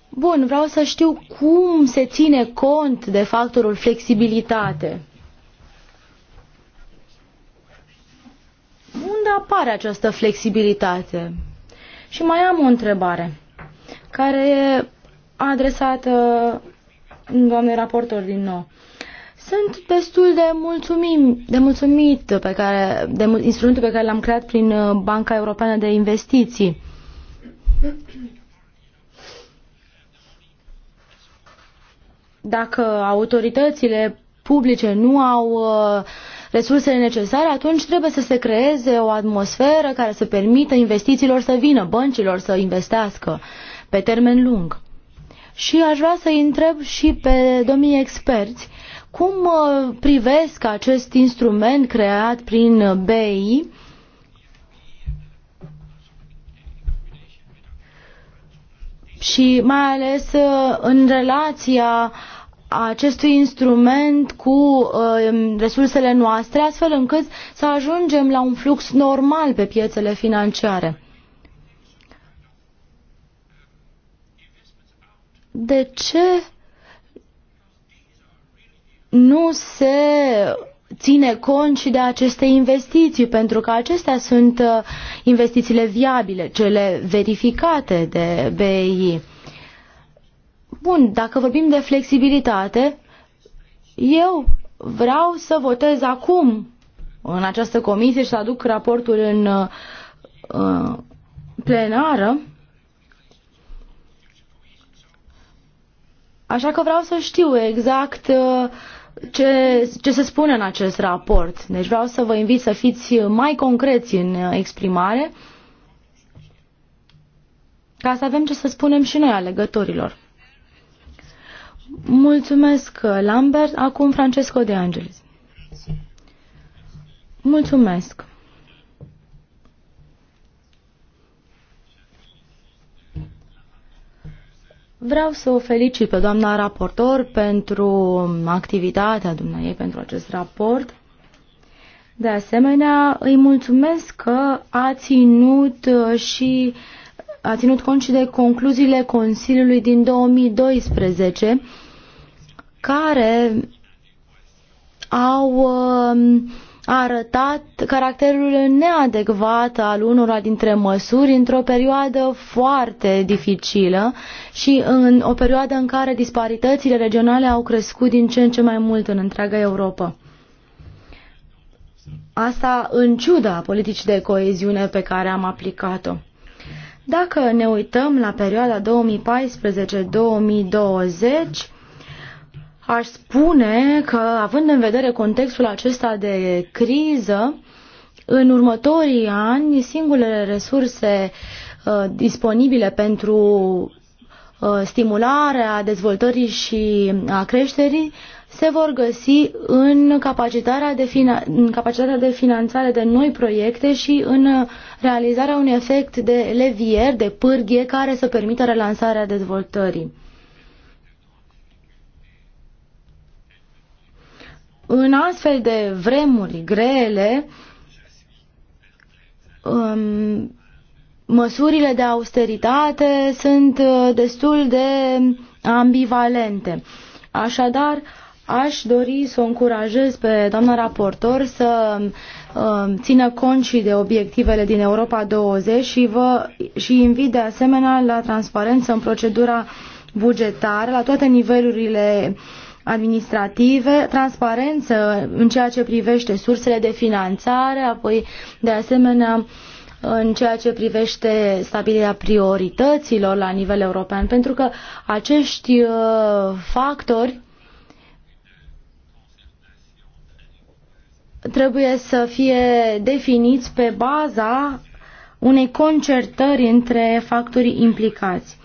Bun, vreau să știu cum se ține cont de factorul flexibilitate. Unde apare această flexibilitate? Și mai am o întrebare care e adresată doamnei raportor din nou. Sunt destul de, mulțumim, de mulțumit pe care, de instrumentul pe care l-am creat prin uh, Banca Europeană de Investiții. Dacă autoritățile publice nu au uh, resursele necesare, atunci trebuie să se creeze o atmosferă care să permită investițiilor să vină, băncilor să investească pe termen lung și aș vrea să întreb și pe domnii experți cum uh, privesc acest instrument creat prin BI și mai ales uh, în relația acestui instrument cu uh, resursele noastre, astfel încât să ajungem la un flux normal pe piețele financiare. de ce nu se ține cont și de aceste investiții, pentru că acestea sunt uh, investițiile viabile, cele verificate de BEI. Bun, dacă vorbim de flexibilitate, eu vreau să votez acum în această comisie și să aduc raportul în în uh, plenară Așa că vreau să știu exact uh, ce, ce se spune în acest raport. Deci vreau să vă invit să fiți mai concreți în exprimare ca să avem ce să spunem și noi alegătorilor. Mulțumesc, Lambert. Acum Francesco de Angelis. Mulțumesc. Vreau să o felicit pe doamna raportor pentru activitatea dumneavoastră pentru acest raport. De asemenea, îi mulțumesc că a ținut uh, și a ținut cont și de concluziile Consiliului din 2012 care au uh, a arătat caracterul neadecvat al unora dintre măsuri într-o perioadă foarte dificilă și în o perioadă în care disparitățile regionale au crescut din ce în ce mai mult în întreaga Europa. Asta în ciuda politicii de coeziune pe care am aplicat-o. Dacă ne uităm la perioada 2014-2020, Aș spune că, având în vedere contextul acesta de criză, în următorii ani, singurele resurse uh, disponibile pentru uh, stimularea dezvoltării și a creșterii se vor găsi în capacitatea de, în capacitatea de finanțare de noi proiecte și în realizarea unui efect de levier, de pârghie, care să permită relansarea dezvoltării. În astfel de vremuri grele, um, măsurile de austeritate sunt uh, destul de ambivalente. Așadar, aș dori să o încurajez pe doamna raportor să um, țină cont și de obiectivele din Europa 20 și, vă, și invit de asemenea la transparență în procedura bugetară la toate nivelurile uh, administrative, transparență în ceea ce privește sursele de finanțare, apoi de asemenea în ceea ce privește stabilirea priorităților la nivel european, pentru că acești uh, factori trebuie să fie definiți pe baza unei concertări între factorii implicați.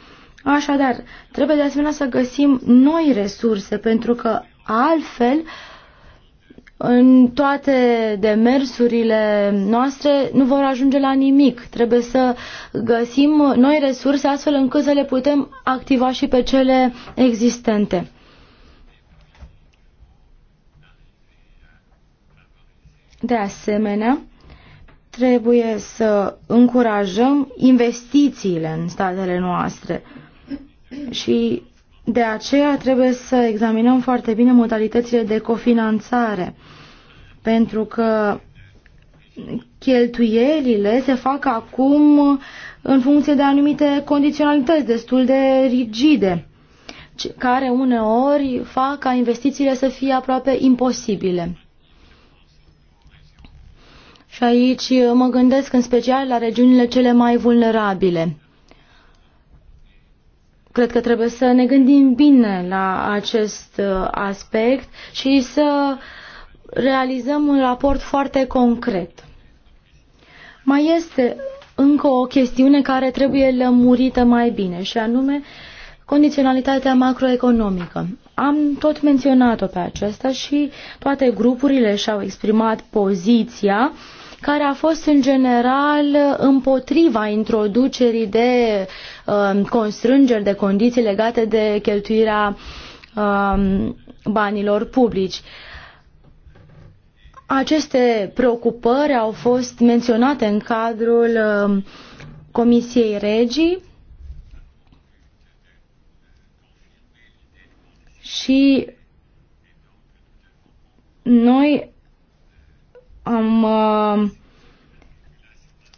Așadar, Trebuie de asemenea să găsim noi resurse, pentru că altfel în toate demersurile noastre nu vor ajunge la nimic. Trebuie să găsim noi resurse astfel încât să le putem activa și pe cele existente. De asemenea, trebuie să încurajăm investițiile în statele noastre și de aceea trebuie să examinăm foarte bine modalitățile de cofinanțare, pentru că cheltuielile se fac acum în funcție de anumite condiționalități destul de rigide, care uneori fac ca investițiile să fie aproape imposibile. Și aici mă gândesc în special la regiunile cele mai vulnerabile. Cred că trebuie să ne gândim bine la acest uh, aspect și să realizăm un raport foarte concret. Mai este încă o chestiune care trebuie lămurită mai bine și anume condiționalitatea macroeconomică. Am tot menționat-o pe aceasta și toate grupurile și-au exprimat poziția uh, care a fost în general împotriva introducerii de um, constrângeri, de condiții legate de cheltuirea um, banilor publici. Aceste preocupări au fost menționate în cadrul um, Comisiei Regii și noi am, uh,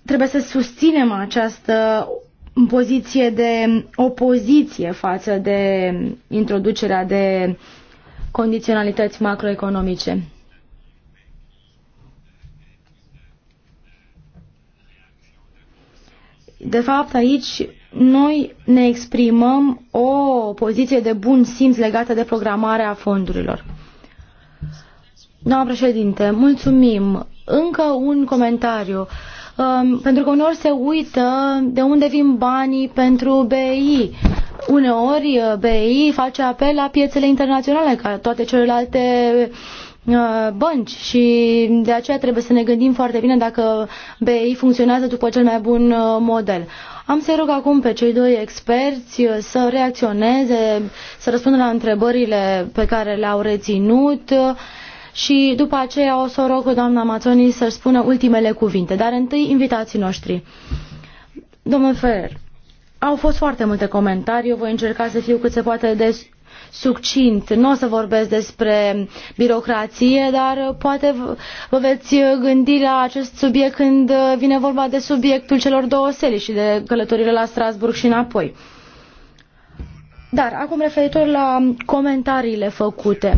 trebuie să susținem această poziție de opoziție față de introducerea de condiționalități macroeconomice. De fapt, aici noi ne exprimăm o poziție de bun simț legată de programarea fondurilor. Doamna președinte, mulțumim. Încă un comentariu. Um, pentru că uneori se uită de unde vin banii pentru BI. Uneori uh, BI face apel la piețele internaționale, ca toate celelalte uh, bănci și de aceea trebuie să ne gândim foarte bine dacă BI funcționează după cel mai bun uh, model. Am să-i rog acum pe cei doi experți să reacționeze, să răspundă la întrebările pe care le-au reținut și după aceea o să o rog pe doamna Mazzoni să-și spună ultimele cuvinte, dar întâi invitații noștri. Domnul Ferrer, au fost foarte multe comentarii, eu voi încerca să fiu cât se poate de succint. Nu o să vorbesc despre birocrație, dar poate vă veți gândi la acest subiect când vine vorba de subiectul celor două seli și de călătorile la Strasburg și înapoi. Dar acum referitor la comentariile făcute.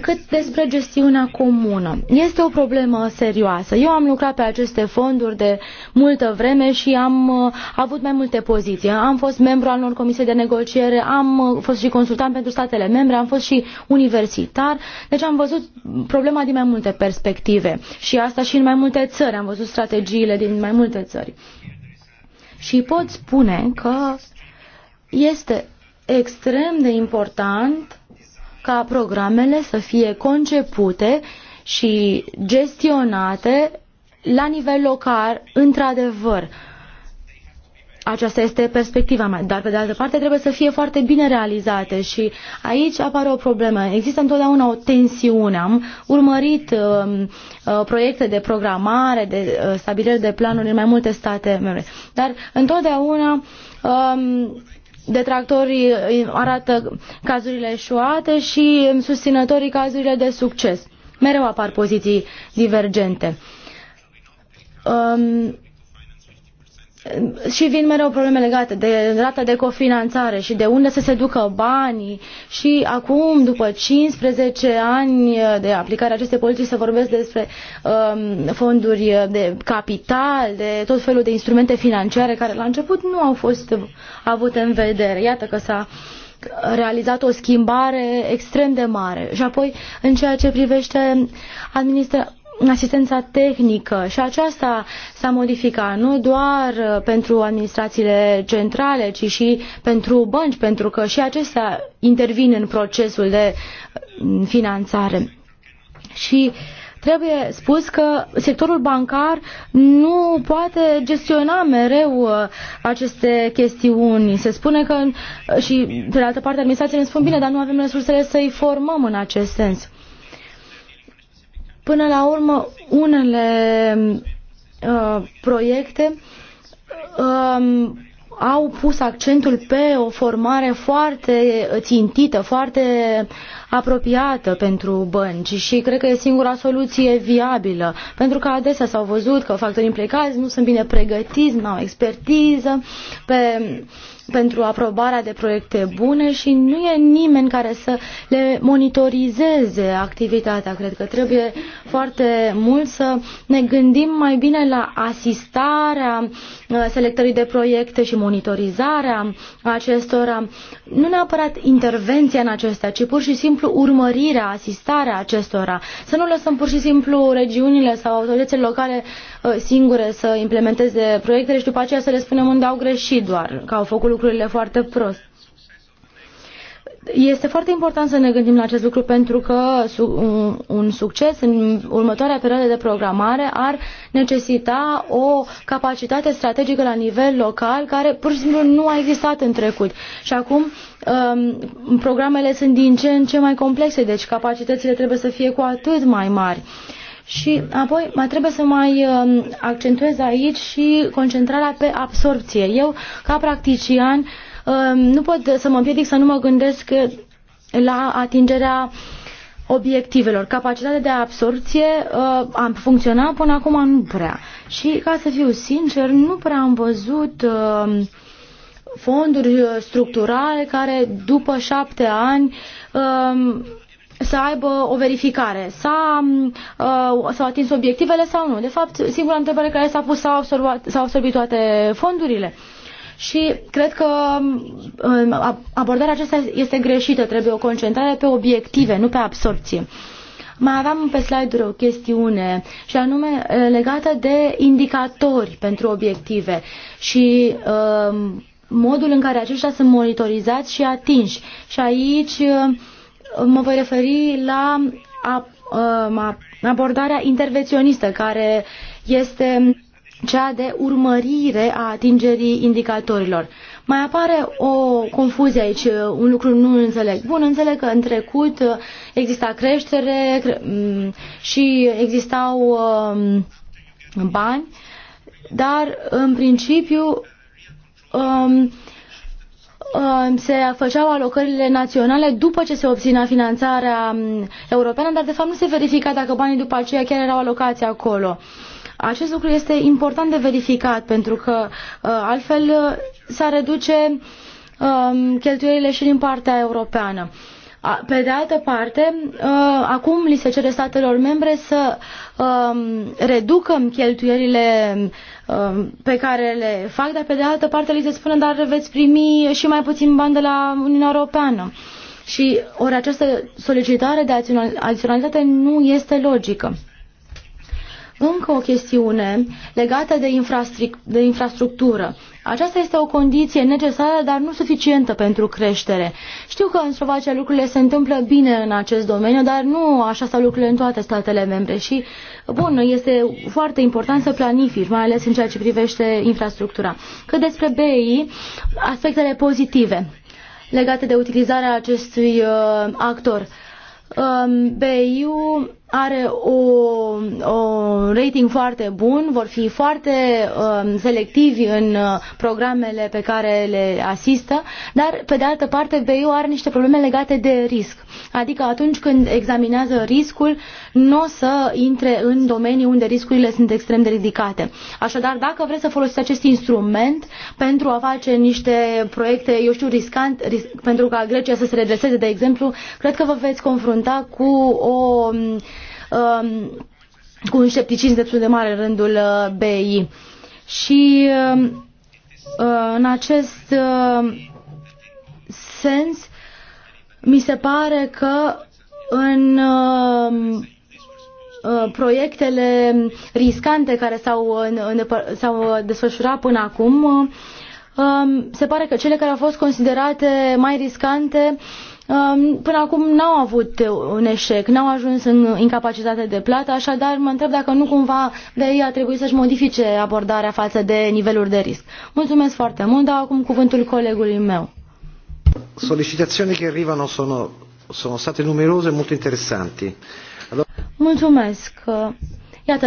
Cât despre gestiunea comună. Este o problemă serioasă. Eu am lucrat pe aceste fonduri de multă vreme și am uh, avut mai multe poziții. Am fost membru al unor comisii de negociere, am uh, fost și consultant pentru statele membre, am fost și universitar. Deci am văzut problema din mai multe perspective și asta și în mai multe țări. Am văzut strategiile din mai multe țări. Și pot spune că este extrem de important ca programele să fie concepute și gestionate la nivel local, într-adevăr. Aceasta este perspectiva mea, dar pe de altă parte trebuie să fie foarte bine realizate și aici apare o problemă. Există întotdeauna o tensiune. Am urmărit uh, uh, proiecte de programare, de uh, stabilire de planuri în mai multe state membre, dar întotdeauna uh, detractorii arată cazurile eșuate și susținătorii cazurile de succes. Mereu apar poziții divergente. Um, și vin mereu probleme legate de rata de cofinanțare și de unde să se ducă banii și acum, după 15 ani de aplicare a acestei politici, să vorbesc despre um, fonduri de capital, de tot felul de instrumente financiare care la început nu au fost avute în vedere. Iată că s-a realizat o schimbare extrem de mare. Și apoi, în ceea ce privește administra- asistența tehnică și aceasta s-a modificat nu doar uh, pentru administrațiile centrale, ci și pentru bănci, pentru că și acestea intervin în procesul de uh, finanțare. Și trebuie spus că sectorul bancar nu poate gestiona mereu uh, aceste chestiuni. Se spune că și, de altă parte, administrațiile ne spun bine, dar nu avem resursele să-i formăm în acest sens. Până la urmă, unele uh, proiecte uh, au pus accentul pe o formare foarte țintită, foarte apropiată pentru bănci și cred că e singura soluție viabilă, pentru că adesea s-au văzut că factorii implicați nu sunt bine pregătiți, nu au expertiză pe pentru aprobarea de proiecte bune și nu e nimeni care să le monitorizeze activitatea. Cred că trebuie foarte mult să ne gândim mai bine la asistarea uh, selectării de proiecte și monitorizarea acestora, nu neapărat intervenția în acestea, ci pur și simplu urmărirea, asistarea acestora. Să nu lăsăm pur și simplu regiunile sau autoritățile locale Uh, singure să implementeze proiectele și după aceea să le spunem unde au greșit doar, că au făcut lucrurile foarte prost. Este foarte important să ne gândim la acest lucru pentru că uh, un succes în următoarea perioadă de programare ar necesita o capacitate strategică la nivel local care pur și simplu nu a existat în trecut. Și acum um, programele sunt din ce în ce mai complexe, deci capacitățile trebuie să fie cu atât mai mari. Și apoi mai trebuie să mai um, accentuez aici și concentrarea pe absorpție. Eu, ca practician, um, nu pot să mă împiedic să nu mă gândesc la atingerea obiectivelor. Capacitatea de absorpție uh, am funcționat până acum nu prea. Și ca să fiu sincer, nu prea am văzut um, uh, fonduri structurale care după șapte ani uh, să aibă o verificare. S-a, mm, uh, s-au atins obiectivele sau nu? De fapt, singura întrebare care s-a pus, s-au absorbat, s-au absorbit toate fondurile. Și cred că mm, uh, abordarea aceasta este greșită. Trebuie o concentrare pe obiective, nu pe absorpție. Mai aveam pe slide-uri o chestiune și anume uh, legată de indicatori pentru obiective și uh, modul în care aceștia sunt monitorizați și atinși. Și aici uh, mă voi referi la a, um, a, abordarea intervenționistă, care este cea de urmărire a atingerii indicatorilor. Mai apare o confuzie aici, un lucru nu înțeleg. Bun, înțeleg că în trecut exista creștere mm, și existau um, bani, dar în principiu um, Uh, se făceau alocările naționale după ce se obținea finanțarea um, europeană, dar de fapt nu se verifica dacă banii după aceea chiar erau alocați acolo. Acest lucru este important de verificat pentru că uh, altfel uh, s-ar reduce um, cheltuielile și din partea europeană. Pe de altă parte, acum li se cere statelor membre să um, reducă cheltuielile Um, pe care le fac, dar pe de altă parte li se spune, dar veți primi și mai puțin bani de la Uniunea Europeană. Și ori această solicitare de adiționalitate nu este logică. Încă o chestiune legată de, de infrastructură. Aceasta este o condiție necesară, dar nu suficientă pentru creștere. Știu că în Slovacia lucrurile se întâmplă bine în acest domeniu, dar nu așa stau lucrurile în toate statele membre și, bun, este foarte important să planifici, mai ales în ceea ce privește infrastructura. Cât despre BEI, aspectele pozitive legate de utilizarea acestui uh, actor. Um, BEI-ul are un rating foarte bun, vor fi foarte um, selectivi în uh, programele pe care le asistă, dar pe de altă parte BEU are niște probleme legate de risc. Adică atunci când examinează riscul, nu o să intre în domenii unde riscurile sunt extrem de ridicate. Așadar, dacă vreți să folosiți acest instrument pentru a face niște proiecte, eu știu, riscant, risc, pentru ca Grecia să se redreseze, de exemplu, cred că vă veți confrunta cu o um, Um, cu un scepticism destul de mare în rândul uh, BI. Și um, uh, în acest um, sens, mi se pare că în uh, proiectele riscante care s-au, desfășurat până acum, se pare că cele care au fost considerate mai riscante până acum n-au avut uh, un eșec, n-au ajuns în incapacitate de plată, așadar mă întreb dacă nu cumva de ei a trebuit să-și modifice abordarea față de niveluri de risc. Mulțumesc foarte mult, dau acum cuvântul colegului meu. Solicitațiile care arrivano sono, sono state numerose, molto interesante. Allora... Mulțumesc. Iată,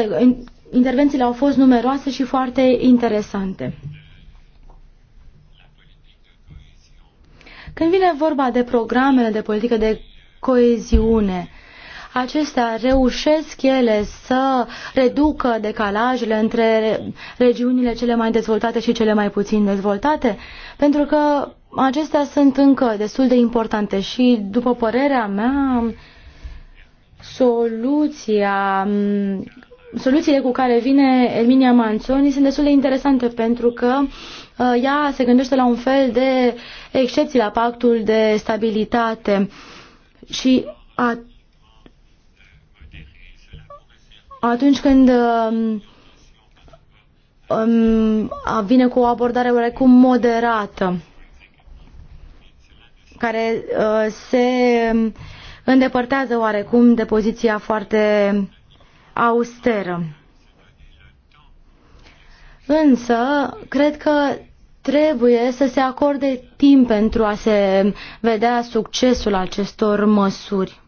intervențiile au fost numeroase și foarte interesante. Când vine vorba de programele de politică de coeziune, acestea reușesc ele să reducă decalajele între regiunile cele mai dezvoltate și cele mai puțin dezvoltate? Pentru că acestea sunt încă destul de importante și, după părerea mea, soluția soluțiile cu care vine Elminia Manzoni sunt destul de interesante pentru că uh, ea se gândește la un fel de excepții la pactul de stabilitate și a, atunci când uh, um, vine cu o abordare oarecum moderată care uh, se îndepărtează oarecum de poziția foarte austeră. Însă, cred că trebuie să se acorde timp pentru a se vedea succesul acestor măsuri.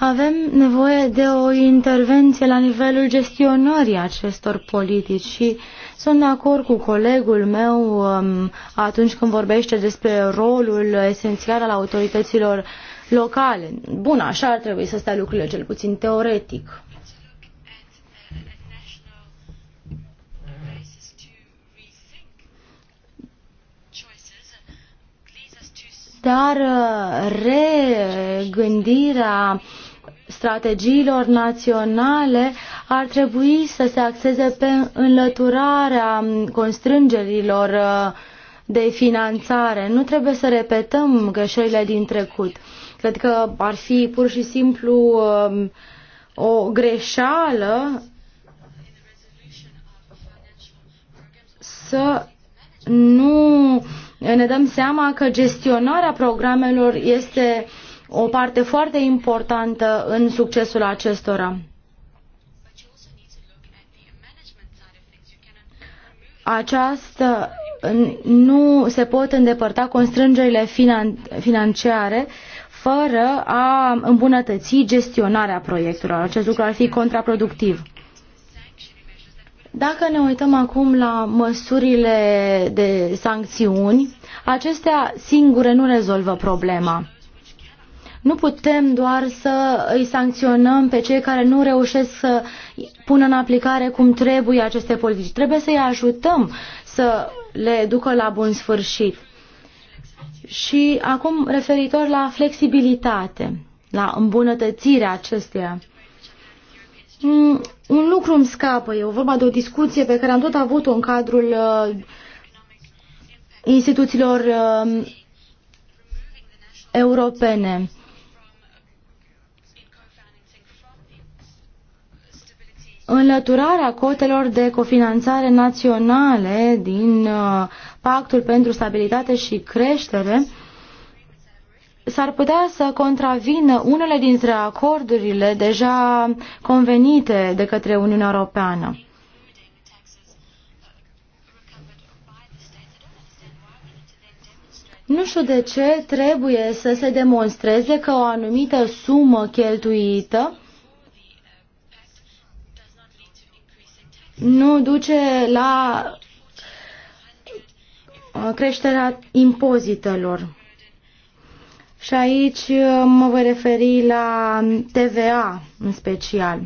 Avem nevoie de o intervenție la nivelul gestionării acestor politici și uh, sunt de acord cu colegul meu um, atunci când vorbește despre rolul esențial al autorităților locale. Bun, așa ar trebui să stea lucrurile, cel puțin teoretic. Dar uh, regândirea strategiilor naționale ar trebui să se axeze pe înlăturarea constrângerilor uh, de finanțare. Nu trebuie să repetăm greșelile din trecut. Cred că ar fi pur și simplu um, o greșeală să nu ne dăm seama că gestionarea programelor este uh, o parte foarte importantă în succesul acestora. Această nu se pot îndepărta constrângerile finan, financiare fără a îmbunătăți gestionarea proiectelor. Acest lucru ar fi contraproductiv. Dacă ne uităm acum la măsurile de sancțiuni, acestea singure nu rezolvă problema. Nu putem doar să îi sancționăm pe cei care nu reușesc să pună în aplicare cum trebuie aceste politici. Trebuie să-i ajutăm să le ducă la bun sfârșit. Și acum referitor la flexibilitate, la îmbunătățirea acesteia. Mm, un lucru îmi scapă, e vorba de o discuție pe care am tot avut-o în cadrul uh, instituțiilor uh, europene. înlăturarea cotelor de cofinanțare naționale din uh, Pactul pentru Stabilitate și Creștere s-ar putea să contravină unele dintre acordurile deja convenite de către Uniunea Europeană. Nu știu de ce trebuie să se demonstreze că o anumită sumă cheltuită nu duce la uh, creșterea impozitelor. Și aici uh, mă voi referi la TVA în special.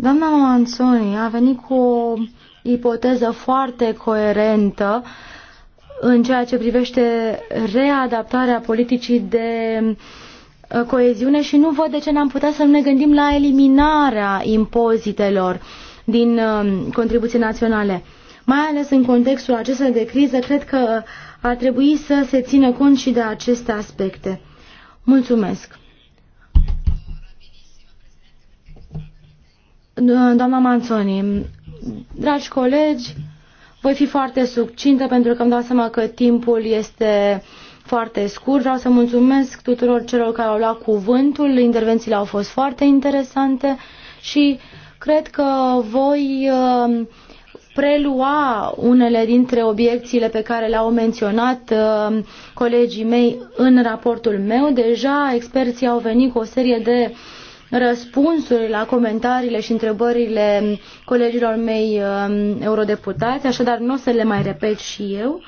Doamna Manzoni a venit cu o ipoteză foarte coerentă uh, în ceea ce privește readaptarea politicii de uh, coeziune și nu văd de ce n-am putea să ne gândim la eliminarea impozitelor din uh, contribuții naționale. Mai ales în contextul acesta de criză, cred că ar trebui să se țină cont și de aceste aspecte. Mulțumesc. Doamna Manzoni, dragi colegi, voi fi foarte succintă pentru că îmi dau seama că timpul este foarte scurt. Vreau să mulțumesc tuturor celor care au luat cuvântul. Intervențiile au fost foarte interesante și cred că voi uh, prelua unele dintre obiecțiile pe care le-au menționat uh, colegii mei în raportul meu. Deja experții au venit cu o serie de răspunsuri la comentariile și întrebările colegilor mei um, eurodeputați, așadar nu o să le mai repet și eu.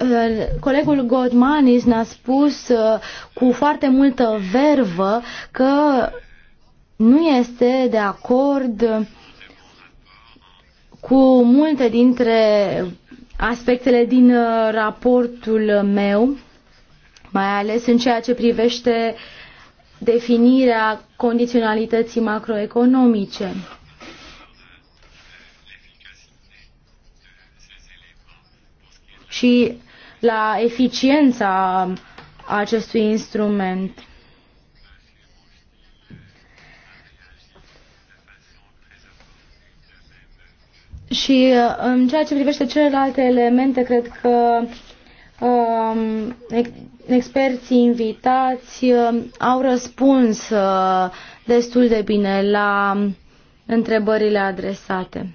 Uh, colegul Godmanis ne-a spus uh, cu foarte multă vervă că nu este de acord cu multe dintre aspectele din uh, raportul meu mai ales în ceea ce privește definirea condiționalității macroeconomice. Și la eficiența acestui instrument. Și uh, în ceea ce privește celelalte elemente, cred că um, experții invitați uh, au răspuns uh, destul de bine la întrebările adresate.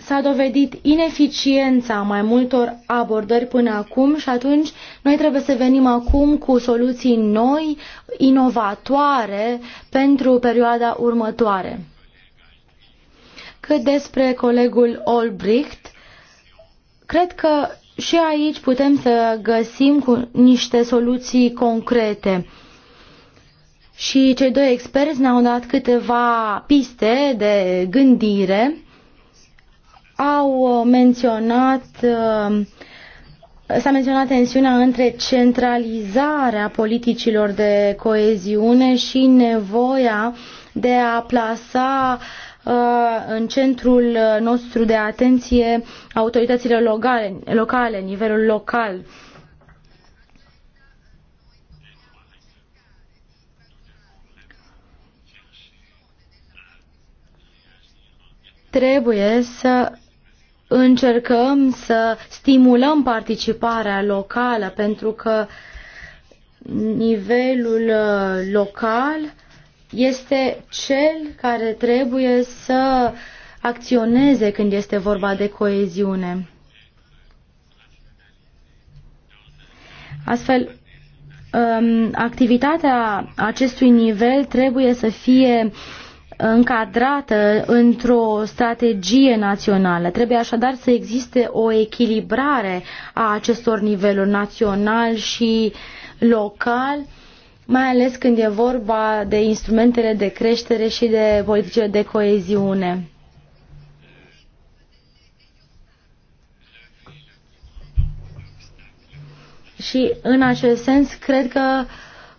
s-a dovedit ineficiența mai multor abordări până acum și atunci noi trebuie să venim acum cu soluții noi, inovatoare pentru perioada următoare cât despre colegul Olbricht. Cred că și aici putem să găsim cu niște soluții concrete. Și cei doi experți ne-au dat câteva piste de gândire. Au menționat, uh, s-a menționat tensiunea între centralizarea politicilor de coeziune și nevoia de a plasa uh, Uh, în centrul uh, nostru de atenție autoritățile locale, locale nivelul local. Trebuie să încercăm să stimulăm participarea locală pentru că nivelul uh, local este cel care trebuie să acționeze când este vorba de coeziune. Astfel, um, activitatea acestui nivel trebuie să fie încadrată într-o strategie națională. Trebuie așadar să existe o echilibrare a acestor niveluri național și local mai ales când e vorba de instrumentele de creștere și de politicile de coeziune. Și în acest sens, cred că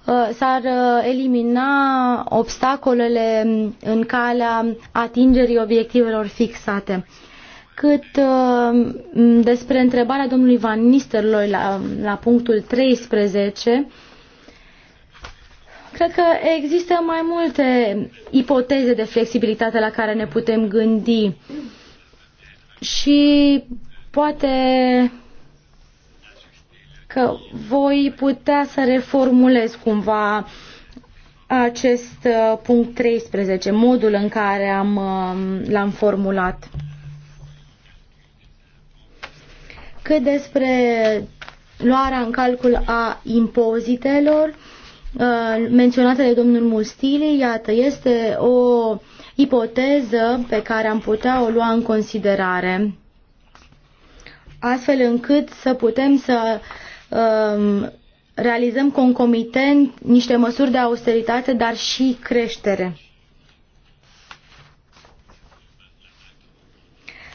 uh, s-ar uh, elimina obstacolele în calea atingerii obiectivelor fixate. Cât uh, despre întrebarea domnului Van Nistelrooy la, la punctul 13, Cred că există mai multe ipoteze de flexibilitate la care ne putem gândi și poate că voi putea să reformulez cumva acest uh, punct 13, modul în care am, um, l-am formulat. Cât despre luarea în calcul a impozitelor, Uh, menționată de domnul Mustili, iată, este o ipoteză pe care am putea o lua în considerare, astfel încât să putem să um, realizăm concomitent niște măsuri de austeritate, dar și creștere.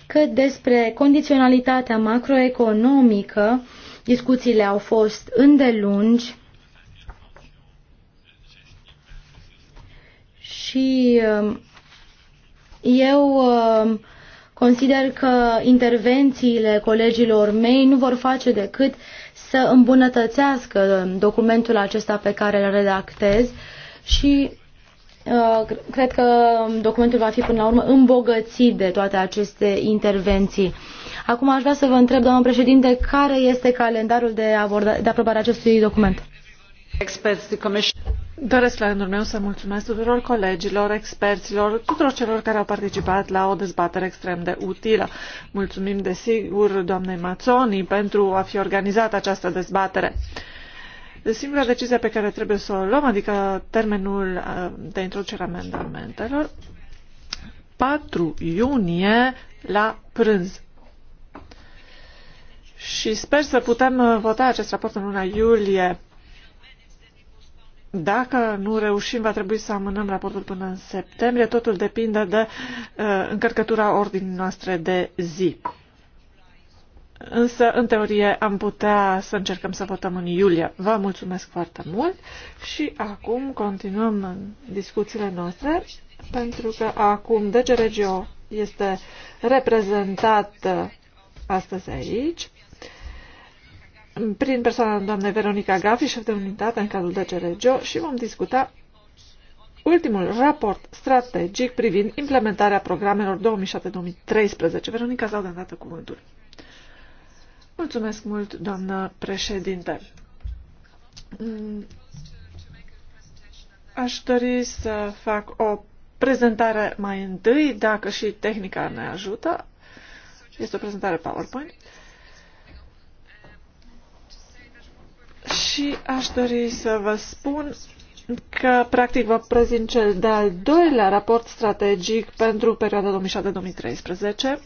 Cât despre condiționalitatea macroeconomică, discuțiile au fost îndelungi, și um, eu um, consider că intervențiile colegilor mei nu vor face decât să îmbunătățească um, documentul acesta pe care îl redactez și uh, cred că documentul va fi până la urmă îmbogățit de toate aceste intervenții. Acum aș vrea să vă întreb, doamnă președinte, care este calendarul de, de aprobare a acestui document? Doresc la rândul meu să mulțumesc tuturor colegilor, experților, tuturor celor care au participat la o dezbatere extrem de utilă. Mulțumim, desigur, doamnei Mazzoni pentru a fi organizat această dezbatere. Singura decizie pe care trebuie să o luăm, adică termenul uh, de introducere a amendamentelor, 4 iunie la prânz. Și sper să putem uh, vota acest raport în luna iulie dacă nu reușim, va trebui să amânăm raportul până în septembrie. Totul depinde de uh, încărcătura ordinii noastre de zi. Însă, în teorie, am putea să încercăm să votăm în iulie. Vă mulțumesc foarte mult și acum continuăm discuțiile noastre pentru că acum DG Regio este reprezentat uh, astăzi aici prin persoana doamnei Veronica Gafi, șef de unitate în cadrul Geo și vom discuta ultimul raport strategic privind implementarea programelor 2007-2013. Veronica, s-au dat cuvântul. Mulțumesc mult, doamnă președinte. Aș dori să fac o prezentare mai întâi, dacă și tehnica ne ajută. Este o prezentare PowerPoint. Și aș dori să vă spun că, practic, vă prezint cel de-al doilea raport strategic pentru perioada 2007-2013.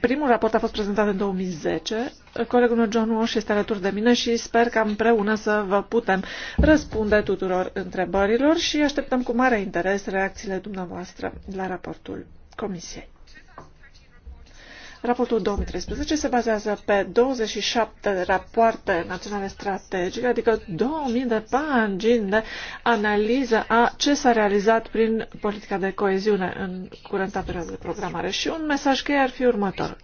Primul raport a fost prezentat în 2010. Colegul meu John Walsh este alături de mine și sper că împreună să vă putem răspunde tuturor întrebărilor și așteptăm cu mare interes reacțiile dumneavoastră la raportul Comisiei. Raportul 2013 se bazează pe 27 rapoarte naționale strategice, adică 2000 de pagini de analiză a ce s-a realizat prin politica de coeziune în curenta perioadă de programare. Și un mesaj cheie ar fi următor.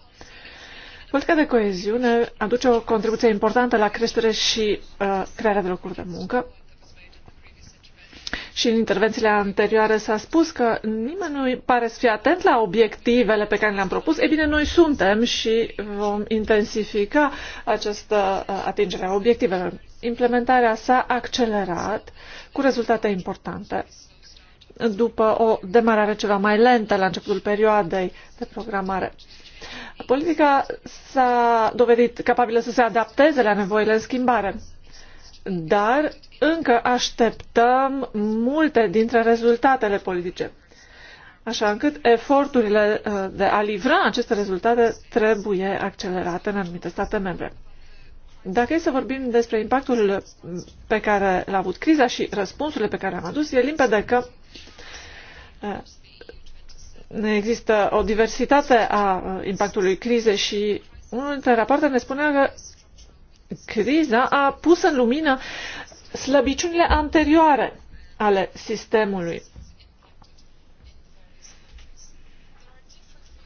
Politica de coeziune aduce o contribuție importantă la creștere și uh, crearea de locuri de muncă, și în intervențiile anterioare s-a spus că nimeni nu pare să fie atent la obiectivele pe care le-am propus. Ei bine, noi suntem și vom intensifica această uh, atingere a obiectivelor. Implementarea s-a accelerat cu rezultate importante după o demarare ceva mai lentă la începutul perioadei de programare. Politica s-a dovedit capabilă să se adapteze la nevoile în schimbare dar încă așteptăm multe dintre rezultatele politice, așa încât eforturile uh, de a livra aceste rezultate trebuie accelerate în anumite state membre. Dacă e să vorbim despre impactul pe care l-a avut criza și răspunsurile pe care le-am adus, e limpede că uh, există o diversitate a uh, impactului crizei și unul dintre rapoarte ne spunea că criza a pus în lumină slăbiciunile anterioare ale sistemului.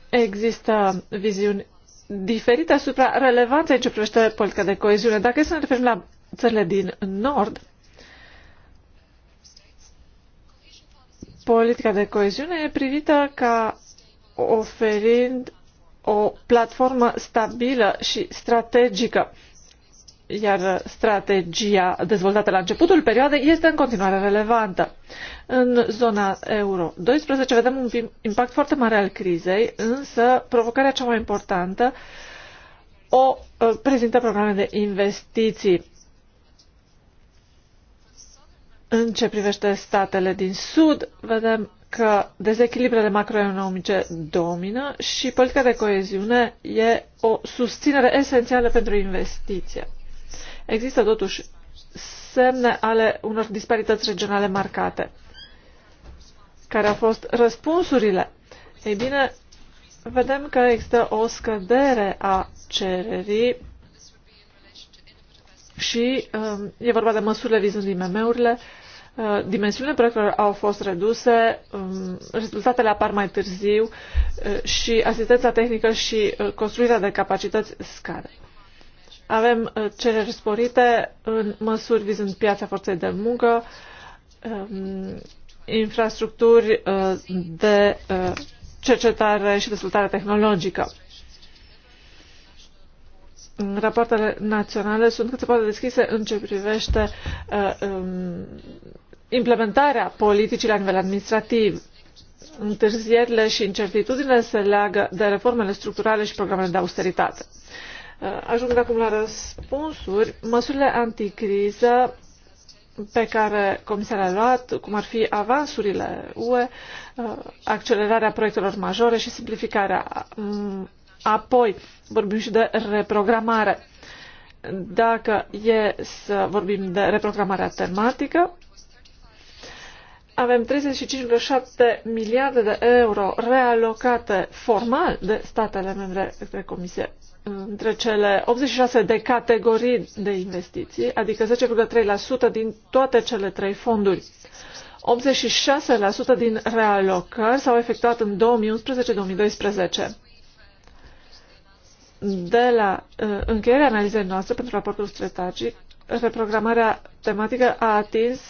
Există viziuni diferite asupra relevanței ce privește politica de coeziune. Dacă să ne referim la țările din Nord, politica de coeziune e privită ca oferind o platformă stabilă și strategică iar strategia dezvoltată la începutul perioadei este în continuare relevantă. În zona euro 12 vedem un impact foarte mare al crizei, însă provocarea cea mai importantă o ă, prezintă programe de investiții. În ce privește statele din Sud, vedem că dezechilibrele macroeconomice domină și politica de coeziune e o susținere esențială pentru investiție. Există totuși semne ale unor disparități regionale marcate. Care au fost răspunsurile? Ei bine, vedem că există o scădere a cererii și um, e vorba de măsurile vizând IMM-urile. Uh, dimensiunile proiectelor au fost reduse, um, rezultatele apar mai târziu uh, și asistența tehnică și uh, construirea de capacități scade. Avem uh, cereri sporite în măsuri vizând piața forței de muncă, um, infrastructuri uh, de uh, cercetare și dezvoltare tehnologică. Rapoartele naționale sunt cât se poate deschise în ce privește um, implementarea politicii la nivel administrativ. Întârzierile și incertitudinile se leagă de reformele structurale și programele de austeritate. Uh, ajung acum la răspunsuri. Măsurile anticriză pe care Comisia le-a luat, cum ar fi avansurile UE, uh, accelerarea proiectelor majore și simplificarea. Um, apoi vorbim și de reprogramare. Dacă e să vorbim de reprogramarea tematică, avem 35,7 miliarde de euro realocate formal de statele membre către Comisie între cele 86 de categorii de investiții, adică 10,3% din toate cele trei fonduri. 86% din realocări s-au efectuat în 2011-2012. De la uh, încheierea analizei noastre pentru raportul strategic, reprogramarea tematică a atins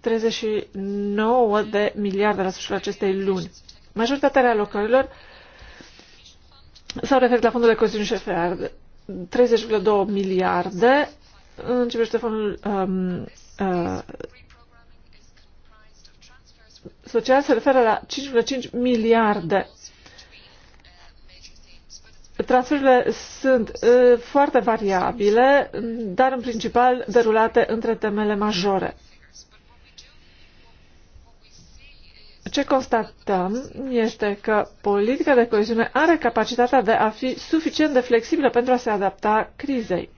39 de miliarde la sfârșitul acestei luni. Majoritatea realocărilor uh, sau referit la fondul de coziune și FR, 32 miliarde în ce privește fondul um, uh, social se referă la 5,5 miliarde. Transferurile sunt uh, foarte variabile, dar în principal derulate între temele majore. Ce constatăm este că politica de coeziune are capacitatea de a fi suficient de flexibilă pentru a se adapta crizei.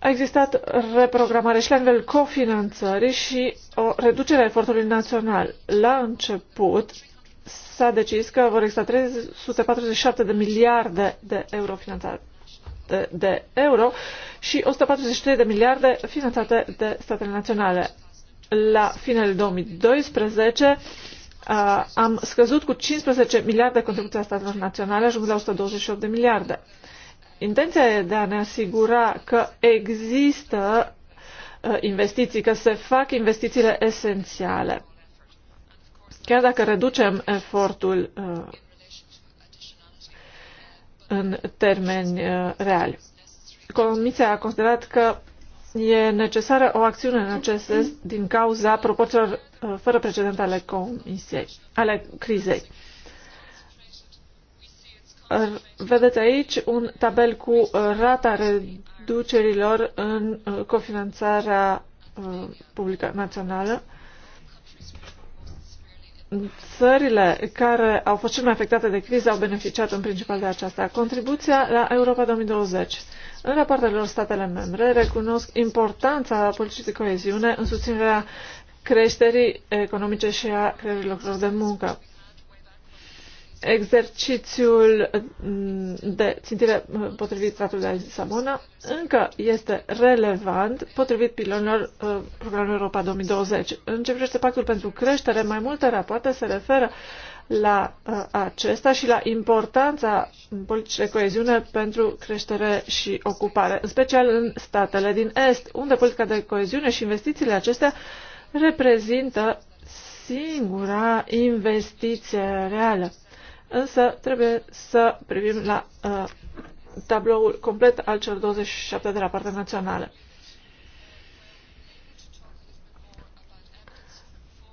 A existat reprogramare și la nivel cofinanțării și o reducere a efortului național. La început s-a decis că vor exista 347 de miliarde de euro finanțare de euro și 143 de miliarde finanțate de statele naționale. La finele 2012 uh, am scăzut cu 15 miliarde contribuția statelor naționale, ajungând la 128 de miliarde. Intenția e de a ne asigura că există uh, investiții, că se fac investițiile esențiale. Chiar dacă reducem efortul uh, în termeni uh, reali. Comisia a considerat că e necesară o acțiune în acest sens din cauza proporțiilor uh, fără precedent ale, comisiei, ale crizei. Vedeți aici un tabel cu uh, rata reducerilor în cofinanțarea publică națională Țările care au fost cel mai afectate de criză au beneficiat în principal de aceasta. Contribuția la Europa 2020. În rapoartele lor statele membre recunosc importanța politicii de coeziune în susținerea creșterii economice și a creării locurilor de muncă exercițiul mm, de țintire potrivit tratului de Lisabona încă este relevant potrivit pilonilor uh, programului Europa 2020. În ce privește pactul pentru creștere, mai multe rapoarte se referă la uh, acesta și la importanța politicii de coeziune pentru creștere și ocupare, în special în statele din Est, unde politica de coeziune și investițiile acestea reprezintă singura investiție reală însă trebuie să privim la uh, tabloul complet al celor 27 de rapoarte naționale.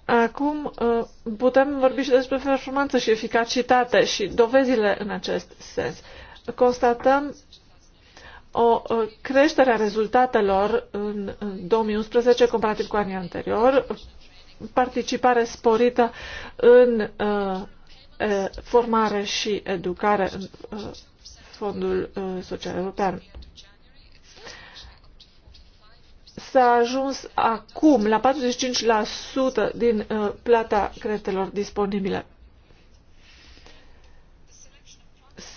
Acum uh, putem vorbi și despre performanță și eficacitate și dovezile în acest sens. Constatăm o uh, creștere a rezultatelor în 2011 comparativ cu anii anterior, participare sporită în uh, Uh, formare și educare în uh, Fondul uh, Social European. S-a ajuns acum la 45% din plata creditelor disponibile.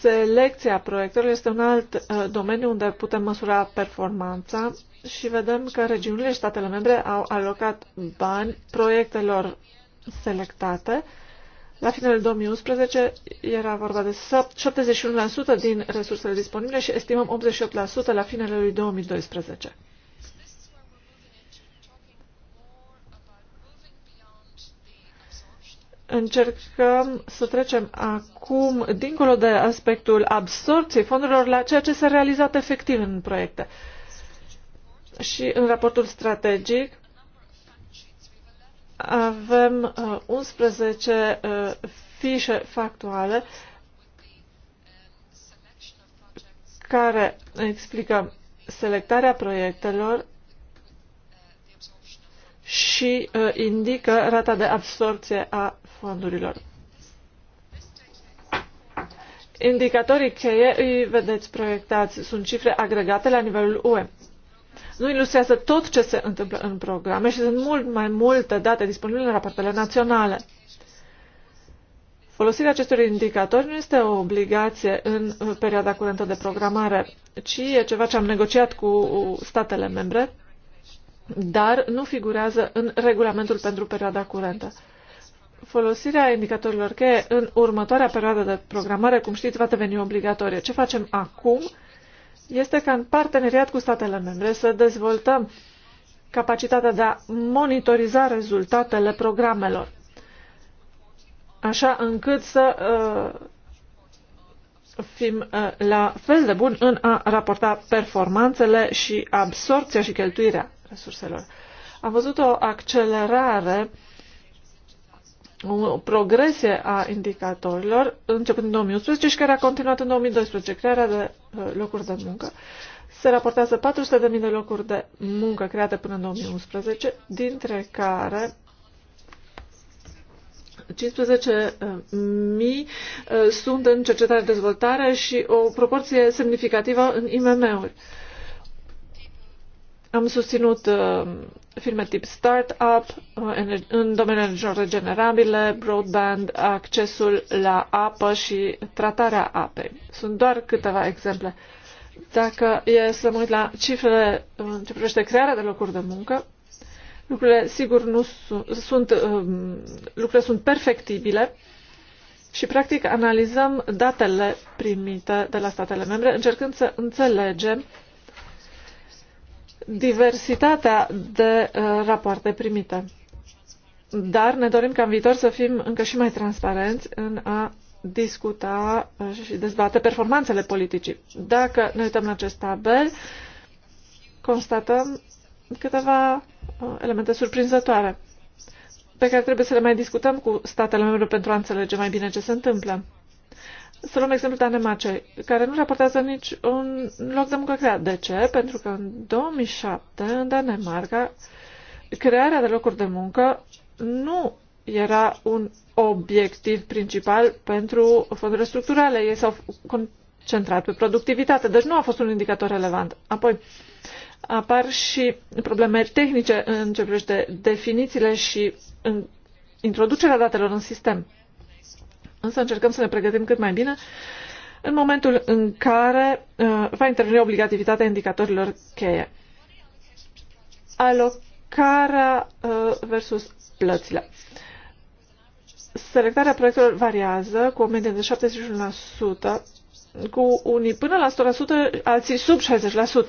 Selecția proiectelor este un alt domeniu unde putem măsura performanța și vedem că regiunile și statele membre au alocat bani proiectelor selectate la finele 2011 era vorba de 71% din resursele disponibile și estimăm 88% la finele lui 2012. Încercăm să trecem acum dincolo de aspectul absorției fondurilor la ceea ce s-a realizat efectiv în proiecte. Și în raportul strategic avem 11 uh, uh, fișe factuale care explică selectarea proiectelor și uh, indică rata de absorpție a fondurilor. Indicatorii cheie îi vedeți proiectați. Sunt cifre agregate la nivelul UE nu ilustrează tot ce se întâmplă în programe și sunt mult mai multe date disponibile în rapoartele naționale. Folosirea acestor indicatori nu este o obligație în uh, perioada curentă de programare, ci e ceva ce am negociat cu uh, statele membre, dar nu figurează în regulamentul pentru perioada curentă. Folosirea indicatorilor cheie în următoarea perioadă de programare, cum știți, va deveni obligatorie. Ce facem acum? este ca în parteneriat cu statele membre să dezvoltăm capacitatea de a monitoriza rezultatele programelor, așa încât să uh, fim uh, la fel de buni în a raporta performanțele și absorpția și cheltuirea resurselor. Am văzut o accelerare uh, o progresie a indicatorilor, începând în 2011 și care a continuat în 2012, crearea de uh, locuri de muncă. Se raportează 400.000 de locuri de muncă create până în 2011, dintre care 15.000 uh, sunt în cercetare-dezvoltare și o proporție semnificativă în IMM-uri. Am susținut uh, firme tip startup uh, în domeniul energiilor regenerabile, broadband, accesul la apă și tratarea apei. Sunt doar câteva exemple. Dacă e să mă uit la cifrele în uh, ce privește crearea de locuri de muncă, lucrurile sigur nu sunt, sunt um, lucrurile sunt perfectibile și practic analizăm datele primite de la statele membre încercând să înțelegem diversitatea de uh, rapoarte primite. Dar ne dorim ca în viitor să fim încă și mai transparenți în a discuta uh, și dezbate performanțele politicii. Dacă ne uităm la acest tabel, constatăm câteva uh, elemente surprinzătoare pe care trebuie să le mai discutăm cu statele membre pentru a înțelege mai bine ce se întâmplă. Să luăm exemplul Danemarcei, care nu raportează nici un loc de muncă creat. De ce? Pentru că în 2007, în Danemarca, crearea de locuri de muncă nu era un obiectiv principal pentru fondurile structurale. Ei s-au concentrat pe productivitate, deci nu a fost un indicator relevant. Apoi apar și probleme tehnice în ce privește definițiile și în introducerea datelor în sistem. Însă încercăm să ne pregătim cât mai bine în momentul în care uh, va interveni obligativitatea indicatorilor cheie. Alocarea uh, versus plățile. Selectarea proiectelor variază cu o medie de 71%, cu unii până la 100%, alții sub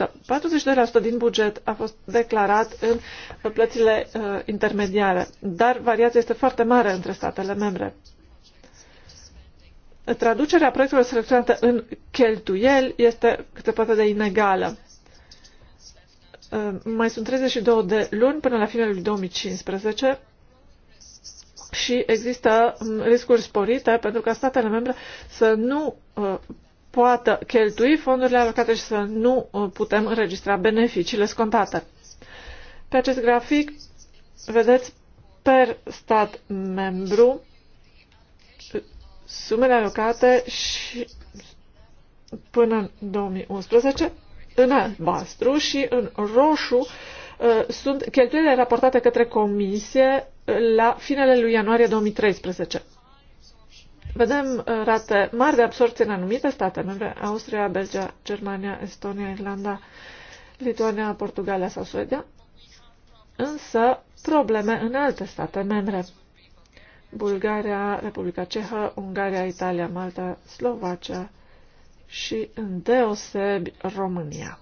60%. 42% din buget a fost declarat în uh, plățile uh, intermediare, dar variația este foarte mare între statele membre traducerea proiectelor selecționate în cheltuieli este câte poate de inegală. Uh, mai sunt 32 de luni până la finalul 2015 și există um, riscuri sporite pentru ca statele membre să nu uh, poată cheltui fondurile alocate și să nu uh, putem înregistra beneficiile scontate. Pe acest grafic vedeți per stat membru sumele alocate și până în 2011 în albastru și în roșu uh, sunt cheltuielile raportate către comisie uh, la finele lui ianuarie 2013. Vedem uh, rate mari de absorție în anumite state membre, Austria, Belgia, Germania, Estonia, Irlanda, Lituania, Portugalia sau Suedia, însă probleme în alte state membre. Bulgaria, Republica Cehă, Ungaria, Italia, Malta, Slovacia și în deosebi România.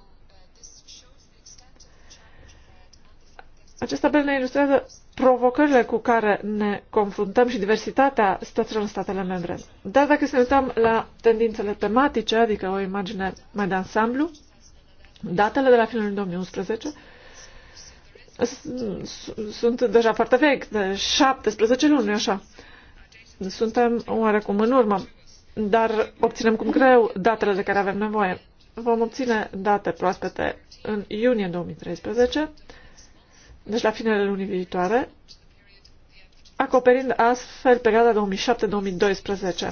Acest tabel ne ilustrează provocările cu care ne confruntăm și diversitatea statelor în statele membre. Dar dacă să ne uităm la tendințele tematice, adică o imagine mai de ansamblu, datele de la finalul 2011 sunt deja foarte vechi, de 17 luni, așa. Suntem oarecum în urmă, dar obținem cum greu datele de care avem nevoie. Vom obține date proaspete în iunie 2013, deci la finele lunii viitoare, acoperind astfel perioada 2007-2012.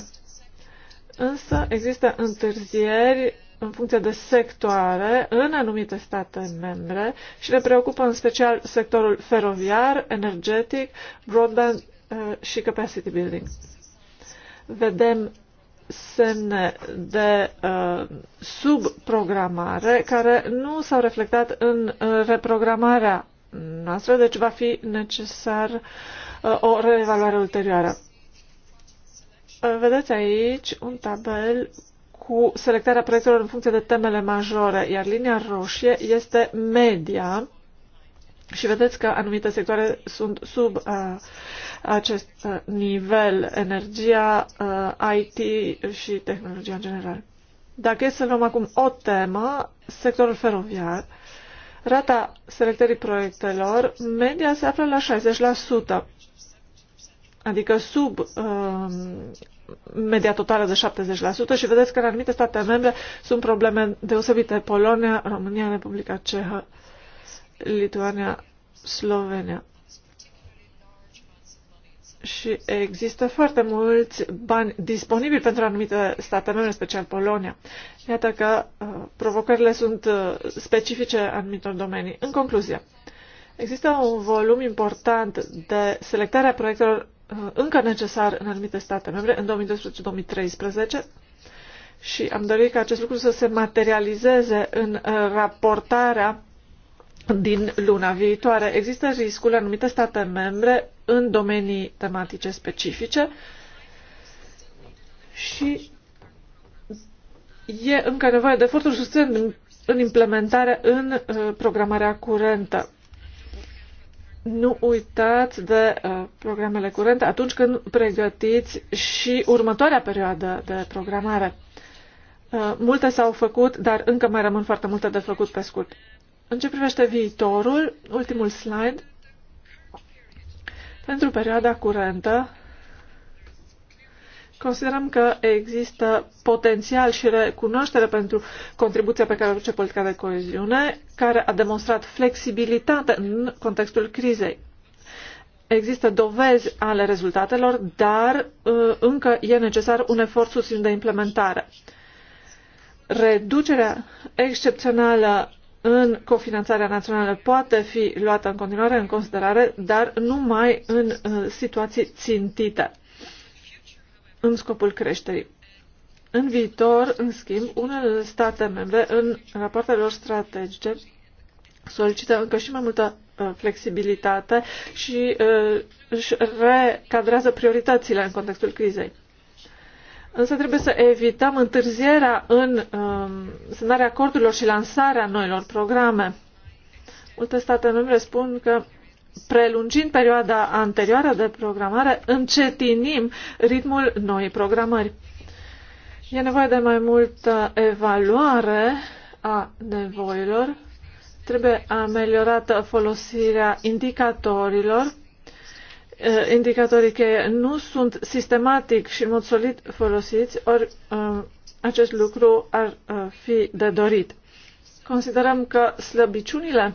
Însă există întârzieri în funcție de sectoare în anumite state membre și ne preocupă în special sectorul feroviar, energetic, broadband uh, și capacity building. Vedem semne de uh, subprogramare care nu s-au reflectat în uh, reprogramarea noastră, deci va fi necesar uh, o reevaluare ulterioară. Vedeți aici un tabel cu selectarea proiectelor în funcție de temele majore, iar linia roșie este media și vedeți că anumite sectoare sunt sub uh, acest uh, nivel, energia, uh, IT și tehnologia în general. Dacă e să luăm acum o temă, sectorul feroviar, rata selectării proiectelor media se află la 60%, adică sub uh, media totală de 70% și vedeți că în anumite state membre sunt probleme deosebite. Polonia, România, Republica Cehă, Lituania, Slovenia. Și există foarte mulți bani disponibili pentru anumite state membre, special Polonia. Iată că uh, provocările sunt uh, specifice anumitor domenii. În concluzie, există un volum important de selectare a proiectelor Uh, încă necesar în anumite state membre în 2012-2013 și am dorit ca acest lucru să se materializeze în uh, raportarea din luna viitoare. Există riscul anumite state membre în domenii tematice specifice și e încă nevoie de eforturi susținute în implementare în uh, programarea curentă nu uitați de uh, programele curente atunci când pregătiți și următoarea perioadă de programare. Uh, multe s-au făcut, dar încă mai rămân foarte multe de făcut pe scurt. În ce privește viitorul, ultimul slide, pentru perioada curentă, Considerăm că există potențial și recunoaștere pentru contribuția pe care o aduce politica de coeziune, care a demonstrat flexibilitate în contextul crizei. Există dovezi ale rezultatelor, dar uh, încă e necesar un efort susținut de implementare. Reducerea excepțională în cofinanțarea națională poate fi luată în continuare în considerare, dar numai în uh, situații țintite în scopul creșterii. În viitor, în schimb, unele state membre, în rapoartele lor strategice, solicită încă și mai multă uh, flexibilitate și uh, își recadrează prioritățile în contextul crizei. Însă trebuie să evităm întârzierea în um, semnarea acordurilor și lansarea noilor programe. Multe state membre spun că prelungind perioada anterioară de programare, încetinim ritmul noii programări. E nevoie de mai multă evaluare a nevoilor, trebuie ameliorată folosirea indicatorilor. Eh, indicatorii cheie nu sunt sistematic și în mod solid folosiți, ori eh, acest lucru ar eh, fi de dorit. Considerăm că slăbiciunile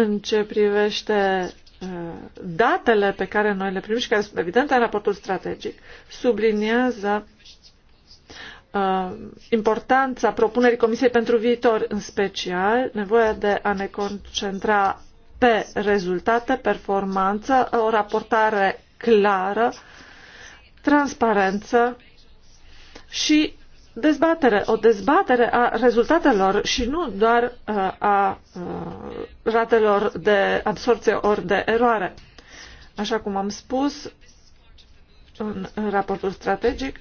în ce privește uh, datele pe care noi le primim și care sunt evidente în raportul strategic, subliniază uh, importanța propunerii Comisiei pentru viitor, în special nevoia de a ne concentra pe rezultate, performanță, o raportare clară, transparență și dezbatere, o dezbatere a rezultatelor și nu doar uh, a uh, ratelor de absorție ori de eroare. Așa cum am spus în raportul strategic,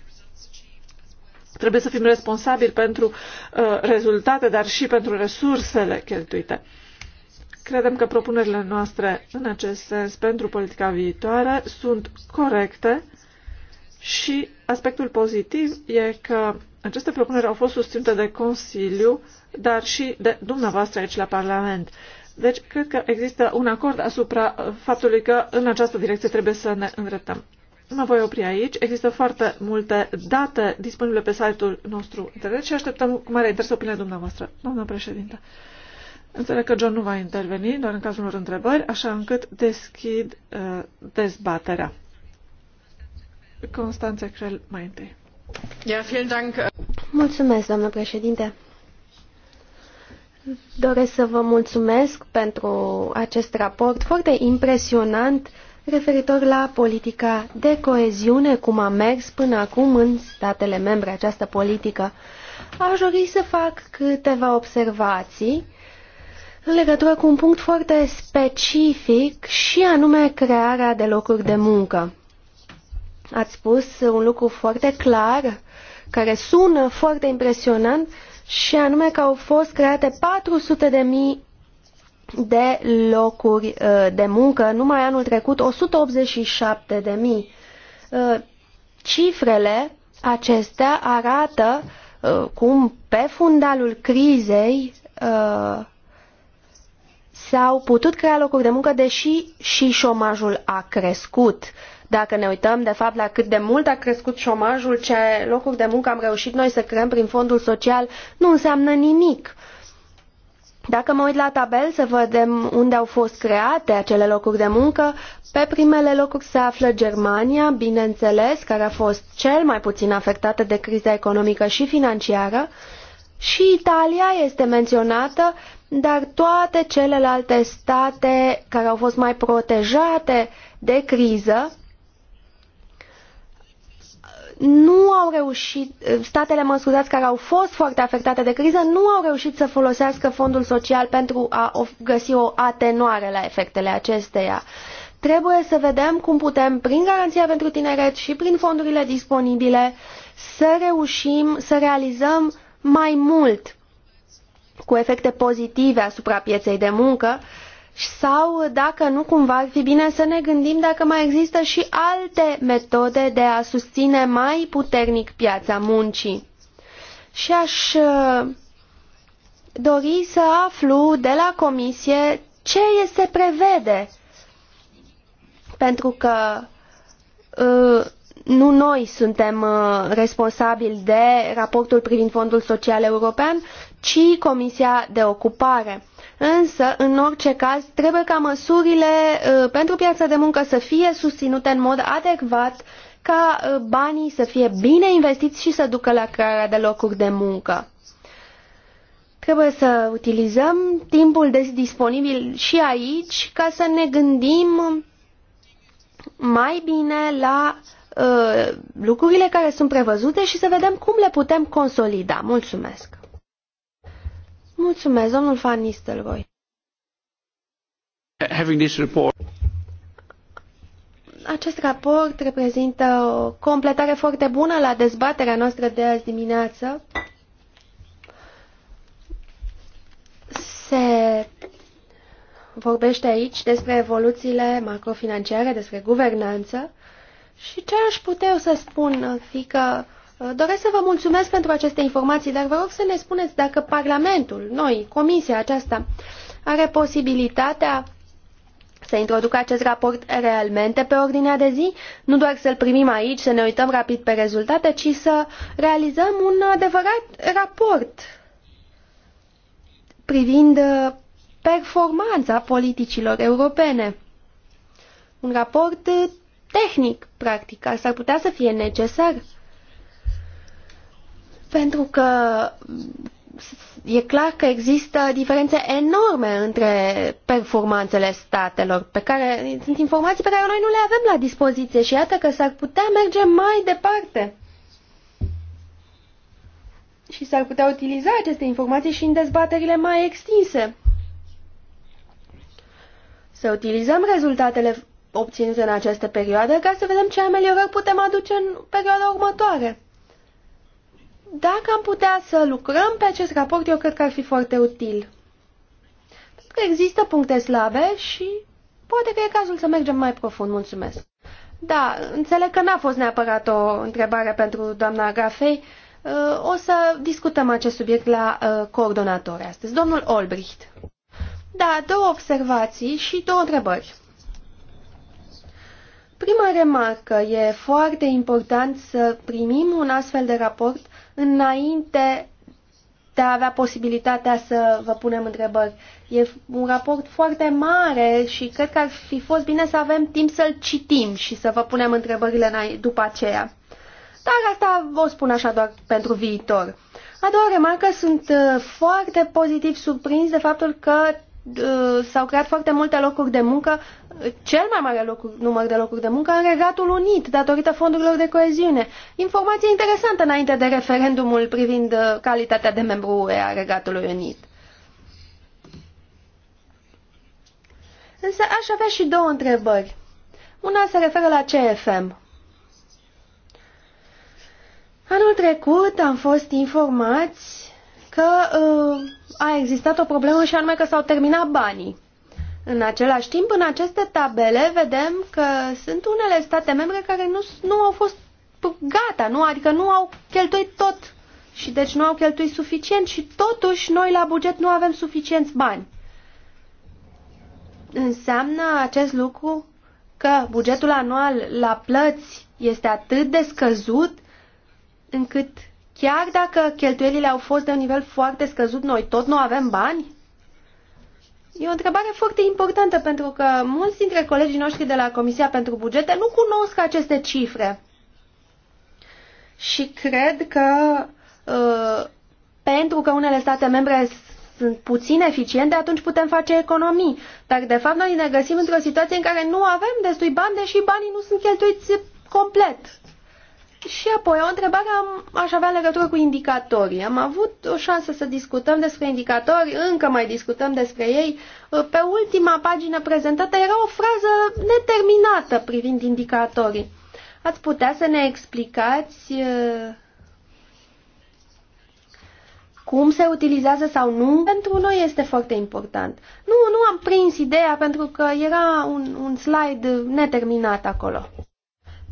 trebuie să fim responsabili pentru uh, rezultate, dar și pentru resursele cheltuite. Credem că propunerile noastre în acest sens pentru politica viitoare sunt corecte și aspectul pozitiv e că aceste propuneri au fost susținute de Consiliu, dar și de dumneavoastră aici la Parlament. Deci, cred că există un acord asupra faptului că în această direcție trebuie să ne îndreptăm. Mă voi opri aici. Există foarte multe date disponibile pe site-ul nostru internet și așteptăm cu mare interes opinia dumneavoastră. Doamna președinte, înțeleg că John nu va interveni, doar în cazul unor întrebări, așa încât deschid uh, dezbaterea. Constanța Crel mai întâi. Mulțumesc, doamnă președinte. Doresc să vă mulțumesc pentru acest raport foarte impresionant referitor la politica de coeziune, cum a mers până acum în statele membre această politică. Aș dori să fac câteva observații în legătură cu un punct foarte specific și anume crearea de locuri de muncă. Ați spus un lucru foarte clar, care sună foarte impresionant, și anume că au fost create 400 de mii de locuri uh, de muncă, numai anul trecut 187 de mii. Uh, cifrele acestea arată uh, cum pe fundalul crizei s-au putut crea locuri de muncă, deși și șomajul a crescut. Dacă ne uităm, de fapt, la cât de mult a crescut șomajul, ce locuri de muncă am reușit noi să creăm prin fondul social, nu înseamnă nimic. Dacă mă uit la tabel să vedem unde au fost create acele locuri de muncă, pe primele locuri se află Germania, bineînțeles, care a fost cel mai puțin afectată de criza economică și financiară, și Italia este menționată, dar toate celelalte state care au fost mai protejate de criză nu au reușit, statele, mă scuzați, care au fost foarte afectate de criză, nu au reușit să folosească fondul social pentru a găsi o atenuare la efectele acesteia. Trebuie să vedem cum putem, prin garanția pentru tineret și prin fondurile disponibile, să reușim să realizăm mai mult cu efecte pozitive asupra pieței de muncă, uh, sau dacă nu cumva ar fi bine să ne gândim dacă mai există și alte metode de a susține mai puternic piața muncii. Și aș uh, dori să aflu de la comisie ce se prevede, pentru că uh, nu noi suntem uh, responsabili de raportul privind Fondul Social European, ci Comisia de Ocupare. Însă, în orice caz, trebuie ca măsurile uh, pentru piața de muncă să fie susținute în mod adecvat ca uh, banii să fie bine investiți și să ducă la crearea de locuri de muncă. Trebuie să utilizăm timpul disponibil și aici ca să ne gândim mai bine la uh, lucrurile care sunt prevăzute și să vedem cum le putem consolida. Mulțumesc! Mulțumesc, domnul Van Nistelrooy. Having this report acest raport reprezintă o completare foarte bună la dezbaterea noastră de azi dimineață. Se vorbește aici despre evoluțiile macrofinanciare, despre guvernanță și ce aș putea să spun ar fi că Uh, doresc să vă mulțumesc pentru aceste informații, dar vă rog să ne spuneți dacă Parlamentul, noi, Comisia aceasta, are posibilitatea să introducă acest raport realmente pe ordinea de zi, nu doar să-l primim aici, să ne uităm rapid pe rezultate, ci să realizăm un adevărat raport privind uh, performanța politicilor europene. Un raport uh, tehnic, practic, ar s-ar putea să fie necesar. Pentru că e clar că există diferențe enorme între performanțele statelor, pe care sunt informații pe care noi nu le avem la dispoziție și iată că s-ar putea merge mai departe. Și s-ar putea utiliza aceste informații și în dezbaterile mai extinse. Să utilizăm rezultatele obținute în această perioadă ca să vedem ce ameliorări putem aduce în perioada următoare. Dacă am putea să lucrăm pe acest raport, eu cred că ar fi foarte util. Pentru că există puncte slabe și poate că e cazul să mergem mai profund. Mulțumesc. Da, înțeleg că n-a fost neapărat o întrebare pentru doamna Grafei. Uh, o să discutăm acest subiect la uh, coordonatori astăzi. Domnul Olbricht. Da, două observații și două întrebări. Prima remarcă, e foarte important să primim un astfel de raport înainte de a avea posibilitatea să vă punem întrebări. E un raport foarte mare și cred că ar fi fost bine să avem timp să-l citim și să vă punem întrebările după aceea. Dar asta vă spun așa doar pentru viitor. A doua remarcă, sunt uh, foarte pozitiv surprins de faptul că Uh, s-au creat foarte multe locuri de muncă, cel mai mare locuri, număr de locuri de muncă în Regatul Unit, datorită fondurilor de coeziune. Informație interesantă înainte de referendumul privind uh, calitatea de membru UE a Regatului Unit. Însă aș avea și două întrebări. Una se referă la CFM. Anul trecut am fost informați că uh, a existat o problemă și anume că s-au terminat banii. În același timp, în aceste tabele vedem că sunt unele state membre care nu, nu au fost gata, nu? adică nu au cheltuit tot și deci nu au cheltuit suficient și totuși noi la buget nu avem suficienți bani. Înseamnă acest lucru că bugetul anual la plăți este atât de scăzut încât Chiar dacă cheltuielile au fost de un nivel foarte scăzut, noi tot nu avem bani? E o întrebare foarte importantă pentru că mulți dintre colegii noștri de la Comisia pentru Bugete nu cunosc aceste cifre. Și cred că uh, pentru că unele state membre sunt puțin eficiente, atunci putem face economii. Dar, de fapt, noi ne găsim într-o situație în care nu avem destui bani, deși banii nu sunt cheltuiți complet. Și apoi, o întrebare am, aș avea legătură cu indicatorii. Am avut o șansă să discutăm despre indicatori, încă mai discutăm despre ei. Pe ultima pagină prezentată era o frază neterminată privind indicatorii. Ați putea să ne explicați cum se utilizează sau nu? Pentru noi este foarte important. Nu, nu am prins ideea pentru că era un, un slide neterminat acolo.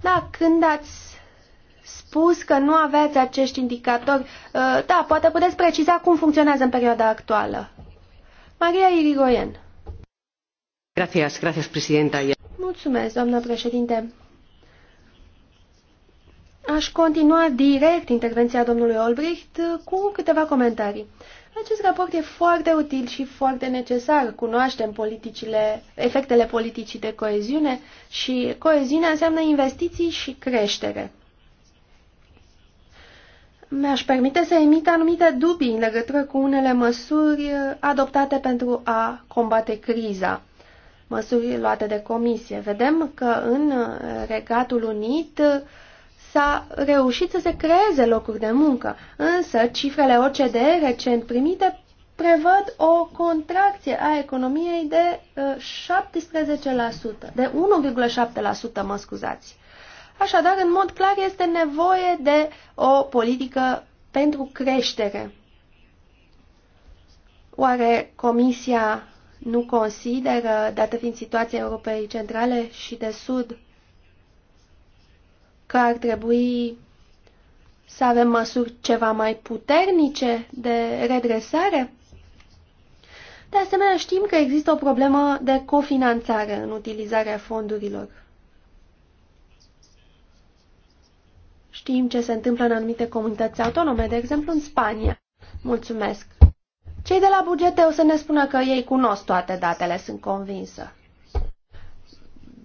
Da, când ați spus că nu aveți acești indicatori. Uh, da, poate puteți preciza cum funcționează în perioada actuală. Maria Irigoyen. Gracias, gracias, presidenta. Mulțumesc, doamnă președinte. Aș continua direct intervenția domnului Olbricht cu câteva comentarii. Acest raport e foarte util și foarte necesar. Cunoaștem politicile, efectele politicii de coeziune și coeziunea înseamnă investiții și creștere mi-aș permite să emit anumite dubii în legătură cu unele măsuri adoptate pentru a combate criza, măsuri luate de comisie. Vedem că în Regatul Unit s-a reușit să se creeze locuri de muncă, însă cifrele OCDE recent primite prevăd o contracție a economiei de 17%, uh, de 1,7%, mă scuzați. Așadar, în mod clar, este nevoie de o politică pentru creștere. Oare Comisia nu consideră, dată fiind situația Europei Centrale și de Sud, că ar trebui să avem măsuri ceva mai puternice de redresare? De asemenea, știm că există o problemă de cofinanțare în utilizarea fondurilor. Știm ce se întâmplă în anumite comunități autonome, de exemplu în Spania. Mulțumesc. Cei de la bugete o să ne spună că ei cunosc toate datele, sunt convinsă.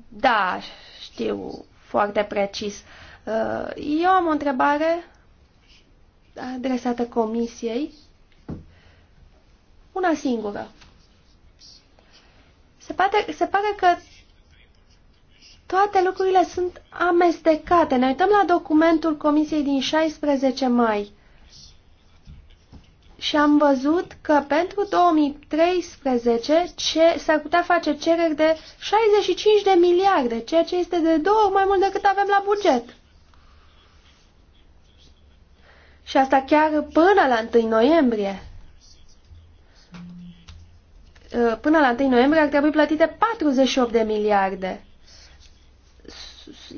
Da, știu foarte precis. Uh, eu am o întrebare adresată comisiei. Una singură. Se pare, se pare că toate lucrurile sunt amestecate. Ne uităm la documentul Comisiei din 16 mai și am văzut că pentru 2013 ce, s-ar putea face cereri de 65 de miliarde, ceea ce este de două ori mai mult decât avem la buget. Și asta chiar până la 1 noiembrie. Până la 1 noiembrie ar trebui plătite 48 de miliarde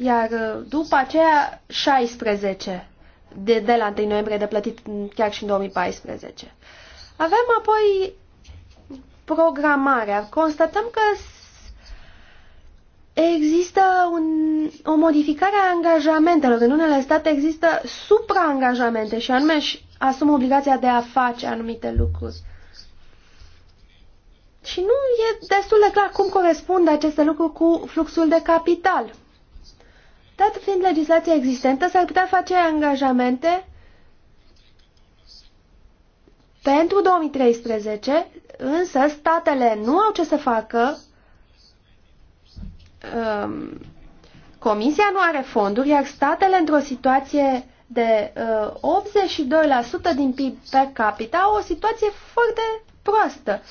iar uh, după aceea 16 de, de la 1 noiembrie de plătit chiar și în 2014. Avem apoi programarea. Constatăm că există un, o modificare a angajamentelor. În unele state există supraangajamente și anume și asum obligația de a face anumite lucruri. Și nu e destul de clar cum corespund aceste lucruri cu fluxul de capital. Dat fiind legislația existentă, s-ar putea face angajamente pentru 2013, însă statele nu au ce să facă, um, Comisia nu are fonduri, iar statele într-o situație de uh, 82% din PIB per capita au o situație foarte proastă.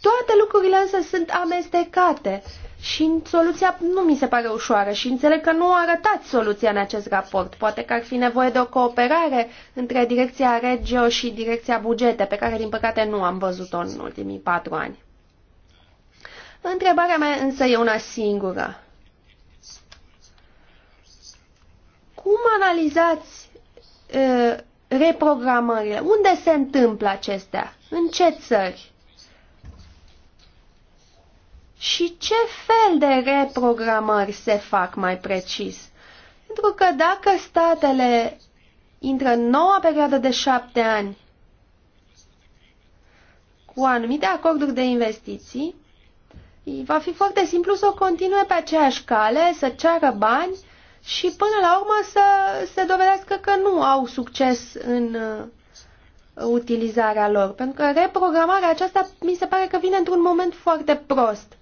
Toate lucrurile însă sunt amestecate și soluția nu mi se pare ușoară și înțeleg că nu arătați soluția în acest raport. Poate că ar fi nevoie de o cooperare între Direcția Regio și Direcția Bugete, pe care, din păcate, nu am văzut-o în ultimii patru ani. Întrebarea mea însă e una singură. Cum analizați uh, reprogramările? Unde se întâmplă acestea? În ce țări? și ce fel de reprogramări se fac mai precis. Pentru că dacă statele intră în noua perioadă de șapte ani cu anumite acorduri de investiții, va fi foarte simplu să o continue pe aceeași cale, să ceară bani și până la urmă să se dovedească că nu au succes în utilizarea lor, pentru că reprogramarea aceasta mi se pare că vine într-un moment foarte prost.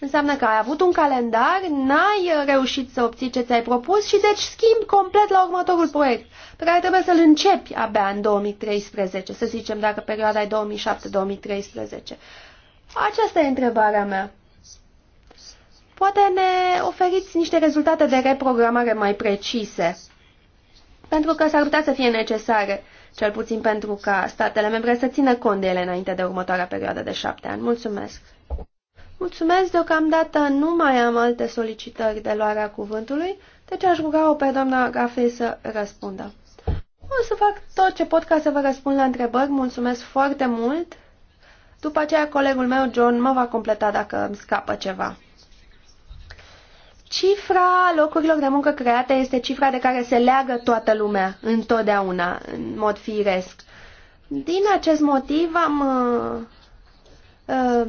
Înseamnă că ai avut un calendar, n-ai reușit să obții ce ți-ai propus și deci schimbi complet la următorul proiect, pe care trebuie să-l începi abia în 2013, să zicem dacă perioada e 2007-2013. Aceasta e întrebarea mea. Poate ne oferiți niște rezultate de reprogramare mai precise, pentru că s-ar putea să fie necesare cel puțin pentru ca statele membre să țină cont de ele înainte de următoarea perioadă de șapte ani. Mulțumesc! Mulțumesc, deocamdată nu mai am alte solicitări de luarea cuvântului, deci aș ruga-o pe doamna Gafei să răspundă. O să fac tot ce pot ca să vă răspund la întrebări, mulțumesc foarte mult! După aceea, colegul meu, John, mă va completa dacă îmi scapă ceva. Cifra locurilor de muncă create este cifra de care se leagă toată lumea, întotdeauna, în mod firesc. Din acest motiv am uh, uh,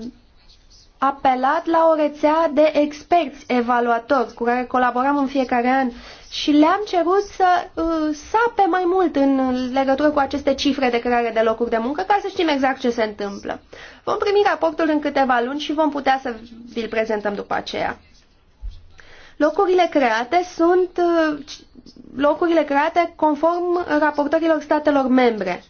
apelat la o rețea de experți evaluatori cu care colaborăm în fiecare an și le-am cerut să uh, sape mai mult în legătură cu aceste cifre de creare de locuri de muncă ca să știm exact ce se întâmplă. Vom primi raportul în câteva luni și vom putea să vi-l prezentăm după aceea. Locurile create sunt uh, locurile create conform raportărilor statelor membre.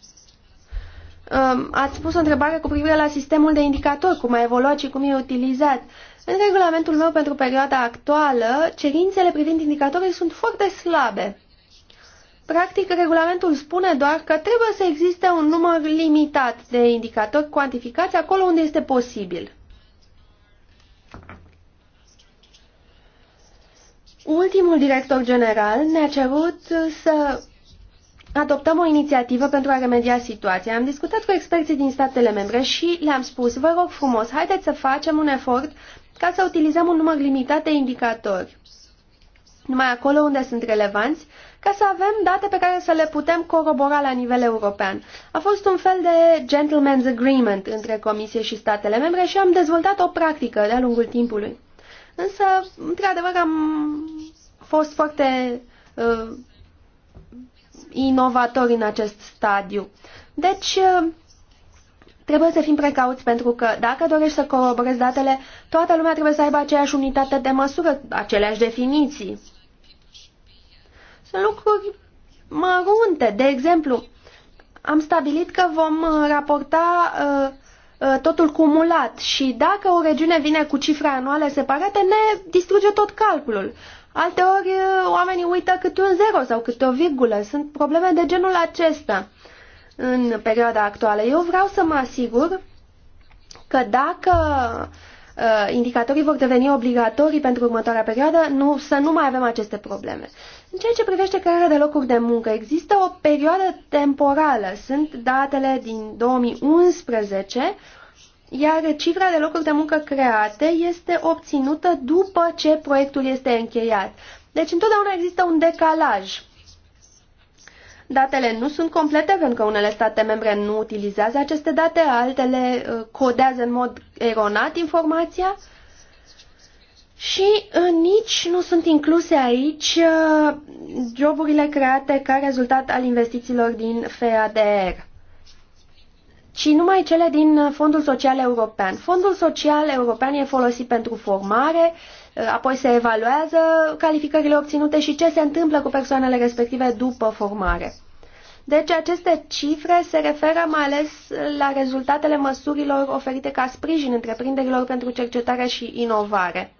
Um, ați pus o întrebare cu privire la sistemul de indicatori, cum a evoluat și cum e utilizat. În regulamentul meu pentru perioada actuală, cerințele privind indicatorii sunt foarte slabe. Practic, regulamentul spune doar că trebuie să existe un număr limitat de indicatori cuantificați acolo unde este posibil. Ultimul director general ne-a cerut să adoptăm o inițiativă pentru a remedia situația. Am discutat cu experții din statele membre și le-am spus, vă rog frumos, haideți să facem un efort ca să utilizăm un număr limitat de indicatori, numai acolo unde sunt relevanți, ca să avem date pe care să le putem corobora la nivel european. A fost un fel de gentleman's agreement între Comisie și statele membre și am dezvoltat o practică de-a lungul timpului. Însă, într-adevăr, am fost foarte uh, inovatori în acest stadiu. Deci, uh, trebuie să fim precauți pentru că dacă dorești să coroborezi datele, toată lumea trebuie să aibă aceeași unitate de măsură, aceleași definiții. Sunt lucruri mărunte. De exemplu, am stabilit că vom raporta uh, Uh, totul cumulat și dacă o regiune vine cu cifre anuale separate, ne distruge tot calculul. Alteori uh, oamenii uită câte un zero sau câte o virgulă. Sunt probleme de genul acesta în perioada actuală. Eu vreau să mă asigur că dacă uh, indicatorii vor deveni obligatorii pentru următoarea perioadă, nu, să nu mai avem aceste probleme. În ceea ce privește crearea de locuri de muncă, există o perioadă temporală. Sunt datele din 2011, iar cifra de locuri de muncă create este obținută după ce proiectul este încheiat. Deci întotdeauna există un decalaj. Datele nu sunt complete pentru că unele state membre nu utilizează aceste date, altele uh, codează în mod eronat informația. Uh, și uh, nici nu sunt incluse aici uh, joburile create ca rezultat al investițiilor din FADR, ci numai cele din uh, Fondul Social European. Fondul Social European e folosit pentru formare, uh, apoi se evaluează calificările obținute și ce se întâmplă cu persoanele respective după formare. Deci aceste cifre se referă mai ales la rezultatele măsurilor oferite ca sprijin întreprinderilor pentru cercetare și inovare.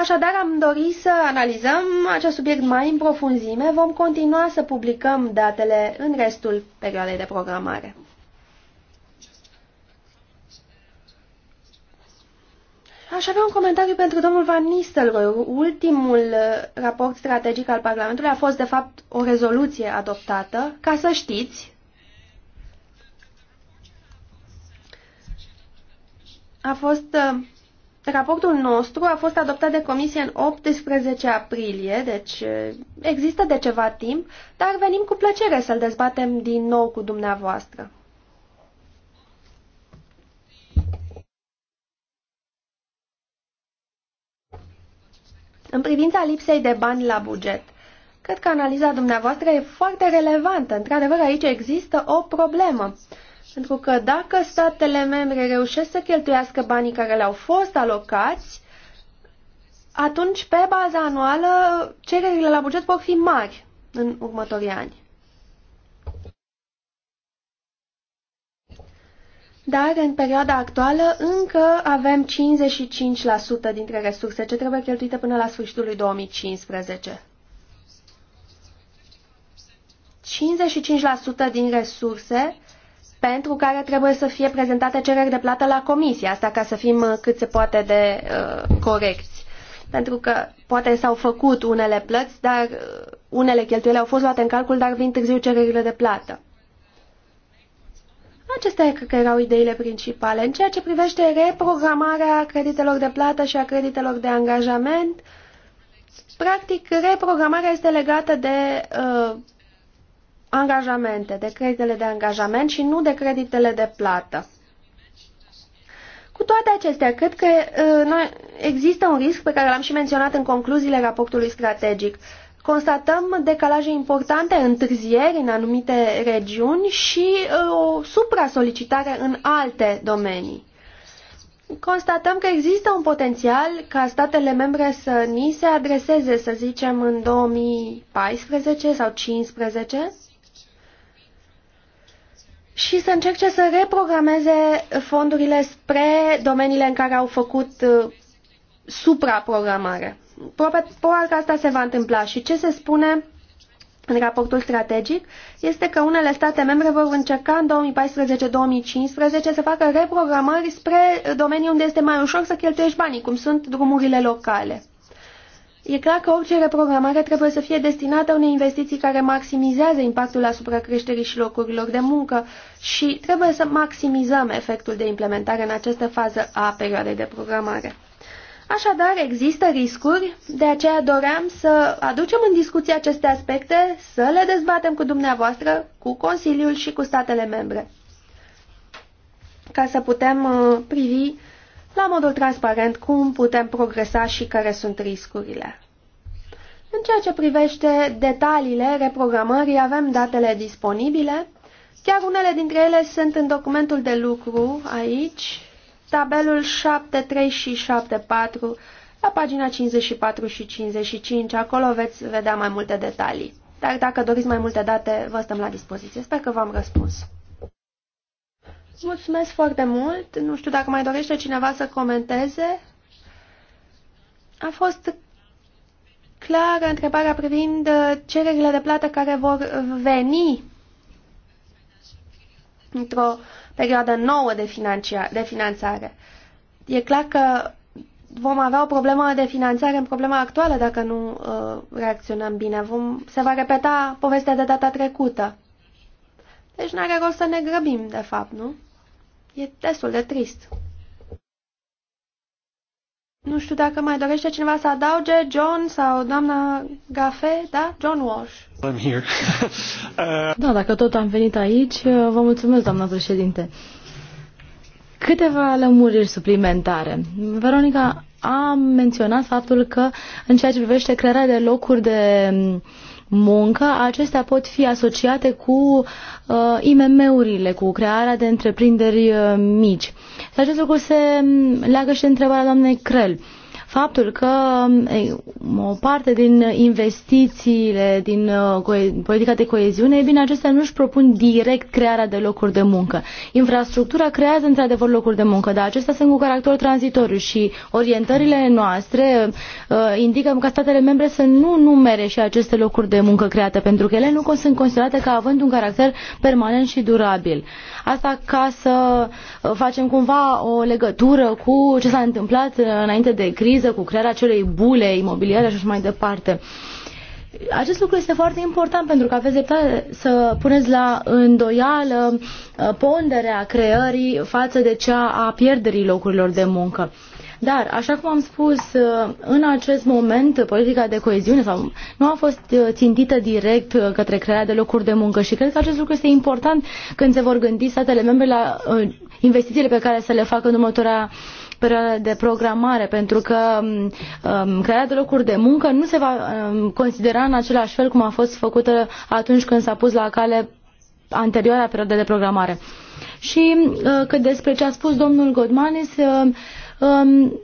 Așadar, am dorit să analizăm acest subiect mai în profunzime. Vom continua să publicăm datele în restul perioadei de programare. Aș avea un comentariu pentru domnul Van Nistelrooy. Ultimul uh, raport strategic al Parlamentului a fost, de fapt, o rezoluție adoptată. Ca să știți, a fost uh, Raportul nostru a fost adoptat de comisie în 18 aprilie, deci există de ceva timp, dar venim cu plăcere să-l dezbatem din nou cu dumneavoastră. În privința lipsei de bani la buget, cred că analiza dumneavoastră e foarte relevantă. Într-adevăr, aici există o problemă. Pentru că dacă statele membre reușesc să cheltuiască banii care le-au fost alocați, atunci pe baza anuală cererile la buget vor fi mari în următorii ani. Dar în perioada actuală încă avem 55% dintre resurse ce trebuie cheltuite până la sfârșitul lui 2015. 55% din resurse pentru care trebuie să fie prezentate cereri de plată la comisie, asta ca să fim uh, cât se poate de uh, corecți. Pentru că poate s-au făcut unele plăți, dar uh, unele cheltuieli au fost luate în calcul, dar vin târziu cererile de plată. Acestea cred că erau ideile principale. În ceea ce privește reprogramarea creditelor de plată și a creditelor de angajament, practic reprogramarea este legată de uh, angajamente, de creditele de angajament și nu de creditele de plată. Cu toate acestea, cred că uh, noi, există un risc pe care l-am și menționat în concluziile raportului strategic. Constatăm decalaje importante, întârzieri în anumite regiuni și uh, o supra-solicitare în alte domenii. Constatăm că există un potențial ca statele membre să ni se adreseze, să zicem, în 2014 sau 2015 și să încerce să reprogrameze fondurile spre domeniile în care au făcut uh, supraprogramare. Probabil că asta se va întâmpla și ce se spune în raportul strategic este că unele state membre vor încerca în 2014-2015 să facă reprogramări spre domenii unde este mai ușor să cheltuiești banii, cum sunt drumurile locale. E clar că orice reprogramare trebuie să fie destinată unei investiții care maximizează impactul asupra creșterii și locurilor de muncă și trebuie să maximizăm efectul de implementare în această fază a perioadei de programare. Așadar, există riscuri, de aceea doream să aducem în discuție aceste aspecte, să le dezbatem cu dumneavoastră, cu Consiliul și cu statele membre, ca să putem uh, privi la modul transparent cum putem progresa și care sunt riscurile. În ceea ce privește detaliile reprogramării, avem datele disponibile. Chiar unele dintre ele sunt în documentul de lucru aici, tabelul 7.3 și 7.4, la pagina 54 și 55. Acolo veți vedea mai multe detalii. Dar dacă doriți mai multe date, vă stăm la dispoziție. Sper că v-am răspuns. Mulțumesc foarte mult. Nu știu dacă mai dorește cineva să comenteze. A fost clară întrebarea privind uh, cererile de plată care vor veni într-o perioadă nouă de, de finanțare. E clar că vom avea o problemă de finanțare în problema actuală dacă nu uh, reacționăm bine. Vom, se va repeta povestea de data trecută. Deci nu are rost să ne grăbim, de fapt, nu? E destul de trist. Nu știu dacă mai dorește cineva să adauge, John sau doamna Gafe, da? John Walsh. I'm here. uh... Da, dacă tot am venit aici, uh, vă mulțumesc, doamna președinte. Câteva lămuriri suplimentare. Veronica a menționat faptul că în ceea ce privește crearea de locuri de muncă, acestea pot fi asociate cu uh, IMM-urile, cu crearea de întreprinderi uh, mici. Și acest lucru se mm, leagă și de întrebarea doamnei Crel. Uh, faptul că um, o parte din investițiile din uh, politica de coeziune, e bine, acestea nu își propun direct crearea de locuri de muncă. Infrastructura creează într-adevăr locuri de muncă, dar acestea sunt cu caracter tranzitoriu și orientările noastre uh, indică ca statele membre să nu numere și aceste locuri de muncă create, pentru că ele nu sunt considerate ca având un caracter permanent și durabil. Asta ca să uh, facem cumva o legătură cu ce s-a întâmplat uh, înainte de criză criză, cu crearea acelei bule imobiliare și așa mai departe. Acest lucru este foarte important pentru că aveți dreptate să puneți la îndoială uh, ponderea creării față de cea a pierderii locurilor de muncă. Dar, așa cum am spus, uh, în acest moment politica de coeziune sau nu a fost uh, țintită direct către crearea de locuri de muncă și cred că acest lucru este important când se vor gândi statele membre la investițiile pe care să le facă în următoarea perioada de programare, pentru că um, um, crearea de locuri de muncă nu se va um, considera în același fel cum a fost făcută atunci când s-a pus la cale anterioara perioadă de programare. Și uh, că despre ce a spus domnul Godmanis, uh, um,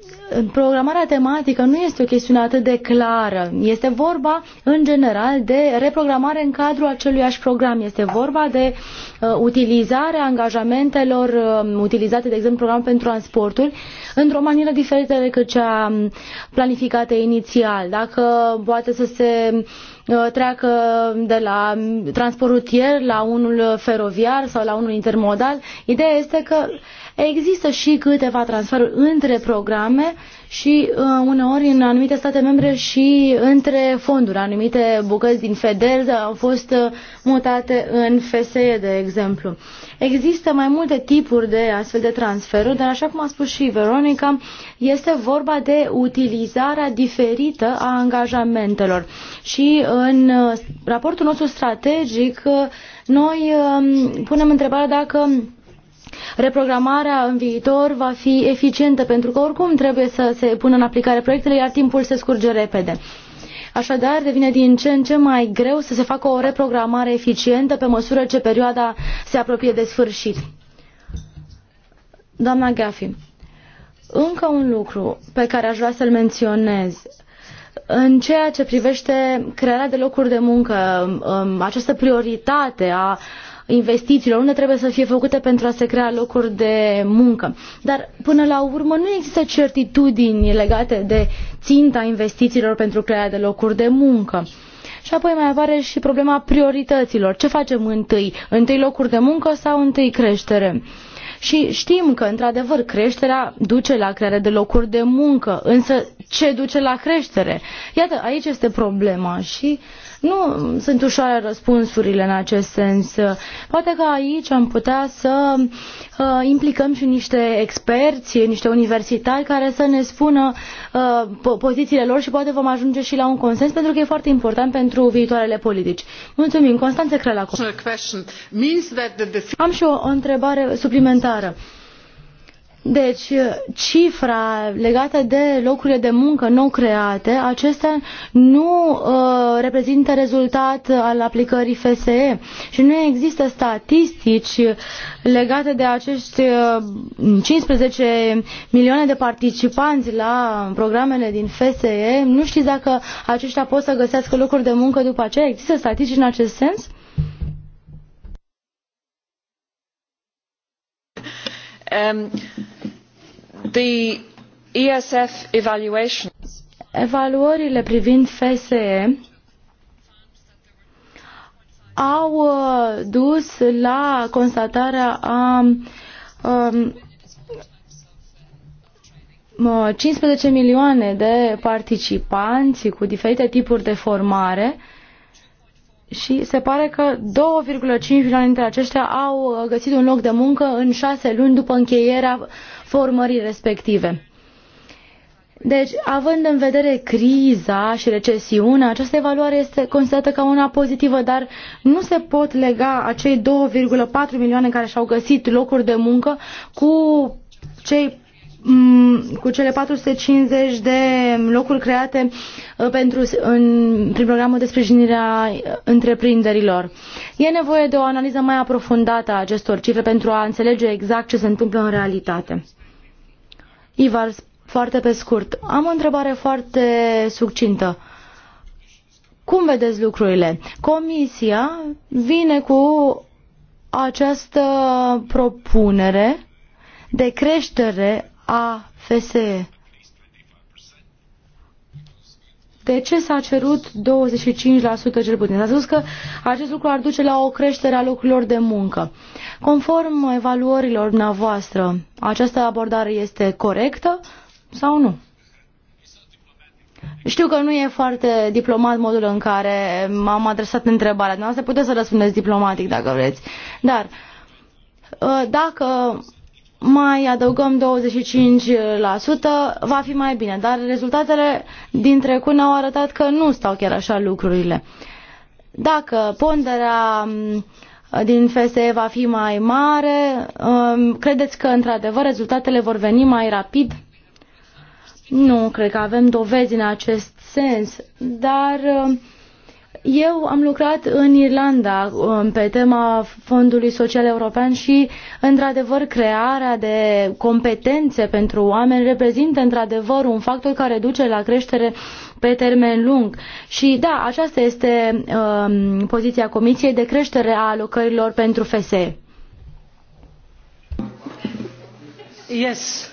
programarea tematică nu este o chestiune atât de clară. Este vorba, în general, de reprogramare în cadrul aceluiași program. Este vorba de uh, utilizarea angajamentelor uh, utilizate, de exemplu, program pentru transporturi, într-o manieră diferită decât cea um, planificată inițial. Dacă poate să se uh, treacă de la um, transport rutier la unul uh, feroviar sau la unul intermodal. Ideea este că Există și câteva transferuri între programe și uh, uneori în anumite state membre și între fonduri. Anumite bucăți din FEDER au fost uh, mutate în FSE, de exemplu. Există mai multe tipuri de astfel de transferuri, dar așa cum a spus și Veronica, este vorba de utilizarea diferită a angajamentelor. Și în uh, raportul nostru strategic, uh, noi uh, punem întrebarea dacă reprogramarea în viitor va fi eficientă pentru că oricum trebuie să se pună în aplicare proiectele, iar timpul se scurge repede. Așadar, devine din ce în ce mai greu să se facă o reprogramare eficientă pe măsură ce perioada se apropie de sfârșit. Doamna Gafi, încă un lucru pe care aș vrea să-l menționez. În ceea ce privește crearea de locuri de muncă, um, această prioritate a investițiilor, unde trebuie să fie făcute pentru a se crea locuri de muncă. Dar până la urmă nu există certitudini legate de ținta investițiilor pentru crearea de locuri de muncă. Și apoi mai apare și problema priorităților. Ce facem întâi? Întâi locuri de muncă sau întâi creștere? Și știm că, într-adevăr, creșterea duce la crearea de locuri de muncă, însă ce duce la creștere? Iată, aici este problema și nu sunt ușoare răspunsurile în acest sens. Poate că aici am putea să uh, implicăm și niște experți, niște universitari care să ne spună uh, pozițiile lor și poate vom ajunge și la un consens pentru că e foarte important pentru viitoarele politici. Mulțumim. Constanță Crălacu. Deci am și o, o întrebare suplimentară deci, cifra legată de locurile de muncă nou create, acestea nu uh, reprezintă rezultat al aplicării FSE și nu există statistici legate de acești uh, 15 milioane de participanți la programele din FSE. Nu știți dacă aceștia pot să găsească locuri de muncă după aceea? Există statistici în acest sens? Um the ESF Evaluările privind FSE au uh, dus la constatarea a um, 15 milioane de participanți cu diferite tipuri de formare și se pare că 2,5 milioane dintre aceștia au uh, găsit un loc de muncă în șase luni după încheierea formării respective. Deci, având în vedere criza și recesiunea, această evaluare este considerată ca una pozitivă, dar nu se pot lega acei 2,4 milioane care și-au găsit locuri de muncă cu cei Mm, cu cele 450 de locuri create uh, pentru, în, prin programul de sprijinire a uh, întreprinderilor. E nevoie de o analiză mai aprofundată a acestor cifre pentru a înțelege exact ce se întâmplă în realitate. Ivar, foarte pe scurt, am o întrebare foarte succintă. Cum vedeți lucrurile? Comisia vine cu această propunere de creștere a FSE. De ce s-a cerut 25% cel puțin? S-a spus că acest lucru ar duce la o creștere a locurilor de muncă. Conform evaluărilor dumneavoastră, această abordare este corectă sau nu? Știu că nu e foarte diplomat modul în care m-am adresat întrebarea. Dumneavoastră puteți să răspundeți diplomatic dacă vreți. Dar ă, dacă mai adăugăm 25%, va fi mai bine. Dar rezultatele din trecut ne-au arătat că nu stau chiar așa lucrurile. Dacă ponderea mm, din FSE va fi mai mare, mm, credeți că într-adevăr rezultatele vor veni mai rapid? Nu, cred că avem dovezi în acest sens, dar mm, eu am lucrat în Irlanda um, pe tema Fondului Social European și, într-adevăr, crearea de competențe pentru oameni reprezintă, într-adevăr, un factor care duce la creștere pe termen lung. Și da, aceasta este um, poziția Comisiei de creștere a alocărilor pentru FSE. Yes.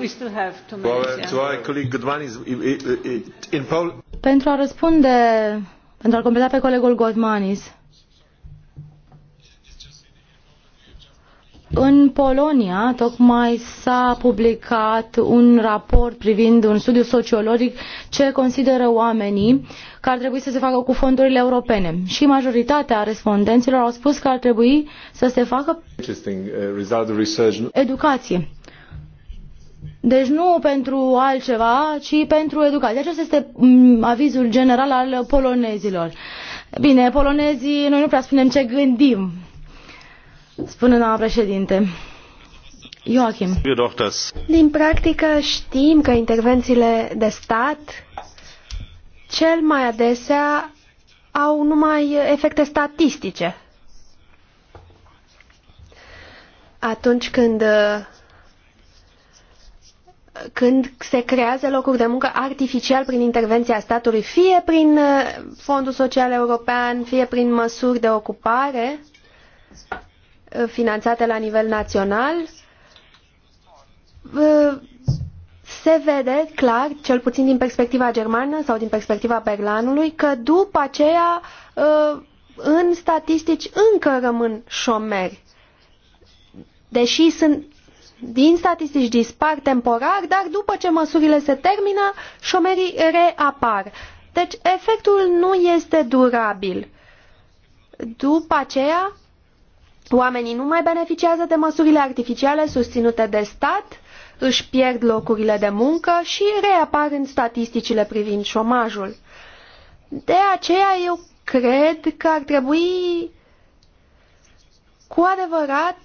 We still have two minutes, yeah. Pentru a răspunde pentru a completa pe colegul Godmanis. În Polonia, tocmai s-a publicat un raport privind un studiu sociologic ce consideră oamenii că ar trebui să se facă cu fondurile europene. Și majoritatea respondenților au spus că ar trebui să se facă uh, educație. Deci nu pentru altceva, ci pentru educație. Acesta este mm, avizul general al polonezilor. Bine, polonezii, noi nu prea spunem ce gândim, spune doamna președinte. Joachim. Din practică știm că intervențiile de stat cel mai adesea au numai efecte statistice. Atunci când când se creează locuri de muncă artificial prin intervenția statului, fie prin uh, Fondul Social European, fie prin măsuri de ocupare uh, finanțate la nivel național, uh, se vede clar, cel puțin din perspectiva germană sau din perspectiva berlanului, că după aceea în statistici încă rămân șomeri. Deși sunt din statistici dispar temporar, dar după ce măsurile se termină, șomerii reapar. Deci efectul nu este durabil. După aceea, oamenii nu mai beneficiază de măsurile artificiale susținute de stat, își pierd locurile de muncă și reapar în statisticile privind șomajul. De aceea eu cred că ar trebui cu adevărat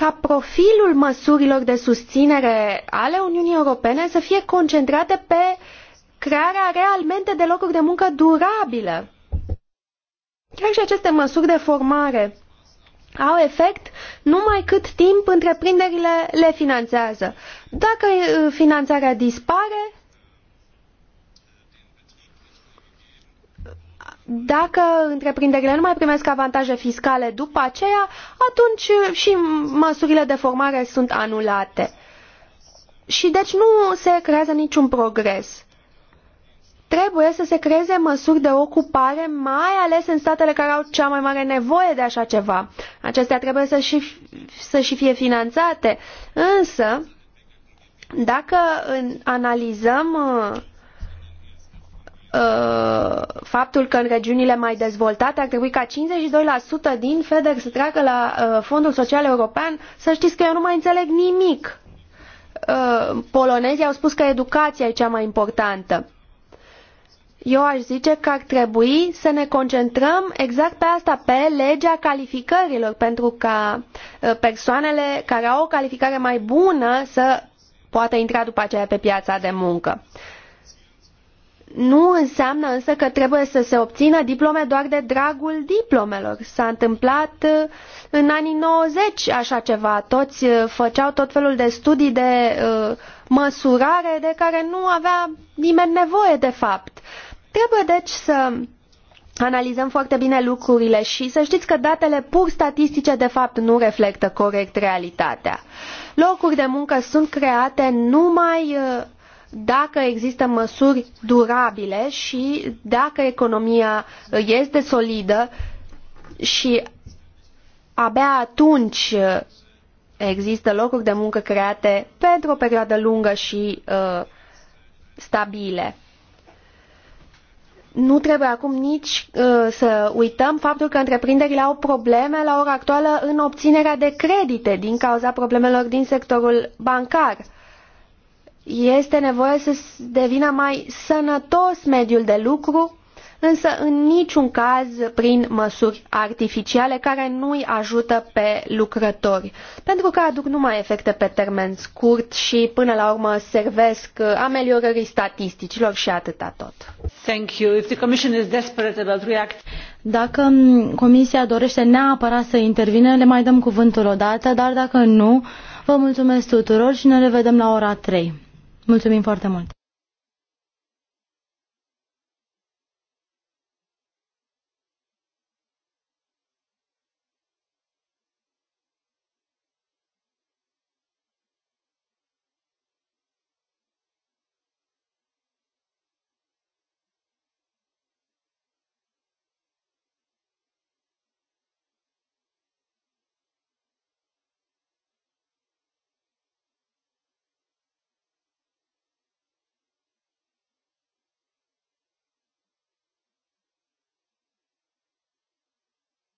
ca profilul măsurilor de susținere ale Uniunii Europene să fie concentrate pe crearea realmente de locuri de muncă durabile. Chiar și aceste măsuri de formare au efect numai cât timp întreprinderile le finanțează. Dacă uh, finanțarea dispare, Dacă întreprinderile nu mai primesc avantaje fiscale după aceea, atunci și măsurile de formare sunt anulate. Și deci nu se creează niciun progres trebuie să se creeze măsuri de ocupare, mai ales în statele care au cea mai mare nevoie de așa ceva. Acestea trebuie să și, să și fie finanțate. Însă, dacă analizăm uh, Uh, faptul că în regiunile mai dezvoltate ar trebui ca 52% din FEDER să treacă la uh, Fondul Social European, să știți că eu nu mai înțeleg nimic. Uh, polonezii au spus că educația e cea mai importantă. Eu aș zice că ar trebui să ne concentrăm exact pe asta, pe legea calificărilor, pentru ca persoanele care au o calificare mai bună să poată intra după aceea pe piața de muncă. Uh, nu înseamnă însă că trebuie să se obțină diplome doar de dragul diplomelor. S-a întâmplat uh, în anii 90 așa ceva. Toți uh, făceau tot felul de studii de uh, măsurare de care nu avea nimeni nevoie de fapt. Trebuie deci să analizăm foarte bine lucrurile și să știți că datele pur statistice de fapt nu reflectă corect realitatea. Locuri de muncă sunt create numai uh, dacă există măsuri durabile și dacă economia este solidă și abia atunci există locuri de muncă create pentru o perioadă lungă și uh, stabile. Nu trebuie acum nici uh, să uităm faptul că întreprinderile au probleme la ora actuală în obținerea de credite din cauza problemelor din sectorul bancar. Uh, este nevoie să devină mai sănătos mediul de lucru, însă în niciun caz prin măsuri artificiale care nu-i ajută pe lucrători, pentru că aduc numai efecte pe termen scurt și până la urmă servesc uh, ameliorării statisticilor și atâta tot. Thank you. If the commission is desperate about react... Dacă mm, comisia dorește neapărat să intervină, le mai dăm cuvântul o dată, dar dacă nu, vă mulțumesc tuturor și ne revedem la ora 3. Mulțumim foarte mult!